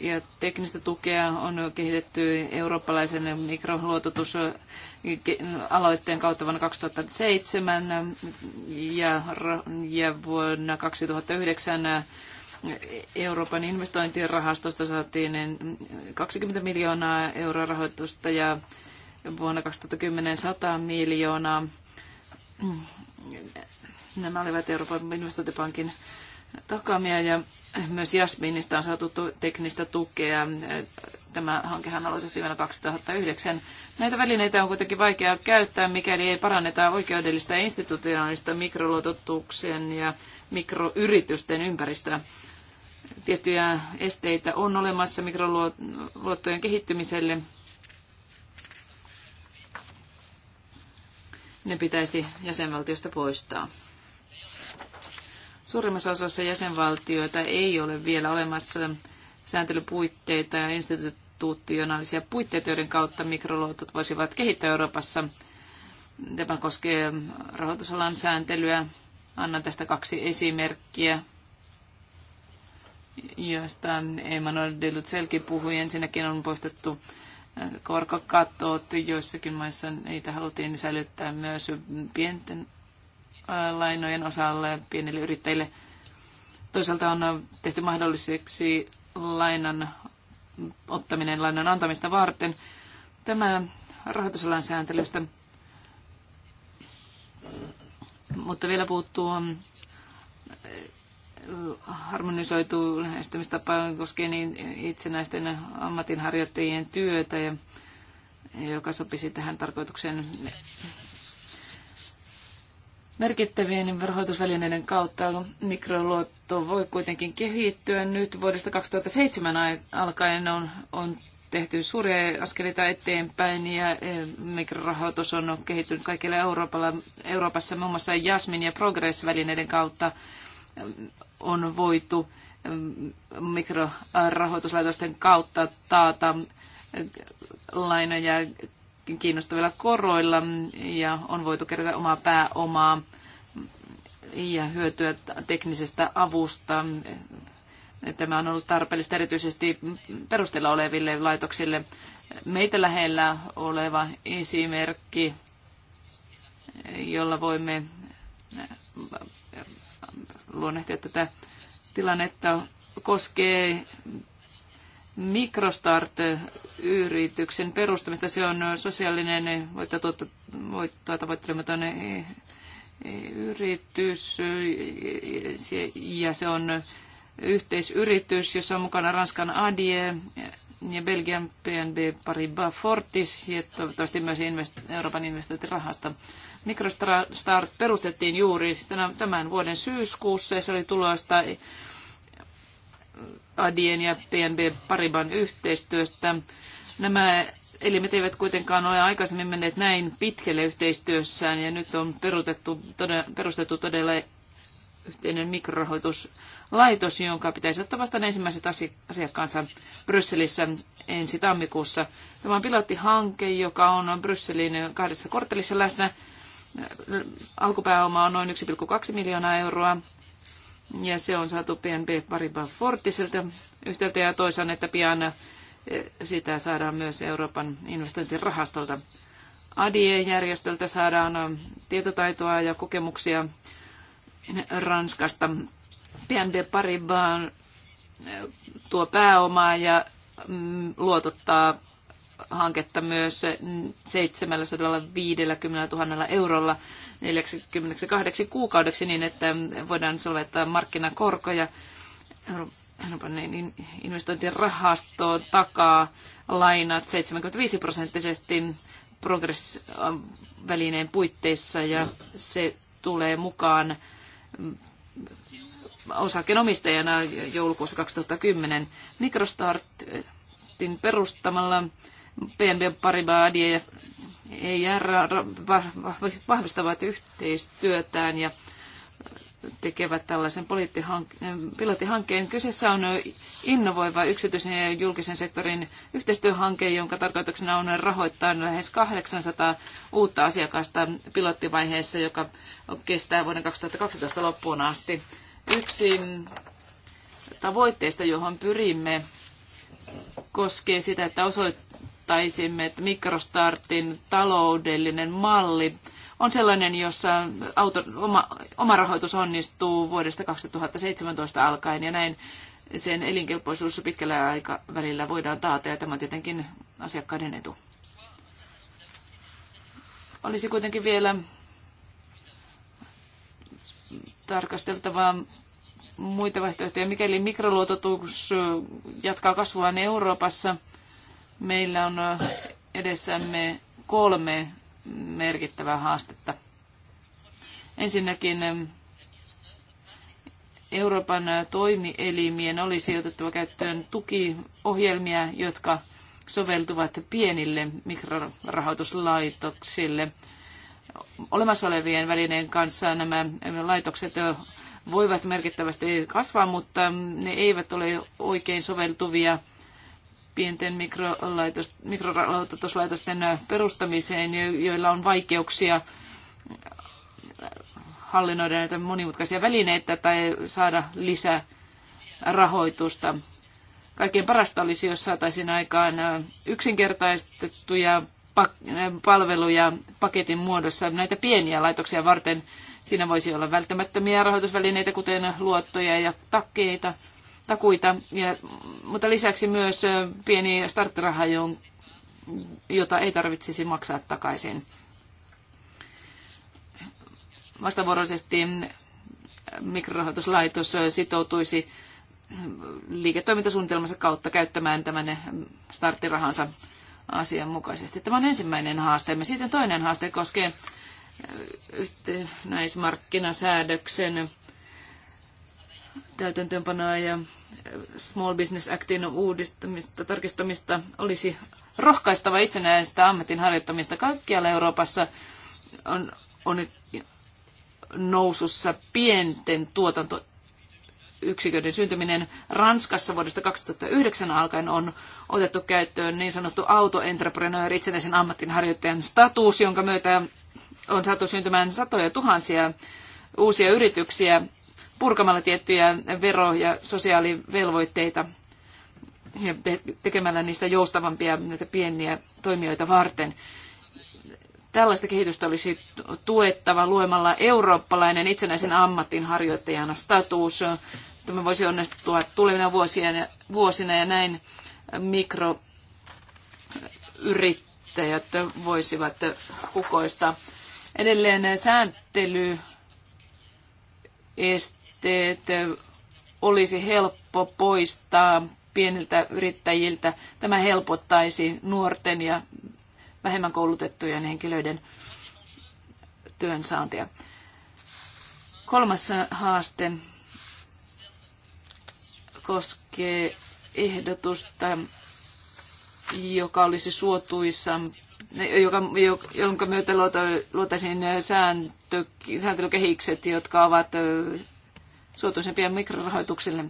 Speaker 3: ja teknistä tukea on kehitetty eurooppalaisen mikroluototusaloitteen kautta vuonna 2007 ja, ja vuonna 2009 Euroopan investointien rahastosta saatiin 20 miljoonaa euroa rahoitusta ja vuonna 2010 100 miljoonaa. Nämä olivat Euroopan investointipankin takamia ja myös Jasminista on saatu teknistä tukea. Tämä hankehan aloitettiin vuonna 2009. Näitä välineitä on kuitenkin vaikea käyttää, mikäli ei paranneta oikeudellista ja institutionaalista mikroluototuksen ja mikroyritysten ympäristöä. Tiettyjä esteitä on olemassa mikroluottojen kehittymiselle. Ne pitäisi jäsenvaltiosta poistaa. Suurimmassa osassa jäsenvaltioita ei ole vielä olemassa sääntelypuitteita ja institutionaalisia puitteita, joiden kautta mikroluotot voisivat kehittää Euroopassa. Tämä koskee rahoitusalan sääntelyä. Annan tästä kaksi esimerkkiä josta Emmanuel de Lutselkin puhui. Ensinnäkin on poistettu äh, korkokatot. Joissakin maissa niitä haluttiin säilyttää myös pienten äh, lainojen osalle pienille yrittäjille. Toisaalta on tehty mahdolliseksi lainan ottaminen lainan antamista varten. Tämä rahoitusalan sääntelystä, mutta vielä puuttuu äh, harmonisoitu lähestymistapa koskee niin itsenäisten ammatinharjoittajien työtä, ja, joka sopisi tähän tarkoitukseen merkittävien rahoitusvälineiden kautta mikroluotto voi kuitenkin kehittyä. Nyt vuodesta 2007 alkaen on, on tehty suuria askelita eteenpäin ja e, mikrorahoitus on kehittynyt kaikille Euroopalla, Euroopassa muun muassa Jasmin ja Progress-välineiden kautta on voitu mm, mikrorahoituslaitosten kautta taata lainoja kiinnostavilla koroilla ja on voitu kerätä omaa pääomaa ja hyötyä teknisestä avusta. Tämä on ollut tarpeellista erityisesti perusteella oleville laitoksille. Meitä lähellä oleva esimerkki, jolla voimme luonnehtia tätä tilannetta, koskee Microstart-yrityksen perustamista. Se on sosiaalinen voittoa e- e- yritys ja se on yhteisyritys, jossa on mukana Ranskan ADIE ja Belgian PNB Paribas Fortis ja toivottavasti myös Euroopan investointirahasta. MicroStar perustettiin juuri tämän vuoden syyskuussa ja se oli tulosta Adien ja PNB Pariban yhteistyöstä. Nämä elimet eivät kuitenkaan ole aikaisemmin menneet näin pitkälle yhteistyössään ja nyt on todella, perustettu todella yhteinen mikrorahoituslaitos, jonka pitäisi ottaa vastaan ensimmäiset asiakkaansa Brysselissä ensi tammikuussa. Tämä on pilottihanke, joka on Brysselin kahdessa korttelissa läsnä alkupääoma on noin 1,2 miljoonaa euroa. Ja se on saatu PNB Paribas Fortisilta yhtäältä ja toisaan, että pian eh, sitä saadaan myös Euroopan investointirahastolta. ADIE-järjestöltä saadaan eh, tietotaitoa ja kokemuksia Ranskasta. PNB Paribas eh, tuo pääomaa ja mm, luotottaa hanketta myös 750 000 eurolla 48 kuukaudeksi niin, että voidaan soveltaa markkinakorkoja. Euroopan investointirahasto takaa lainat 75 prosenttisesti progress-välineen puitteissa ja se tulee mukaan osakkeenomistajana joulukuussa 2010 MicroStartin perustamalla PNB Paribas ja EIR vahvistavat yhteistyötään ja tekevät tällaisen pilottihankkeen. Kyseessä on innovoiva yksityisen ja julkisen sektorin yhteistyöhanke, jonka tarkoituksena on rahoittaa lähes 800 uutta asiakasta pilottivaiheessa, joka kestää vuoden 2012 loppuun asti. Yksi tavoitteista, johon pyrimme, koskee sitä, että osoittaa, ehdottaisimme, että mikrostartin taloudellinen malli on sellainen, jossa auto, oma, oma rahoitus onnistuu vuodesta 2017 alkaen ja näin sen elinkelpoisuus pitkällä aikavälillä voidaan taata ja tämä on tietenkin asiakkaiden etu. Olisi kuitenkin vielä tarkasteltavaa muita vaihtoehtoja. Mikäli mikroluototus jatkaa kasvuaan Euroopassa, Meillä on edessämme kolme merkittävää haastetta. Ensinnäkin Euroopan toimielimien olisi otettava käyttöön tukiohjelmia, jotka soveltuvat pienille mikrorahoituslaitoksille. Olemassa olevien välineen kanssa nämä laitokset voivat merkittävästi kasvaa, mutta ne eivät ole oikein soveltuvia pienten mikrorahoituslaitosten perustamiseen, joilla on vaikeuksia hallinnoida näitä monimutkaisia välineitä tai saada lisää rahoitusta. Kaikkein parasta olisi, jos saataisiin aikaan yksinkertaistettuja palveluja paketin muodossa näitä pieniä laitoksia varten. Siinä voisi olla välttämättömiä rahoitusvälineitä, kuten luottoja ja takkeita – takuita, ja, mutta lisäksi myös pieni starttiraha, jota ei tarvitsisi maksaa takaisin. Vastavuoroisesti mikrorahoituslaitos sitoutuisi liiketoimintasuunnitelmansa kautta käyttämään tämän starttirahansa asianmukaisesti. Tämä on ensimmäinen haaste. Me Sitten toinen haaste koskee yhtenäismarkkinasäädöksen täytäntöönpanoa ja Small Business Actin uudistamista, tarkistamista olisi rohkaistava itsenäistä ammatin harjoittamista kaikkialla Euroopassa on, on nousussa pienten tuotanto yksiköiden syntyminen Ranskassa vuodesta 2009 alkaen on otettu käyttöön niin sanottu autoentrepreneur itsenäisen ammattinharjoittajan status, jonka myötä on saatu syntymään satoja tuhansia uusia yrityksiä purkamalla tiettyjä vero- ja sosiaalivelvoitteita ja tekemällä niistä joustavampia näitä pieniä toimijoita varten. Tällaista kehitystä olisi tuettava luomalla eurooppalainen itsenäisen ammatin harjoittajana status. Tämä voisi onnistua tulevina vuosina, vuosina ja näin mikroyrittäjät voisivat kukoistaa. Edelleen sääntely est, esteet olisi helppo poistaa pieniltä yrittäjiltä. Tämä helpottaisi nuorten ja vähemmän koulutettujen henkilöiden työn saantia. Kolmas haaste koskee ehdotusta, joka olisi suotuissa, joka, jonka myötä luotaisiin sääntö, sääntelykehikset, jotka ovat suotuisempia mikrorahoituksille.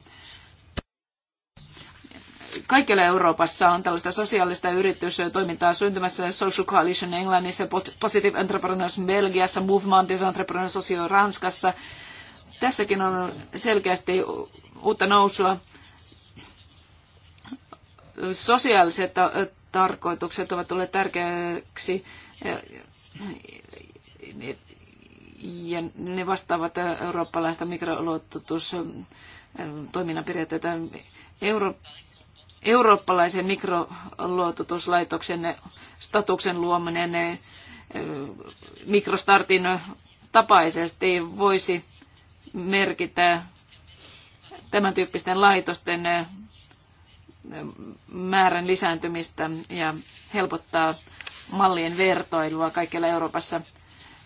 Speaker 3: Kaikkialla Euroopassa on tällaista sosiaalista yritystoimintaa syntymässä Social Coalition Englannissa, Positive Entrepreneurs Belgiassa, Movement des Entrepreneurs Socio Ranskassa. Tässäkin on selkeästi uutta nousua. Sosiaaliset tarkoitukset ovat tulleet tärkeäksi ja ne vastaavat äh, eurooppalaista mikroluototustoiminnan periaatteita. Euro, eurooppalaisen mikroluototuslaitoksen statuksen luominen äh, mikrostartin tapaisesti voisi merkitä tämän tyyppisten laitosten äh, määrän lisääntymistä ja helpottaa mallien vertailua kaikkialla Euroopassa.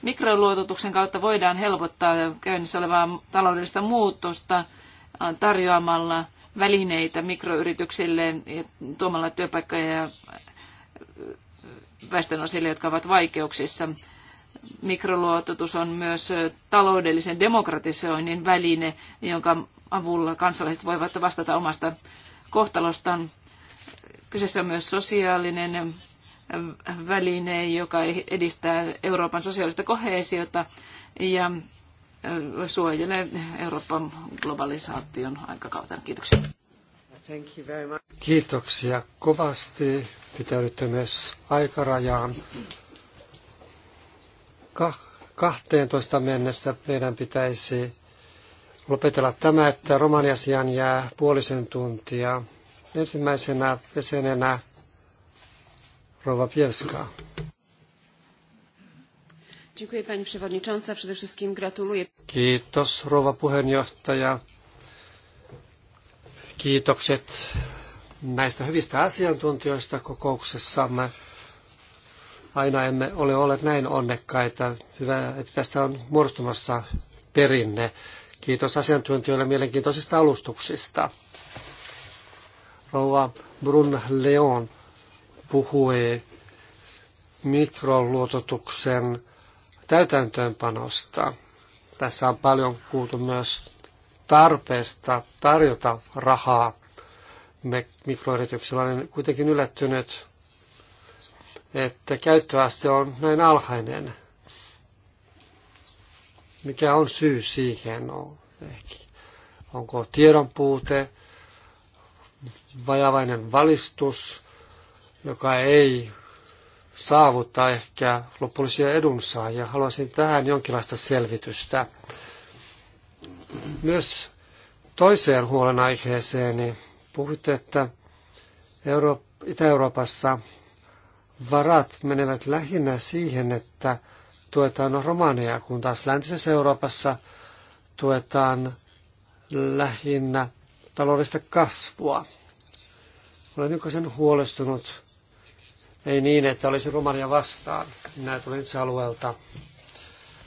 Speaker 3: Mikroluototuksen kautta voidaan helpottaa käynnissä olevaa taloudellista muutosta tarjoamalla välineitä mikroyrityksille ja tuomalla työpaikkoja ja väestönosille, jotka ovat vaikeuksissa. Mikroluototus on myös taloudellisen demokratisoinnin väline, jonka avulla kansalaiset voivat vastata omasta kohtalostaan. Kyseessä on myös sosiaalinen väline, joka edistää Euroopan sosiaalista koheesiota ja suojelee Euroopan globalisaation aikakautena. Kiitoksia.
Speaker 1: Thank you very much. Kiitoksia kovasti. Pitäydytte myös aikarajaan. Ka- 12 mennessä meidän pitäisi lopetella tämä, että Romaniasian jää puolisen tuntia. Ensimmäisenä jäsenenä Rova Piewska. Dziękuję Pani Przewodnicząca. Przede wszystkim gratuluję. Kiitos rouva puheenjohtaja. Kiitokset näistä hyvistä asiantuntijoista kokouksessamme. Aina emme ole olleet näin onnekkaita. Hyvä, että tästä on muodostumassa perinne. Kiitos asiantuntijoille mielenkiintoisista alustuksista. Rouva Brun Leon puhui mikroluototuksen täytäntöönpanosta. Tässä on paljon kuultu myös tarpeesta tarjota rahaa mikroyrityksillä. Olen kuitenkin yllättynyt, että käyttöaste on näin alhainen. Mikä on syy siihen? On no, ehkä. Onko tiedon puute, vajavainen valistus, joka ei saavuttaa ehkä lopullisia ja Haluaisin tähän jonkinlaista selvitystä. Myös toiseen huolenaiheeseen niin puhuitte, että Itä-Euroopassa varat menevät lähinnä siihen, että tuetaan romaneja, kun taas läntisessä Euroopassa tuetaan lähinnä taloudellista kasvua. Olen sen huolestunut ei niin, että olisi Rumania vastaan. Minä tulin itse alueelta,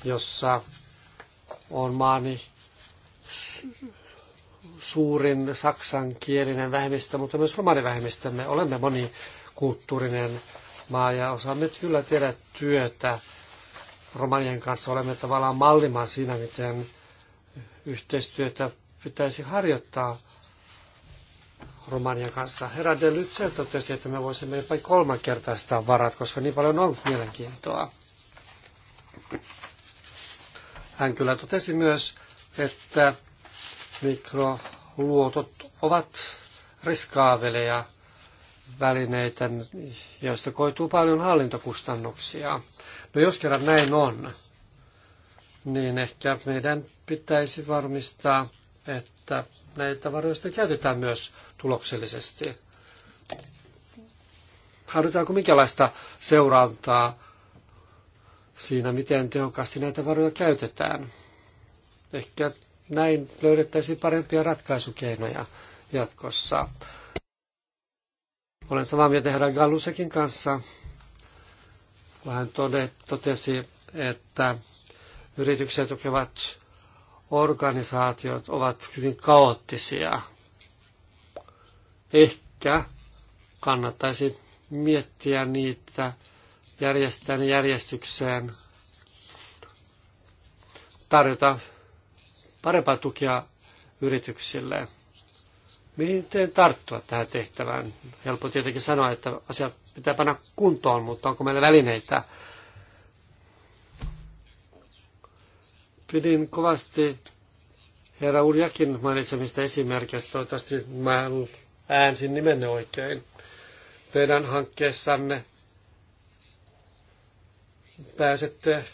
Speaker 1: jossa on maani suurin saksankielinen vähemmistö, mutta myös romanivähemmistö. Me olemme monikulttuurinen maa ja osaamme kyllä tehdä työtä romanien kanssa. Olemme tavallaan mallimaan siinä, miten yhteistyötä pitäisi harjoittaa Romanian kanssa. Herra de Lutzel totesi, että me voisimme jopa kolmankertaistaa varat, koska niin paljon on mielenkiintoa. Hän kyllä totesi myös, että mikroluotot ovat riskaaveleja välineitä, joista koituu paljon hallintokustannuksia. No jos kerran näin on, niin ehkä meidän pitäisi varmistaa, että näitä varoja sitten käytetään myös tuloksellisesti. Harjoitetaanko mikälaista seurantaa siinä, miten tehokkaasti näitä varoja käytetään? Ehkä näin löydettäisiin parempia ratkaisukeinoja jatkossa. Olen samaa mieltä herra Gallusekin kanssa, hän totesi, että yritykset tukevat organisaatiot ovat hyvin kaoottisia. Ehkä kannattaisi miettiä niitä järjestäjän järjestykseen, tarjota parempaa tukea yrityksille. Miten tarttua tähän tehtävään? Helppo tietenkin sanoa, että asia pitää panna kuntoon, mutta onko meillä välineitä Pidin kovasti herra Urjakin mainitsemista esimerkistä. Toivottavasti mä äänsin nimenne oikein. Teidän hankkeessanne pääsette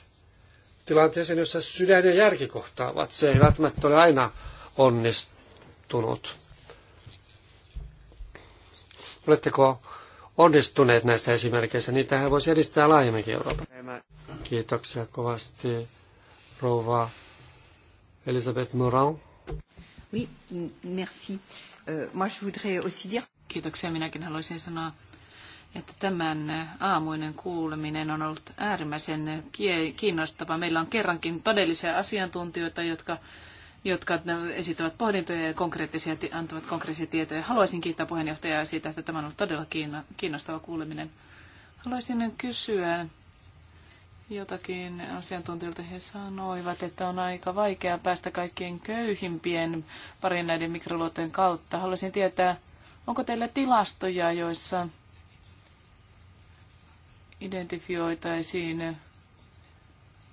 Speaker 1: tilanteeseen, jossa sydän ja järki kohtaavat. Se ei välttämättä ole aina onnistunut. Oletteko onnistuneet näissä esimerkkeissä? Niitähän voisi edistää laajemminkin Euroopan. Kiitoksia kovasti rouva Elisabeth Moran.
Speaker 2: Oui, merci.
Speaker 3: Euh, Moi, je voudrais aussi dire... Kiitoksia. Minäkin haluaisin sanoa, että tämän aamuinen kuuleminen on ollut äärimmäisen kiinnostava. Meillä on kerrankin todellisia asiantuntijoita, jotka jotka esittävät pohdintoja ja konkreettisia, antavat konkreettisia tietoja. Haluaisin kiittää puheenjohtajaa siitä, että tämä on ollut todella kiinnostava kuuleminen. Haluaisin kysyä jotakin asiantuntijoilta he sanoivat, että on aika vaikea päästä kaikkien köyhimpien parin näiden mikroluottojen kautta. Haluaisin tietää, onko teillä tilastoja, joissa identifioitaisiin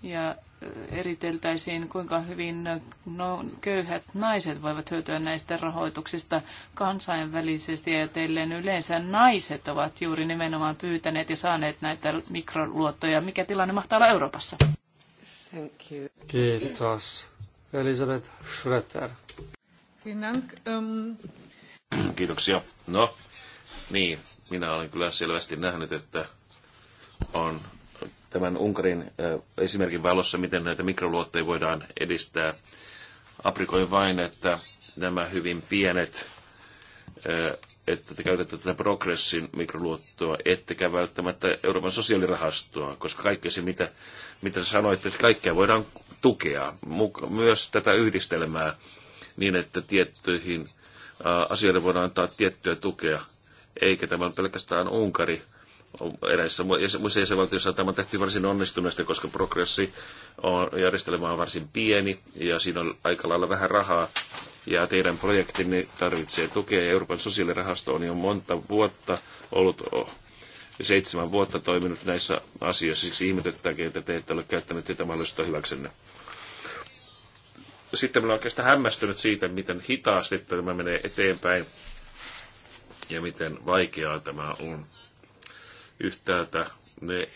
Speaker 3: ja eriteltäisiin, kuinka hyvin no, köyhät naiset voivat hyötyä näistä rahoituksista kansainvälisesti ja teilleen yleensä naiset ovat juuri nimenomaan pyytäneet ja saaneet näitä mikroluottoja. Mikä tilanne mahtaa olla Euroopassa?
Speaker 1: Thank you. Kiitos. Elisabeth Schröter. Ähm,
Speaker 2: Kiitoksia. No, niin, minä olen kyllä selvästi nähnyt, että on tämän Unkarin esimerkin valossa, miten näitä mikroluottoja voidaan edistää. aprikoi vain, että nämä hyvin pienet, että te käytätte tätä progressin mikroluottoa, ettekä välttämättä Euroopan sosiaalirahastoa, koska kaikki se, mitä, mitä sanoitte, että kaikkea voidaan tukea, myös tätä yhdistelmää, niin että tiettyihin asioihin voidaan antaa tiettyä tukea, eikä tämä ole pelkästään Unkari, eräissä muissa jäsenvaltioissa tämä tehtiin varsin onnistuneesti, koska progressi on, järjestelmä on varsin pieni ja siinä on aika lailla vähän rahaa. Ja teidän projektinne tarvitsee tukea ja Euroopan sosiaalirahasto on jo monta vuotta ollut seitsemän vuotta toiminut näissä asioissa. Siksi ihmetyttääkin, että te ette ole käyttänyt tätä mahdollisuutta hyväksenne. Sitten olen oikeastaan hämmästynyt siitä, miten hitaasti tämä menee eteenpäin ja miten vaikeaa tämä on yhtäältä ne,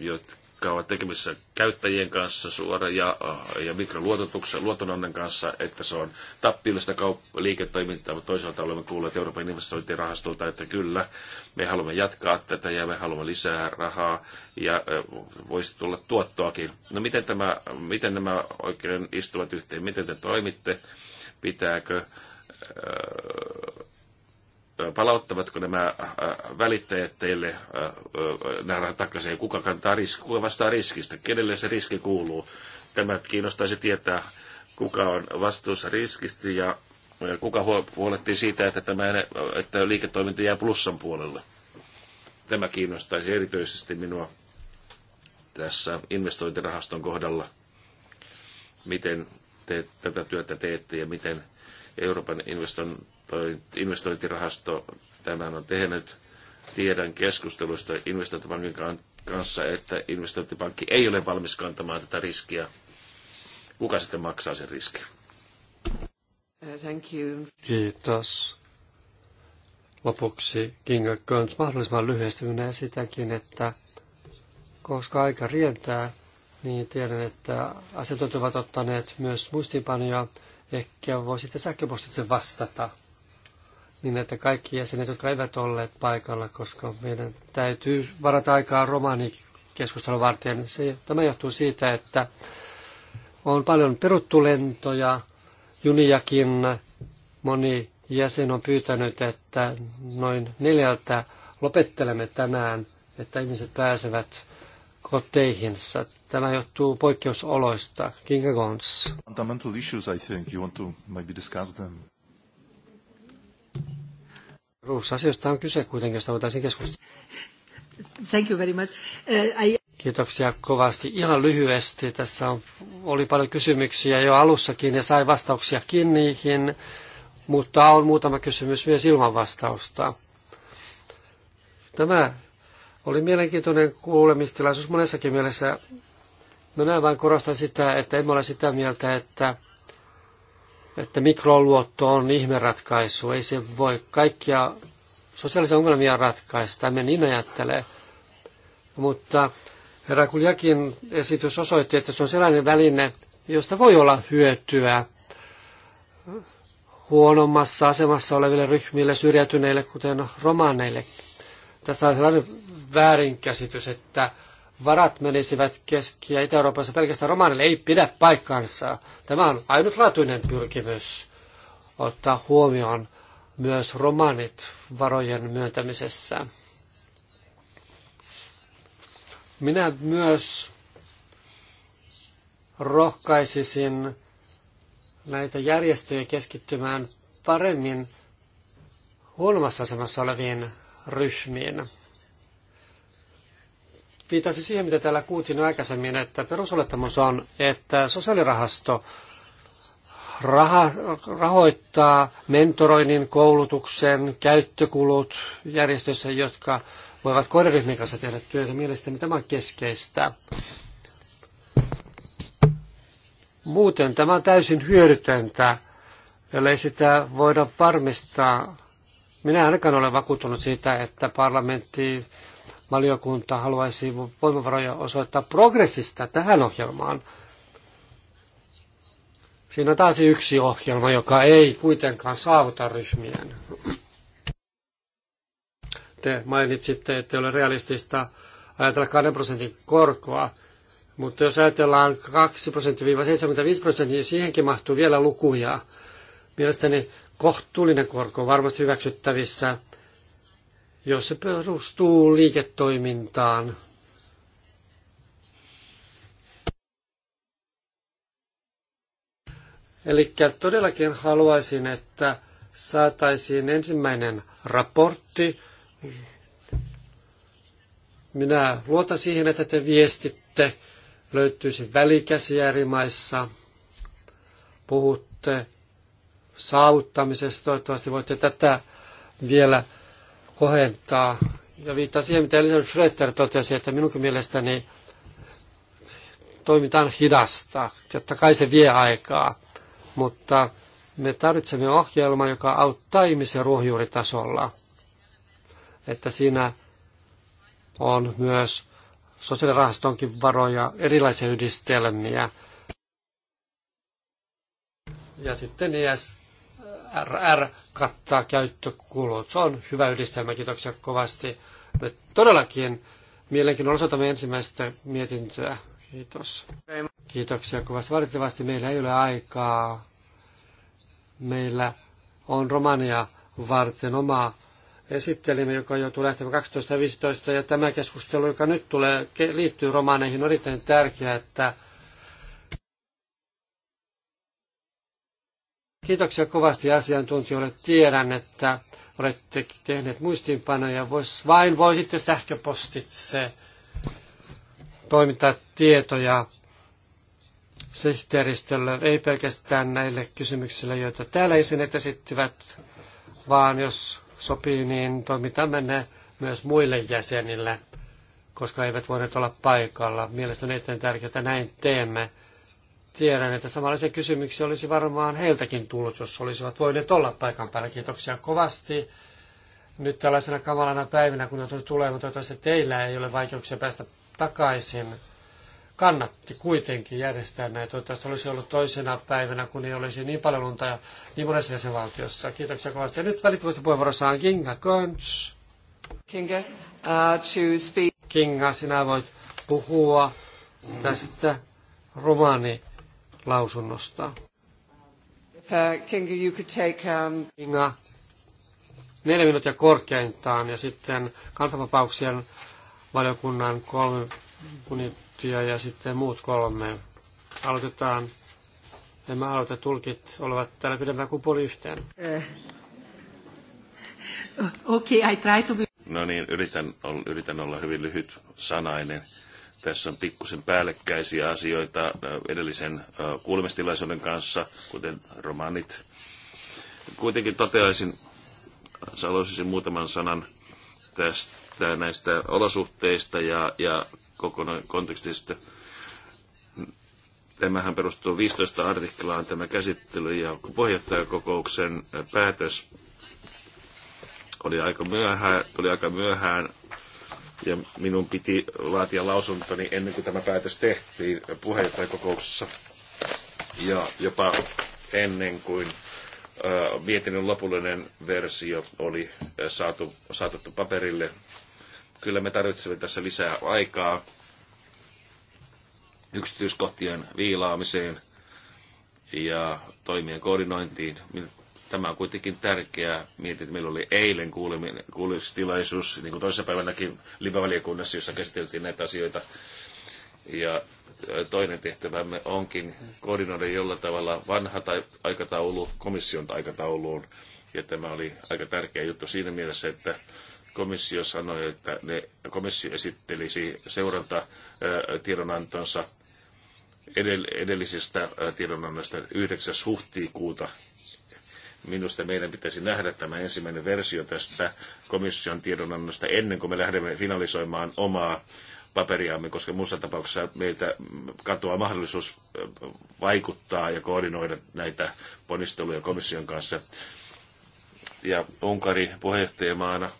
Speaker 2: jotka ovat tekemisissä käyttäjien kanssa suora ja, äh, ja mikroluototuksen, luotonannan kanssa, että se on tappiollista kaup- liiketoimintaa, mutta toisaalta olemme kuulleet Euroopan investointirahastolta, että kyllä, me haluamme jatkaa tätä ja me haluamme lisää rahaa ja äh, voisi tulla tuottoakin. No miten, tämä, miten nämä oikein istuvat yhteen, miten te toimitte, pitääkö äh, palauttavatko nämä äh, välittäjät teille äh, äh, nämä takaisin ja kuka, kantaa riski, kuka vastaa riskistä, kenelle se riski kuuluu. Tämä kiinnostaisi tietää, kuka on vastuussa riskistä ja kuka huolehtii siitä, että, tämä, että liiketoiminta jää plussan puolelle. Tämä kiinnostaisi erityisesti minua tässä investointirahaston kohdalla, miten te tätä työtä teette ja miten Euroopan investointi investointirahasto tämän on tehnyt. Tiedän keskustelusta investointipankin kanssa, että investointipankki ei ole valmis kantamaan tätä riskiä. Kuka sitten maksaa sen riski.
Speaker 1: Uh, thank you. Kiitos. Lopuksi Kinga Guns mahdollisimman lyhyesti minä esitänkin, että koska aika rientää, niin tiedän, että asiantuntijat ovat ottaneet myös muistiinpanoja. Ehkä voisitte sähköpostitse vastata niin että kaikki jäsenet, jotka eivät olleet paikalla, koska meidän täytyy varata aikaa romaanikeskustelun varten. Se, tämä johtuu siitä, että on paljon lentoja, juniakin moni jäsen on pyytänyt, että noin neljältä lopettelemme tänään, että ihmiset pääsevät koteihinsa. Tämä johtuu poikkeusoloista. Kinga Gons.
Speaker 2: Fundamental issues, I think. You want to maybe discuss them.
Speaker 1: Ruusasioista on kyse kuitenkin, josta voitaisiin keskustella. Thank you very much. Uh, I... Kiitoksia kovasti. Ihan lyhyesti. Tässä on, oli paljon kysymyksiä jo alussakin ja sai vastauksiakin niihin, mutta on muutama kysymys myös ilman vastausta. Tämä oli mielenkiintoinen kuulemistilaisuus monessakin mielessä. Minä vain korostan sitä, että emme ole sitä mieltä, että että mikroluotto on ihmeratkaisu. Ei se voi kaikkia sosiaalisia ongelmia ratkaista, emme niin ajattele. Mutta herra Kuljakin esitys osoitti, että se on sellainen väline, josta voi olla hyötyä huonommassa asemassa oleville ryhmille, syrjäytyneille, kuten romaaneille. Tässä on sellainen väärinkäsitys, että varat menisivät Keski- ja Itä-Euroopassa pelkästään romaanille, ei pidä paikkaansa. Tämä on ainutlaatuinen pyrkimys ottaa huomioon myös romanit varojen myöntämisessä. Minä myös rohkaisisin näitä järjestöjä keskittymään paremmin huonommassa asemassa oleviin ryhmiin viitasi siihen, mitä täällä kuultiin aikaisemmin, että perusolettamus on, että sosiaalirahasto raha, rahoittaa mentoroinnin, koulutuksen, käyttökulut järjestöissä, jotka voivat kohderyhmien kanssa tehdä työtä. Mielestäni tämä on keskeistä. Muuten tämä on täysin hyödytöntä, ellei sitä voida varmistaa. Minä ainakaan olen vakuuttunut siitä, että parlamentti valiokunta haluaisi voimavaroja osoittaa progressista tähän ohjelmaan. Siinä on taas yksi ohjelma, joka ei kuitenkaan saavuta ryhmien. Te mainitsitte, että ei ole realistista ajatella 2 prosentin korkoa, mutta jos ajatellaan 2 prosenttia-75 prosenttia, niin siihenkin mahtuu vielä lukuja. Mielestäni kohtuullinen korko on varmasti hyväksyttävissä jos se perustuu liiketoimintaan. Eli todellakin haluaisin, että saataisiin ensimmäinen raportti. Minä luotan siihen, että te viestitte, löytyisi välikäsiä eri maissa. Puhutte saavuttamisesta, toivottavasti voitte tätä vielä kohentaa. Ja viittaa siihen, mitä Elisabeth Schroeder totesi, että minunkin mielestäni toiminta on hidasta. Totta kai se vie aikaa, mutta me tarvitsemme ohjelman, joka auttaa ihmisiä ruohonjuuritasolla. Että siinä on myös sosiaalirahastonkin varoja, erilaisia yhdistelmiä. Ja sitten ES RR kattaa käyttökulut. Se on hyvä yhdistelmä, kiitoksia kovasti. Me todellakin mielenkiinnolla osoitamme ensimmäistä mietintöä. Kiitos. Kiitoksia kovasti. Valitettavasti meillä ei ole aikaa. Meillä on Romania varten oma esittelimme, joka joutuu lähtemään 12.15. ja ja tämä keskustelu, joka nyt tulee, liittyy romaaneihin, on erittäin tärkeää, että Kiitoksia kovasti asiantuntijoille. Tiedän, että olette tehneet muistiinpanoja. Vois, vain voisitte sähköpostitse toimittaa tietoja sihteeristölle, ei pelkästään näille kysymyksille, joita täällä esineet esittivät, vaan jos sopii, niin toimitamme ne myös muille jäsenille, koska eivät voineet olla paikalla. Mielestäni on erittäin tärkeää, että näin teemme. Tiedän, että samanlaisia kysymyksiä olisi varmaan heiltäkin tullut, jos olisivat voineet olla paikan päällä. Kiitoksia kovasti. Nyt tällaisena kamalana päivinä, kun on tulemaan, toivottavasti teillä ei ole vaikeuksia päästä takaisin. Kannatti kuitenkin järjestää näitä. Toivottavasti olisi ollut toisena päivänä, kun ei olisi niin paljon lunta niin monessa jäsenvaltiossa. Kiitoksia kovasti. Ja nyt välittömästi puheenvuorossa on Kinga Könch. Kinga, uh, to speak. Kinga, sinä voit puhua tästä romani lausunnosta. Uh, Kinga, you could take, um... neljä minuuttia korkeintaan ja sitten kantavapauksien valiokunnan kolme minuuttia ja sitten muut kolme. Aloitetaan. Nämä aloitetulkit olevat täällä pidemmän kuin puoli yhteen. Uh, okay, I try to be... No niin, yritän, yritän olla hyvin lyhyt
Speaker 2: sanainen tässä on pikkusen päällekkäisiä asioita edellisen kuulemistilaisuuden kanssa, kuten romanit. Kuitenkin toteaisin, sanoisin muutaman sanan tästä näistä olosuhteista ja, ja kokonaan kontekstista. Tämähän perustuu 15 artiklaan tämä käsittely ja puheenjohtajakokouksen päätös oli aika myöhään, tuli aika myöhään ja minun piti laatia lausuntoni ennen kuin tämä päätös tehtiin puheenjohtajakokouksessa ja jopa ennen kuin äh, mietinnön lopullinen versio oli saatu, saatettu paperille. Kyllä me tarvitsemme tässä lisää aikaa yksityiskohtien viilaamiseen ja toimien koordinointiin. Tämä on kuitenkin tärkeää. Mietin, että meillä oli eilen kuulemistilaisuus, niin kuin toisessa päivänäkin libavaliokunnassa, jossa käsiteltiin näitä asioita. Ja toinen tehtävämme onkin koordinoida jollain tavalla vanha tai aikataulu komission aikatauluun. Ja tämä oli aika tärkeä juttu siinä mielessä, että komissio sanoi, että ne, komissio esittelisi seurantatiedonantonsa edellisestä tiedonannosta 9. huhtikuuta Minusta meidän pitäisi nähdä tämä ensimmäinen versio tästä komission tiedonannosta ennen kuin me lähdemme finalisoimaan omaa paperiamme, koska muussa tapauksessa meiltä katoaa mahdollisuus vaikuttaa ja koordinoida näitä ponnisteluja komission kanssa. Ja Unkari puheenjohtajamaana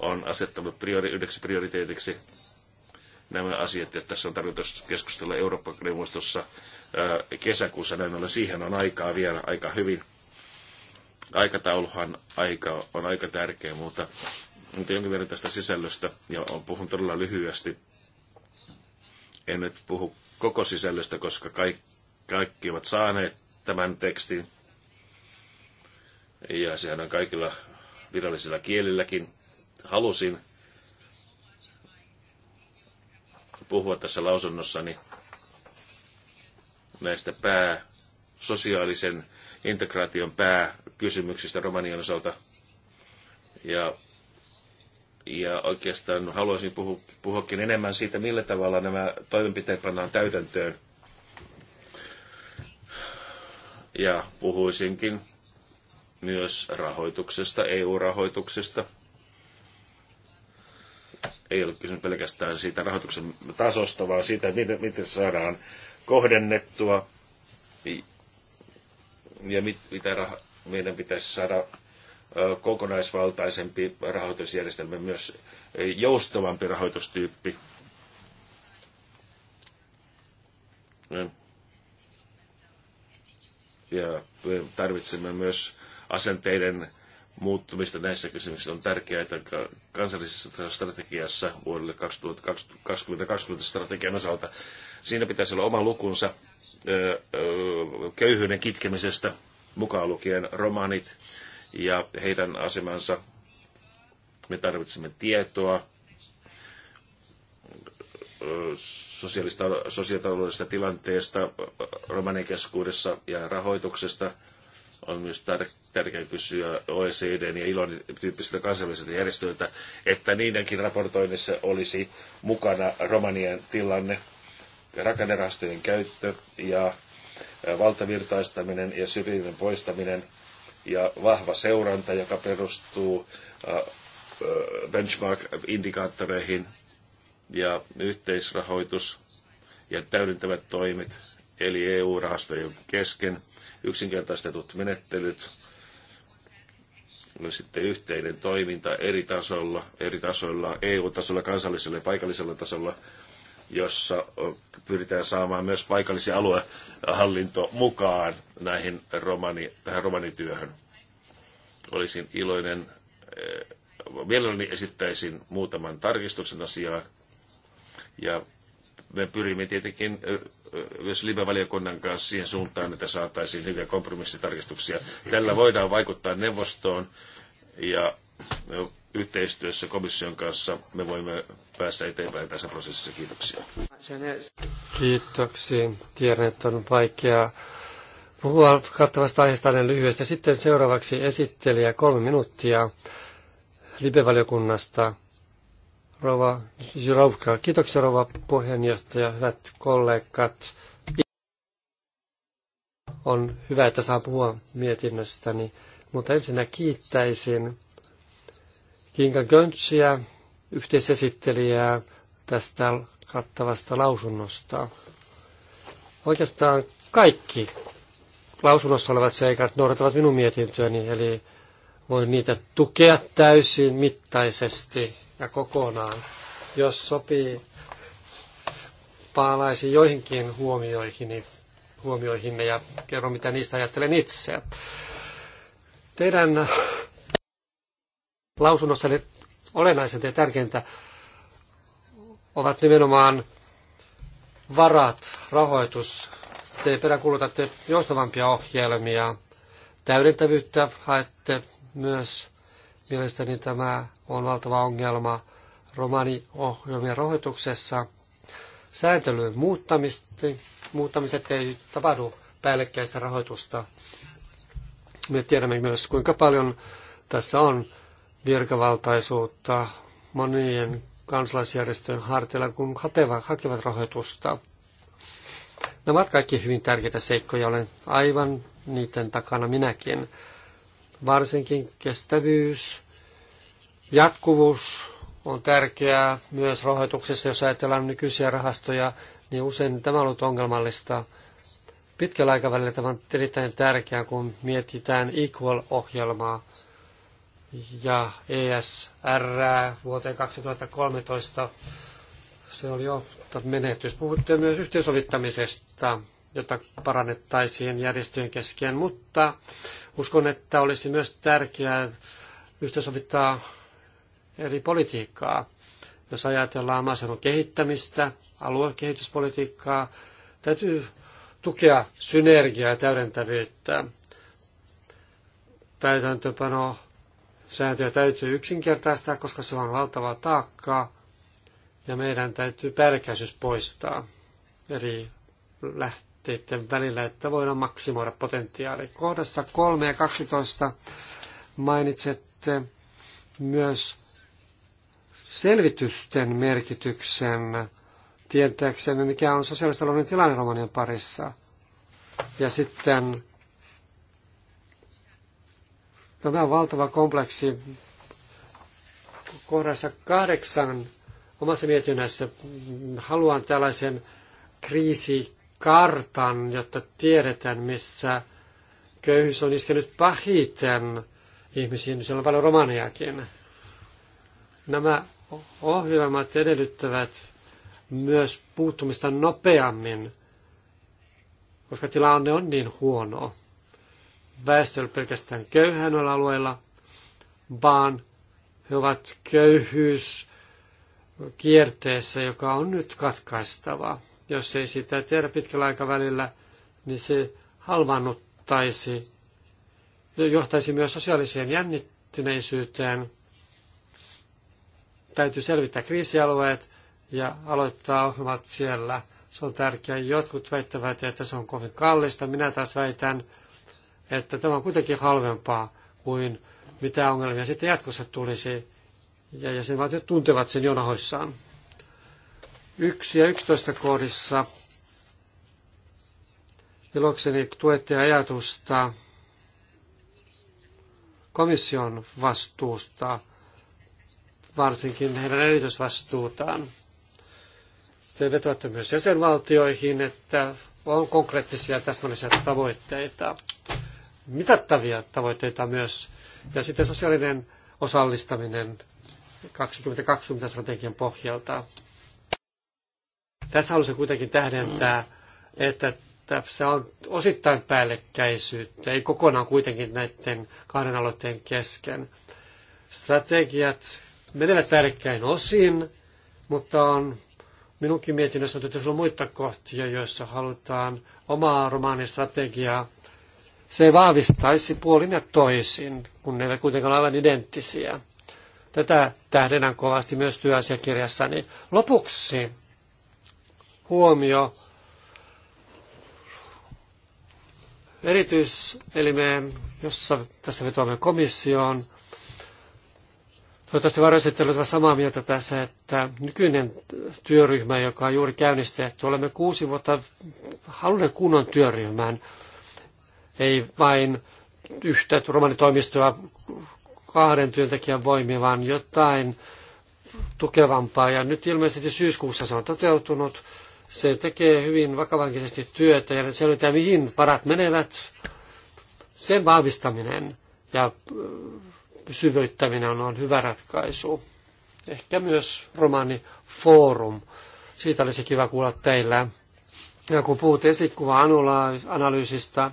Speaker 2: on asettanut priori, yhdeksi prioriteetiksi nämä asiat, ja tässä on tarkoitus keskustella Eurooppa-neuvostossa kesäkuussa, näin ollen siihen on aikaa vielä aika hyvin. Aikatauluhan aika on aika tärkeä, mutta, mutta jonkin verran tästä sisällöstä, ja puhun todella lyhyesti. En nyt puhu koko sisällöstä, koska kaikki, kaikki ovat saaneet tämän tekstin. Ja sehän on kaikilla virallisilla kielilläkin. Halusin puhua tässä lausunnossani näistä pää, sosiaalisen integraation pää kysymyksistä Romanian osalta. Ja, ja oikeastaan haluaisin puhu, puhuakin enemmän siitä, millä tavalla nämä toimenpiteet pannaan täytäntöön. Ja puhuisinkin myös rahoituksesta, EU-rahoituksesta. Ei ole kysymys pelkästään siitä rahoituksen tasosta, vaan siitä, miten, miten saadaan kohdennettua ja mit, mitä rah- meidän pitäisi saada kokonaisvaltaisempi rahoitusjärjestelmä, myös joustavampi rahoitustyyppi. Ja tarvitsemme myös asenteiden muuttumista näissä kysymyksissä on tärkeää, että kansallisessa strategiassa vuodelle 2020 strategian osalta siinä pitäisi olla oma lukunsa köyhyyden kitkemisestä – mukaan lukien romanit ja heidän asemansa. Me tarvitsemme tietoa sosiaalista, sosiaalitaloudellisesta tilanteesta romanien keskuudessa ja rahoituksesta. On myös tärkeää kysyä OECD ja ILON tyyppisiltä kansainvälisiltä järjestöiltä, että niidenkin raportoinnissa olisi mukana romanien tilanne, rakennerahastojen käyttö ja valtavirtaistaminen ja syrjinnän poistaminen ja vahva seuranta, joka perustuu benchmark-indikaattoreihin ja yhteisrahoitus ja täydentävät toimet, eli EU-rahastojen kesken, yksinkertaistetut menettelyt, sitten yhteinen toiminta eri tasolla, eri tasoilla, EU-tasolla, kansallisella ja paikallisella tasolla, jossa pyritään saamaan myös paikallisia aluehallinto mukaan näihin romani, tähän romanityöhön. Olisin iloinen, e, mielelläni esittäisin muutaman tarkistuksen asiaan. Ja me pyrimme tietenkin e, e, myös live-valiokunnan kanssa siihen suuntaan, että saataisiin hyviä kompromissitarkistuksia. Tällä voidaan vaikuttaa neuvostoon ja yhteistyössä komission kanssa me voimme päästä eteenpäin tässä prosessissa. Kiitoksia.
Speaker 1: Kiitoksia. Tiedän, että on vaikeaa puhua kattavasta aiheesta aina lyhyesti. Sitten seuraavaksi esittelijä kolme minuuttia Libevaliokunnasta. Rova Jirovka. Kiitoksia Rova puheenjohtaja, hyvät kollegat. On hyvä, että saa puhua mietinnöstäni, mutta ensinnä kiittäisin Kinga Göntsiä, yhteisesittelijää tästä kattavasta lausunnosta. Oikeastaan kaikki lausunnossa olevat seikat noudattavat minun mietintöäni, eli voin niitä tukea täysin mittaisesti ja kokonaan. Jos sopii, paalaisin joihinkin huomioihin, huomioihin ja kerron, mitä niistä ajattelen itse. Teidän lausunnossa ne niin olennaiset ja tärkeintä ovat nimenomaan varat, rahoitus. Te peräkulutatte joustavampia ohjelmia, täydentävyyttä haette myös. Mielestäni tämä on valtava ongelma romaniohjelmien rahoituksessa. Sääntelyn muuttamiset ei tapahdu päällekkäistä rahoitusta. Me tiedämme myös, kuinka paljon tässä on virkavaltaisuutta monien kansalaisjärjestöjen harteilla, kun hakevat rahoitusta. Nämä ovat kaikki hyvin tärkeitä seikkoja, olen aivan niiden takana minäkin. Varsinkin kestävyys, jatkuvuus on tärkeää myös rahoituksessa, jos ajatellaan nykyisiä rahastoja, niin usein tämä on ollut ongelmallista. Pitkällä aikavälillä tämä on erittäin tärkeää, kun mietitään Equal-ohjelmaa, ja ESR vuoteen 2013. Se oli jo menetys. Puhutte myös yhteensovittamisesta, jota parannettaisiin järjestöjen kesken, mutta uskon, että olisi myös tärkeää yhteensovittaa eri politiikkaa. Jos ajatellaan maaseudun kehittämistä, aluekehityspolitiikkaa, täytyy tukea synergiaa ja täydentävyyttä. Täytäntöpano Sääntöjä täytyy yksinkertaistaa, koska se on valtava taakkaa ja meidän täytyy pärkäisyys poistaa eri lähteiden välillä, että voidaan maksimoida potentiaali. Kohdassa 3 ja 12 mainitsette myös selvitysten merkityksen tietääksemme, mikä on sosiaalistalouden tilanne romanien parissa. Ja sitten No, tämä on valtava kompleksi. Kohdassa kahdeksan omassa mietinnässä haluan tällaisen kriisikartan, jotta tiedetään, missä köyhyys on iskenyt pahiten ihmisiin. Siellä on paljon romanejakin. Nämä ohjelmat edellyttävät myös puuttumista nopeammin, koska tilanne on niin huono väestöllä pelkästään köyhän alueella, vaan he ovat köyhyys kierteessä, joka on nyt katkaistava. Jos ei sitä tehdä pitkällä aikavälillä, niin se halvannuttaisi, johtaisi myös sosiaaliseen jännittyneisyyteen. Täytyy selvittää kriisialueet ja aloittaa ohjelmat siellä. Se on tärkeää. Jotkut väittävät, että se on kovin kallista. Minä taas väitän, että tämä on kuitenkin halvempaa kuin mitä ongelmia sitten jatkossa tulisi, ja jäsenvaltiot tuntevat sen jonahoissaan. Yksi ja yksitoista kohdissa ilokseni tuette ajatusta komission vastuusta, varsinkin heidän erityisvastuutaan. Te vetoatte myös jäsenvaltioihin, että on konkreettisia täsmällisiä tavoitteita mitattavia tavoitteita myös. Ja sitten sosiaalinen osallistaminen 2020 strategian pohjalta. Tässä haluaisin kuitenkin tähdentää, että tässä on osittain päällekkäisyyttä, ei kokonaan kuitenkin näiden kahden aloitteen kesken. Strategiat menevät päällekkäin osin, mutta on minunkin mietinnössä on muita kohtia, joissa halutaan omaa romaanistrategiaa se vahvistaisi puolin ja toisin, kun ne eivät kuitenkaan ole aivan identtisiä. Tätä tähdenän kovasti myös työasiakirjassani. Lopuksi huomio erityiselimeen, jossa tässä vetoamme komissioon. Toivottavasti varoisitte olette samaa mieltä tässä, että nykyinen työryhmä, joka on juuri käynnistetty, olemme kuusi vuotta halunneet kunnon työryhmän, ei vain yhtä romanitoimistoa kahden työntekijän voimia, vaan jotain tukevampaa. Ja nyt ilmeisesti syyskuussa se on toteutunut. Se tekee hyvin vakavankisesti työtä ja selvitään, mihin parat menevät. Sen vahvistaminen ja äh, syvyyttäminen on hyvä ratkaisu. Ehkä myös romaanifoorum. Siitä olisi kiva kuulla teillä. Ja kun puhut esikuva-analyysistä,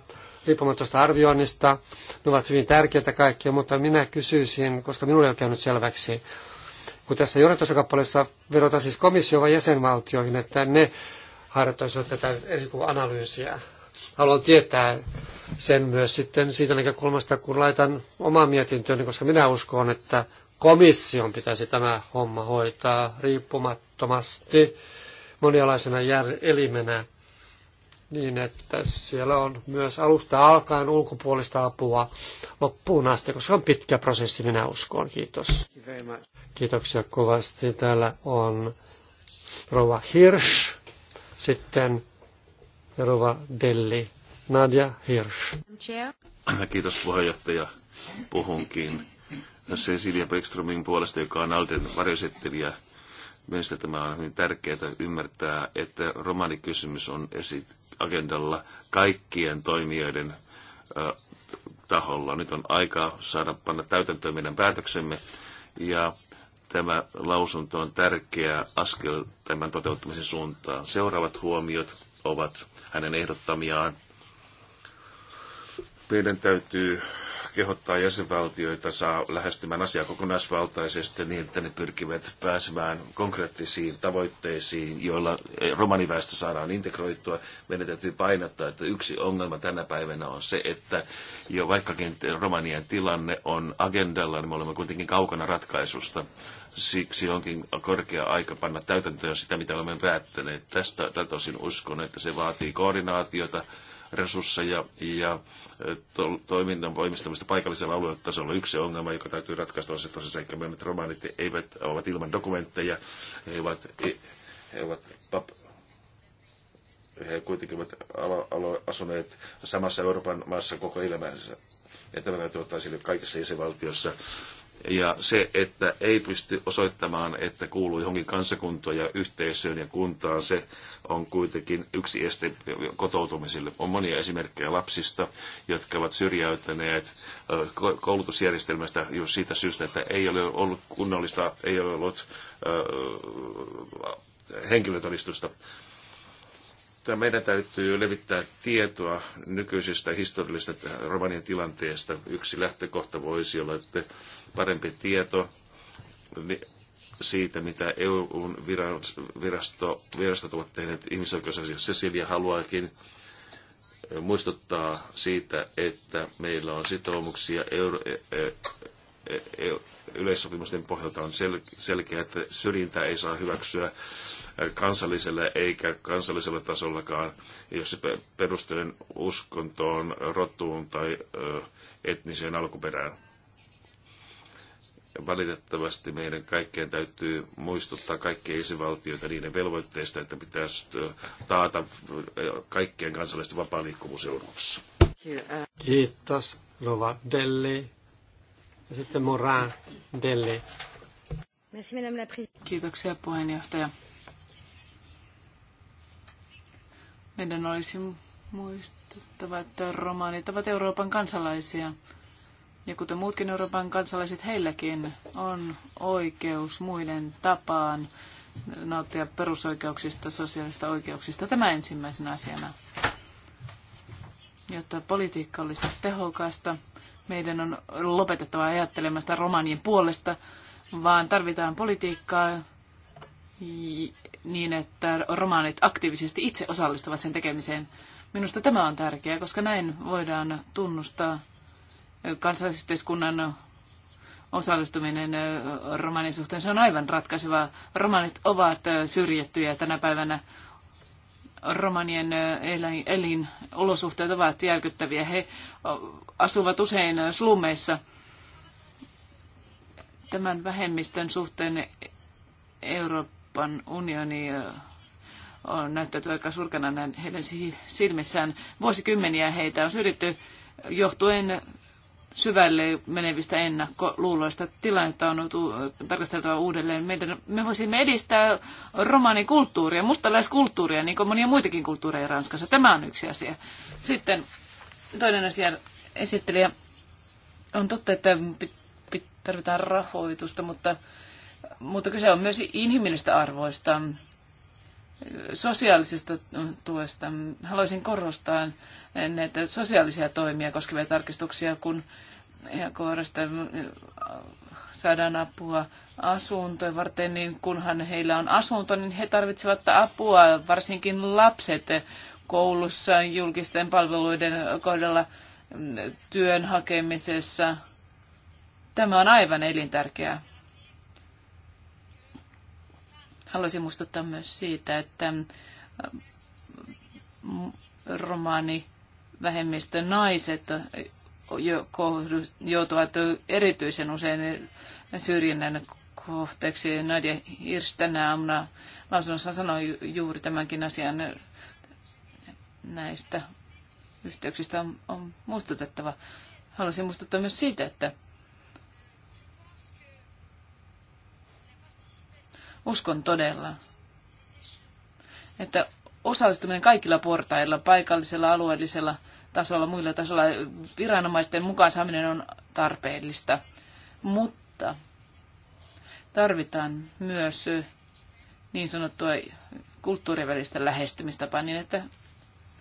Speaker 1: riippumattomasta arvioinnista. Ne ovat hyvin tärkeitä kaikkia, mutta minä kysyisin, koska minulle ei ole käynyt selväksi, kun tässä johdantossa kappaleessa verotaan siis komissio vai jäsenvaltioihin, että ne harjoittaisivat tätä analyysiä. Haluan tietää sen myös sitten siitä näkökulmasta, kun laitan oman mietintöön, koska minä uskon, että komission pitäisi tämä homma hoitaa riippumattomasti monialaisena elimenä niin, että siellä on myös alusta alkaen ulkopuolista apua loppuun asti, koska on pitkä prosessi, minä uskon. Kiitos. Kiitoksia kovasti. Täällä on Rova Hirsch, sitten Rova Delli, Nadia Hirsch.
Speaker 2: Kiitos puheenjohtaja. Puhunkin Cecilia Beckstromin puolesta, joka on Alden varjosettelijä. Mielestäni tämä on hyvin tärkeää ymmärtää, että romanikysymys on esit- agendalla kaikkien toimijoiden taholla. Nyt on aika saada panna täytäntöön meidän päätöksemme ja tämä lausunto on tärkeä askel tämän toteuttamisen suuntaan. Seuraavat huomiot ovat hänen ehdottamiaan. Meidän täytyy kehottaa jäsenvaltioita saa lähestymään asiaa kokonaisvaltaisesti niin, että ne pyrkivät pääsemään konkreettisiin tavoitteisiin, joilla romaniväestö saadaan integroitua. Meidän täytyy painottaa, että yksi ongelma tänä päivänä on se, että jo vaikkakin romanien tilanne on agendalla, niin me olemme kuitenkin kaukana ratkaisusta. Siksi onkin korkea aika panna täytäntöön sitä, mitä olemme päättäneet. Tästä tältä uskon, että se vaatii koordinaatiota, resursseja ja toiminnan voimistamista paikallisella aluetasolla yksi ongelma, joka täytyy ratkaista, on se tosiaan, että romaanit eivät ovat ilman dokumentteja, he ovat, he ovat pap, he kuitenkin ovat alo, alo, asuneet samassa Euroopan maassa koko elämänsä. Ja tämä täytyy ottaa sille kaikissa jäsenvaltiossa. Ja se, että ei pysty osoittamaan, että kuuluu johonkin kansakuntaan ja yhteisöön ja kuntaan, se on kuitenkin yksi este kotoutumiselle. On monia esimerkkejä lapsista, jotka ovat syrjäytäneet koulutusjärjestelmästä juuri siitä syystä, että ei ole ollut kunnollista, ei ole ollut henkilötodistusta Tämä meidän täytyy levittää tietoa nykyisestä historiallisesta romanien tilanteesta. Yksi lähtökohta voisi olla, että parempi tieto siitä, mitä EUn virasto, virastot ovat tehneet ihmisoikeusasiassa. Cecilia haluaakin muistuttaa siitä, että meillä on sitoumuksia euro, e, e, e, e yleissopimusten pohjalta on sel, selkeä, että syrjintää ei saa hyväksyä kansallisella eikä kansallisella tasollakaan, jos se perustelen uskontoon, rotuun tai etniseen alkuperään Valitettavasti meidän kaikkeen täytyy muistuttaa kaikkia esivaltioita niiden velvoitteista, että pitää taata kaikkien kansalaisten vapaa liikkuvuus
Speaker 1: Euroopassa. Kiitos, Lova Delli. Ja sitten Moran Delli.
Speaker 3: Kiitoksia puheenjohtaja. Meidän olisi muistettava, että romaanit ovat Euroopan kansalaisia. Ja kuten muutkin Euroopan kansalaiset, heilläkin on oikeus muiden tapaan nauttia perusoikeuksista, sosiaalista oikeuksista. Tämä ensimmäisenä asiana. Jotta politiikka olisi tehokasta, meidän on lopetettava ajattelemasta romanien puolesta, vaan tarvitaan politiikkaa niin, että romaanit aktiivisesti itse osallistuvat sen tekemiseen. Minusta tämä on tärkeää, koska näin voidaan tunnustaa kansalaisyhteiskunnan osallistuminen romanin suhteen, se on aivan ratkaisevaa. Romanit ovat syrjittyjä tänä päivänä. Romanien elinolosuhteet ovat järkyttäviä. He asuvat usein slummeissa. Tämän vähemmistön suhteen Euroopan unioni on näyttänyt aika surkana heidän silmissään. Vuosikymmeniä heitä on syrjitty johtuen syvälle menevistä ennakkoluuloista. Tilannetta on tarkasteltava uudelleen. Meidän, me voisimme edistää romaanikulttuuria, mustalaiskulttuuria, niin kuin monia muitakin kulttuureja Ranskassa. Tämä on yksi asia. Sitten toinen asia, esittelijä. On totta, että tarvitaan rahoitusta, mutta, mutta kyse on myös inhimillistä arvoista sosiaalisesta tuesta. Haluaisin korostaa näitä sosiaalisia toimia koskevia tarkistuksia, kun kohdasta saadaan apua asuntoja varten, niin kunhan heillä on asunto, niin he tarvitsevat apua, varsinkin lapset koulussa, julkisten palveluiden kohdalla, työn hakemisessa. Tämä on aivan elintärkeää. Haluaisin muistuttaa myös siitä, että romaani vähemmistön naiset joutuvat erityisen usein syrjinnän kohteeksi. Nadia Hirsch tänä aamuna lausunnossa sanoi juuri tämänkin asian näistä yhteyksistä on, on muistutettava. Haluaisin muistuttaa myös siitä, että Uskon todella, että osallistuminen kaikilla portailla, paikallisella, alueellisella tasolla, muilla tasolla, viranomaisten mukaan saaminen on tarpeellista. Mutta tarvitaan myös niin sanottua kulttuurivälistä lähestymistapaa niin, että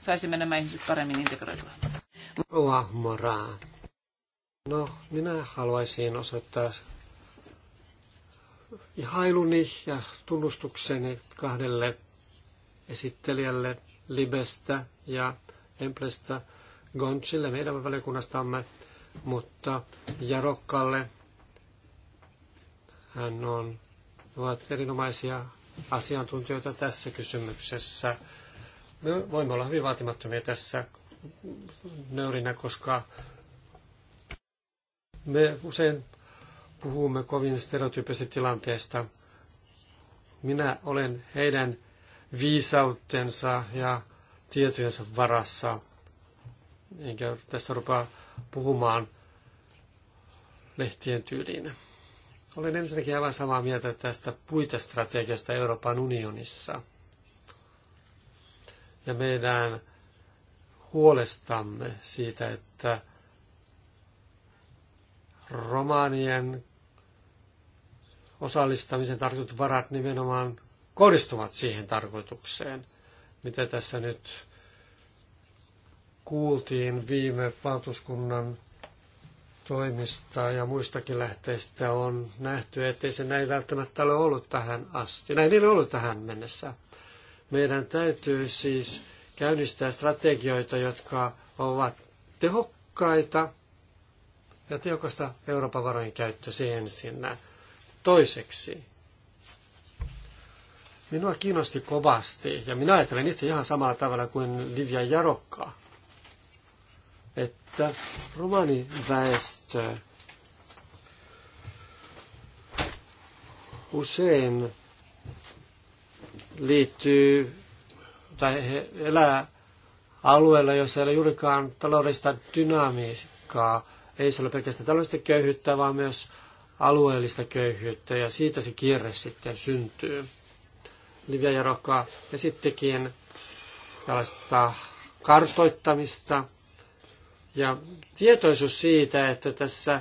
Speaker 3: saisimme nämä ihmiset paremmin
Speaker 1: integroitua. Rauha No, minä haluaisin osoittaa ihailuni ja tunnustukseni kahdelle esittelijälle Libestä ja Emplestä Gonchille meidän valiokunnastamme, mutta Jarokkalle hän on, ovat erinomaisia asiantuntijoita tässä kysymyksessä. Me voimme olla hyvin vaatimattomia tässä nöyrinä, koska me usein puhumme kovin stereotyyppisestä tilanteesta. Minä olen heidän viisautensa ja tietojensa varassa. Enkä tässä rupaa puhumaan lehtien tyyliin. Olen ensinnäkin aivan samaa mieltä tästä puitestrategiasta Euroopan unionissa ja meidän huolestamme siitä, että romaanien osallistamisen tarkoitut varat nimenomaan kohdistuvat siihen tarkoitukseen, mitä tässä nyt kuultiin viime valtuuskunnan toimista ja muistakin lähteistä on nähty, ettei se näin välttämättä ole ollut tähän asti. Näin ei ole ollut tähän mennessä. Meidän täytyy siis käynnistää strategioita, jotka ovat tehokkaita ja tehokasta Euroopan varojen käyttö siihen sinne. Toiseksi, minua kiinnosti kovasti, ja minä ajattelen itse ihan samalla tavalla kuin Livia Jarokka, että romaniväestö usein liittyy tai he elää alueella, jossa ei ole juurikaan taloudellista dynamiikkaa. Ei se ole pelkästään taloudellista köyhyyttä, vaan myös alueellista köyhyyttä ja siitä se kierre sitten syntyy. Livia ja Roka esittikin tällaista kartoittamista ja tietoisuus siitä, että tässä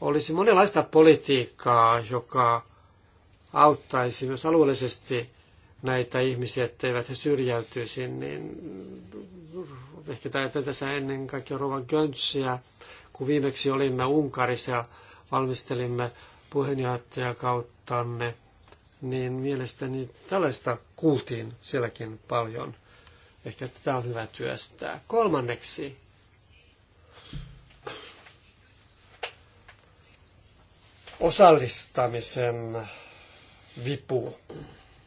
Speaker 1: olisi monenlaista politiikkaa, joka auttaisi myös alueellisesti näitä ihmisiä, etteivät he syrjäytyisi, niin ehkä tässä ennen kaikkea Rovan Göntsiä kun viimeksi olimme Unkarissa ja valmistelimme puheenjohtajakauttanne, niin mielestäni tällaista kuultiin sielläkin paljon. Ehkä tätä on hyvä työstää. Kolmanneksi, osallistamisen vipu,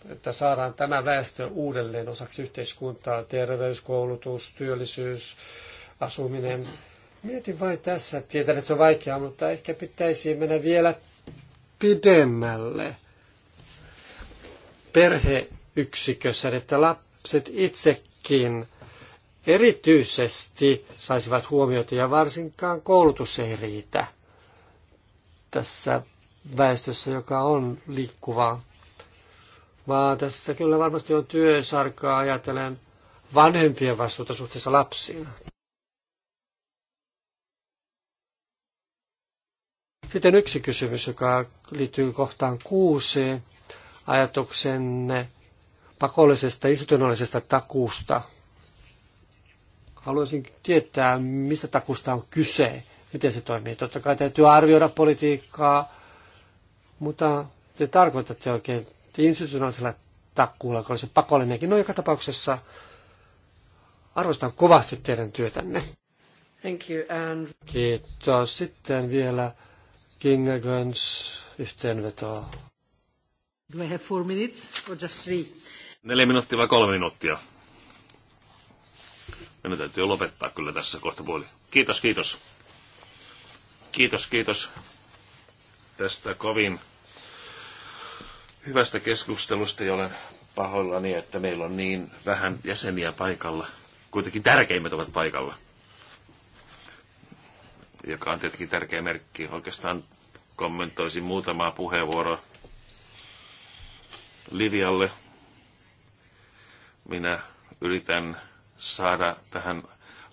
Speaker 1: että saadaan tämä väestö uudelleen osaksi yhteiskuntaa, terveys, koulutus, työllisyys, asuminen, Mietin vain tässä, tietän, että se on vaikeaa, mutta ehkä pitäisi mennä vielä pidemmälle. Perheyksikössä, että lapset itsekin erityisesti saisivat huomiota ja varsinkaan koulutus ei riitä tässä väestössä, joka on liikkuvaa. Vaan tässä kyllä varmasti on työsarkaa ajatellen vanhempien vastuuta suhteessa lapsiin. Sitten yksi kysymys, joka liittyy kohtaan kuusi, ajatuksenne pakollisesta institutionaalisesta takuusta. Haluaisin tietää, mistä takuusta on kyse, miten se toimii. Totta kai täytyy arvioida politiikkaa, mutta te tarkoitatte oikein institutionaalisella takuulla, kun se pakollinenkin. No joka tapauksessa arvostan kovasti teidän työtänne. Thank you and... Kiitos. Sitten vielä Kinga Gans, Do I have four minutes or just three?
Speaker 2: Neljä minuuttia vai kolme minuuttia? Meidän täytyy jo lopettaa kyllä tässä kohta puoli. Kiitos, kiitos. Kiitos, kiitos tästä kovin hyvästä keskustelusta ja olen pahoillani, että meillä on niin vähän jäseniä paikalla. Kuitenkin tärkeimmät ovat paikalla joka on tietenkin tärkeä merkki. Oikeastaan kommentoisin muutamaa puheenvuoroa Livialle. Minä yritän saada tähän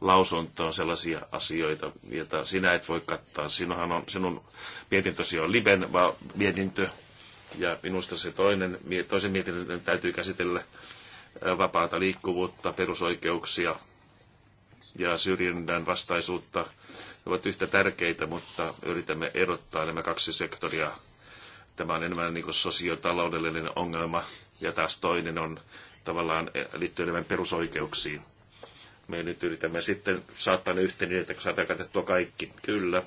Speaker 2: lausuntoon sellaisia asioita, joita sinä et voi kattaa. Sinuhan on, sinun mietintösi on liben mietintö, ja minusta se toinen, toisen mietinnön täytyy käsitellä vapaata liikkuvuutta, perusoikeuksia, ja syrjinnän vastaisuutta ovat yhtä tärkeitä, mutta yritämme erottaa nämä kaksi sektoria. Tämä on enemmän niin kuin sosiotaloudellinen ongelma ja taas toinen on tavallaan eh, liittyy enemmän perusoikeuksiin. Me nyt yritämme sitten saattaa ne yhteen niin, että saadaan katettua kaikki. Kyllä,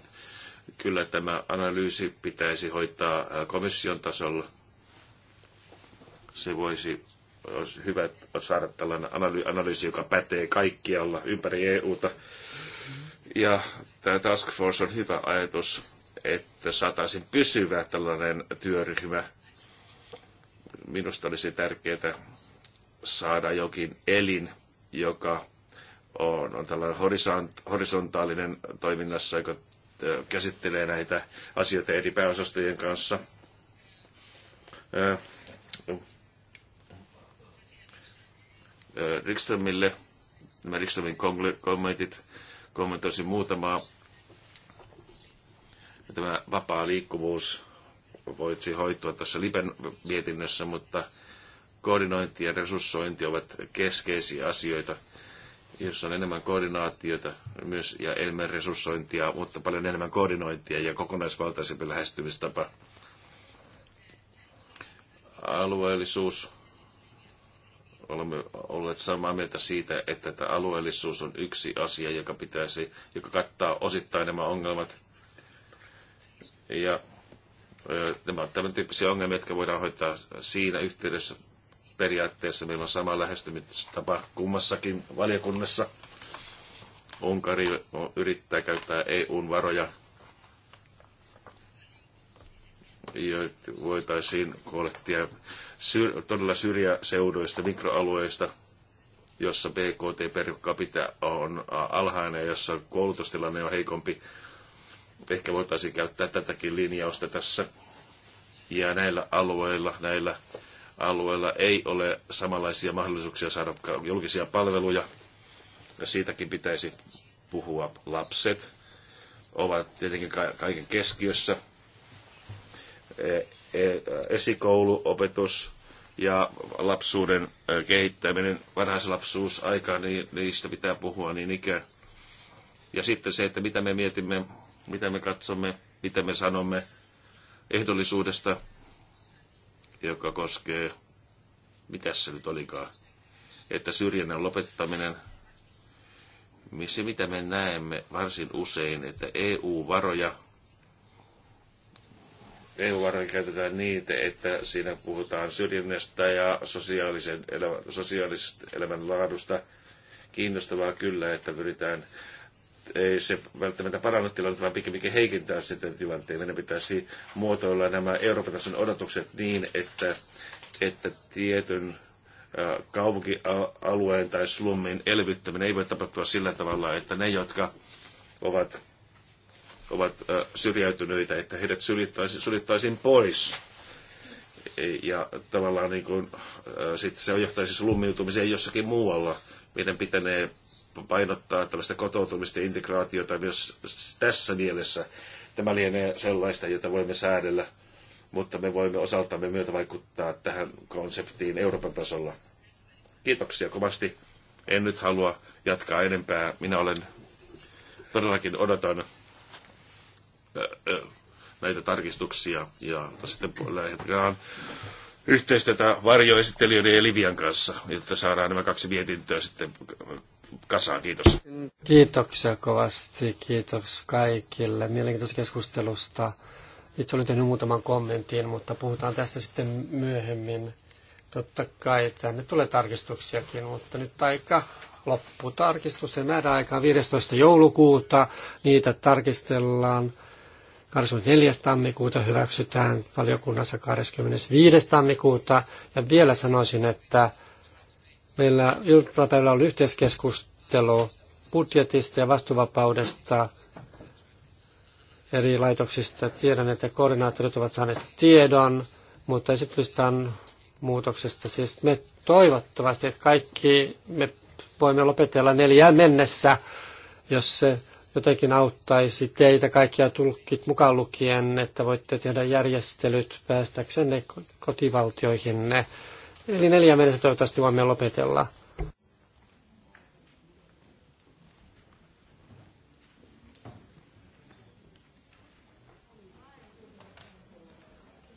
Speaker 2: kyllä tämä analyysi pitäisi hoitaa eh, komission tasolla. Se voisi olisi hyvä saada tällainen analyysi, joka pätee kaikkialla ympäri EUta. Ja tämä Task Force on hyvä ajatus, että saataisiin pysyvä tällainen työryhmä. Minusta olisi tärkeää saada jokin elin, joka on, on tällainen horisontaalinen toiminnassa, joka käsittelee näitä asioita eri pääosastojen kanssa Rikströmille. Nämä Rikströmin kommentit kommentoisin muutamaa. Tämä vapaa liikkuvuus voitsi hoitua tässä Lipen mietinnössä, mutta koordinointi ja resurssointi ovat keskeisiä asioita jos on enemmän koordinaatiota myös ja enemmän resurssointia, mutta paljon enemmän koordinointia ja kokonaisvaltaisempi lähestymistapa. Alueellisuus olemme olleet samaa mieltä siitä, että tämä alueellisuus on yksi asia, joka, pitäisi, joka kattaa osittain nämä ongelmat. Ja nämä ovat tämän tyyppisiä ongelmia, jotka voidaan hoitaa siinä yhteydessä. Periaatteessa meillä on sama lähestymistapa kummassakin valiokunnassa. Unkari yrittää käyttää EUn varoja joita voitaisiin huolehtia syr- todella syrjäseuduista, mikroalueista, jossa bkt per capita on alhainen, jossa koulutustilanne on heikompi. Ehkä voitaisiin käyttää tätäkin linjausta tässä. Ja näillä alueilla, näillä alueilla ei ole samanlaisia mahdollisuuksia saada julkisia palveluja. Ja siitäkin pitäisi puhua. Lapset ovat tietenkin kaiken keskiössä E, e, esikouluopetus ja lapsuuden e, kehittäminen, varhaislapsuusaika, niin niistä pitää puhua niin ikään. Ja sitten se, että mitä me mietimme, mitä me katsomme, mitä me sanomme ehdollisuudesta, joka koskee, mitä se nyt olikaan, että syrjinnän lopettaminen, se mitä me näemme varsin usein, että EU-varoja EU-varoja käytetään niitä, että siinä puhutaan syrjinnästä ja sosiaalisen elämän, sosiaalisesta laadusta. Kiinnostavaa kyllä, että pyritään ei se välttämättä paranna tilannetta, vaan pikemminkin heikentää sitä tilanteen. Meidän pitäisi muotoilla nämä Euroopan tason odotukset niin, että, että tietyn kaupunkialueen tai slummin elvyttäminen ei voi tapahtua sillä tavalla, että ne, jotka ovat ovat syrjäytyneitä, että heidät suljettaisiin, pois. Ja tavallaan niin kuin, sitten se johtaisi slummiutumiseen siis jossakin muualla. Meidän pitänee painottaa tällaista kotoutumista ja integraatiota myös tässä mielessä. Tämä lienee sellaista, jota voimme säädellä, mutta me voimme osaltamme myötä vaikuttaa tähän konseptiin Euroopan tasolla. Kiitoksia kovasti. En nyt halua jatkaa enempää. Minä olen todellakin odotan näitä tarkistuksia ja sitten lähdetään yhteistyötä varjoesittelijöiden ja Livian kanssa, jotta saadaan nämä kaksi mietintöä sitten kasaan.
Speaker 1: Kiitos. Kiitoksia kovasti. Kiitos kaikille mielenkiintoisesta keskustelusta. Itse olin tehnyt muutaman kommentin, mutta puhutaan tästä sitten myöhemmin. Totta kai tänne tulee tarkistuksiakin, mutta nyt aika lopputarkistusten määräaikaan 15. joulukuuta. Niitä tarkistellaan 24. tammikuuta hyväksytään valiokunnassa 25. tammikuuta. Ja vielä sanoisin, että meillä iltapäivällä oli yhteiskeskustelu budjetista ja vastuvapaudesta eri laitoksista. Tiedän, että koordinaattorit ovat saaneet tiedon, mutta esityslistan muutoksesta. Siis me toivottavasti, että kaikki me voimme lopetella neljään mennessä, jos se jotenkin auttaisi teitä kaikkia tulkit mukaan lukien, että voitte tehdä järjestelyt päästäksenne kotivaltioihinne. Eli neljä mennessä toivottavasti voimme lopetella.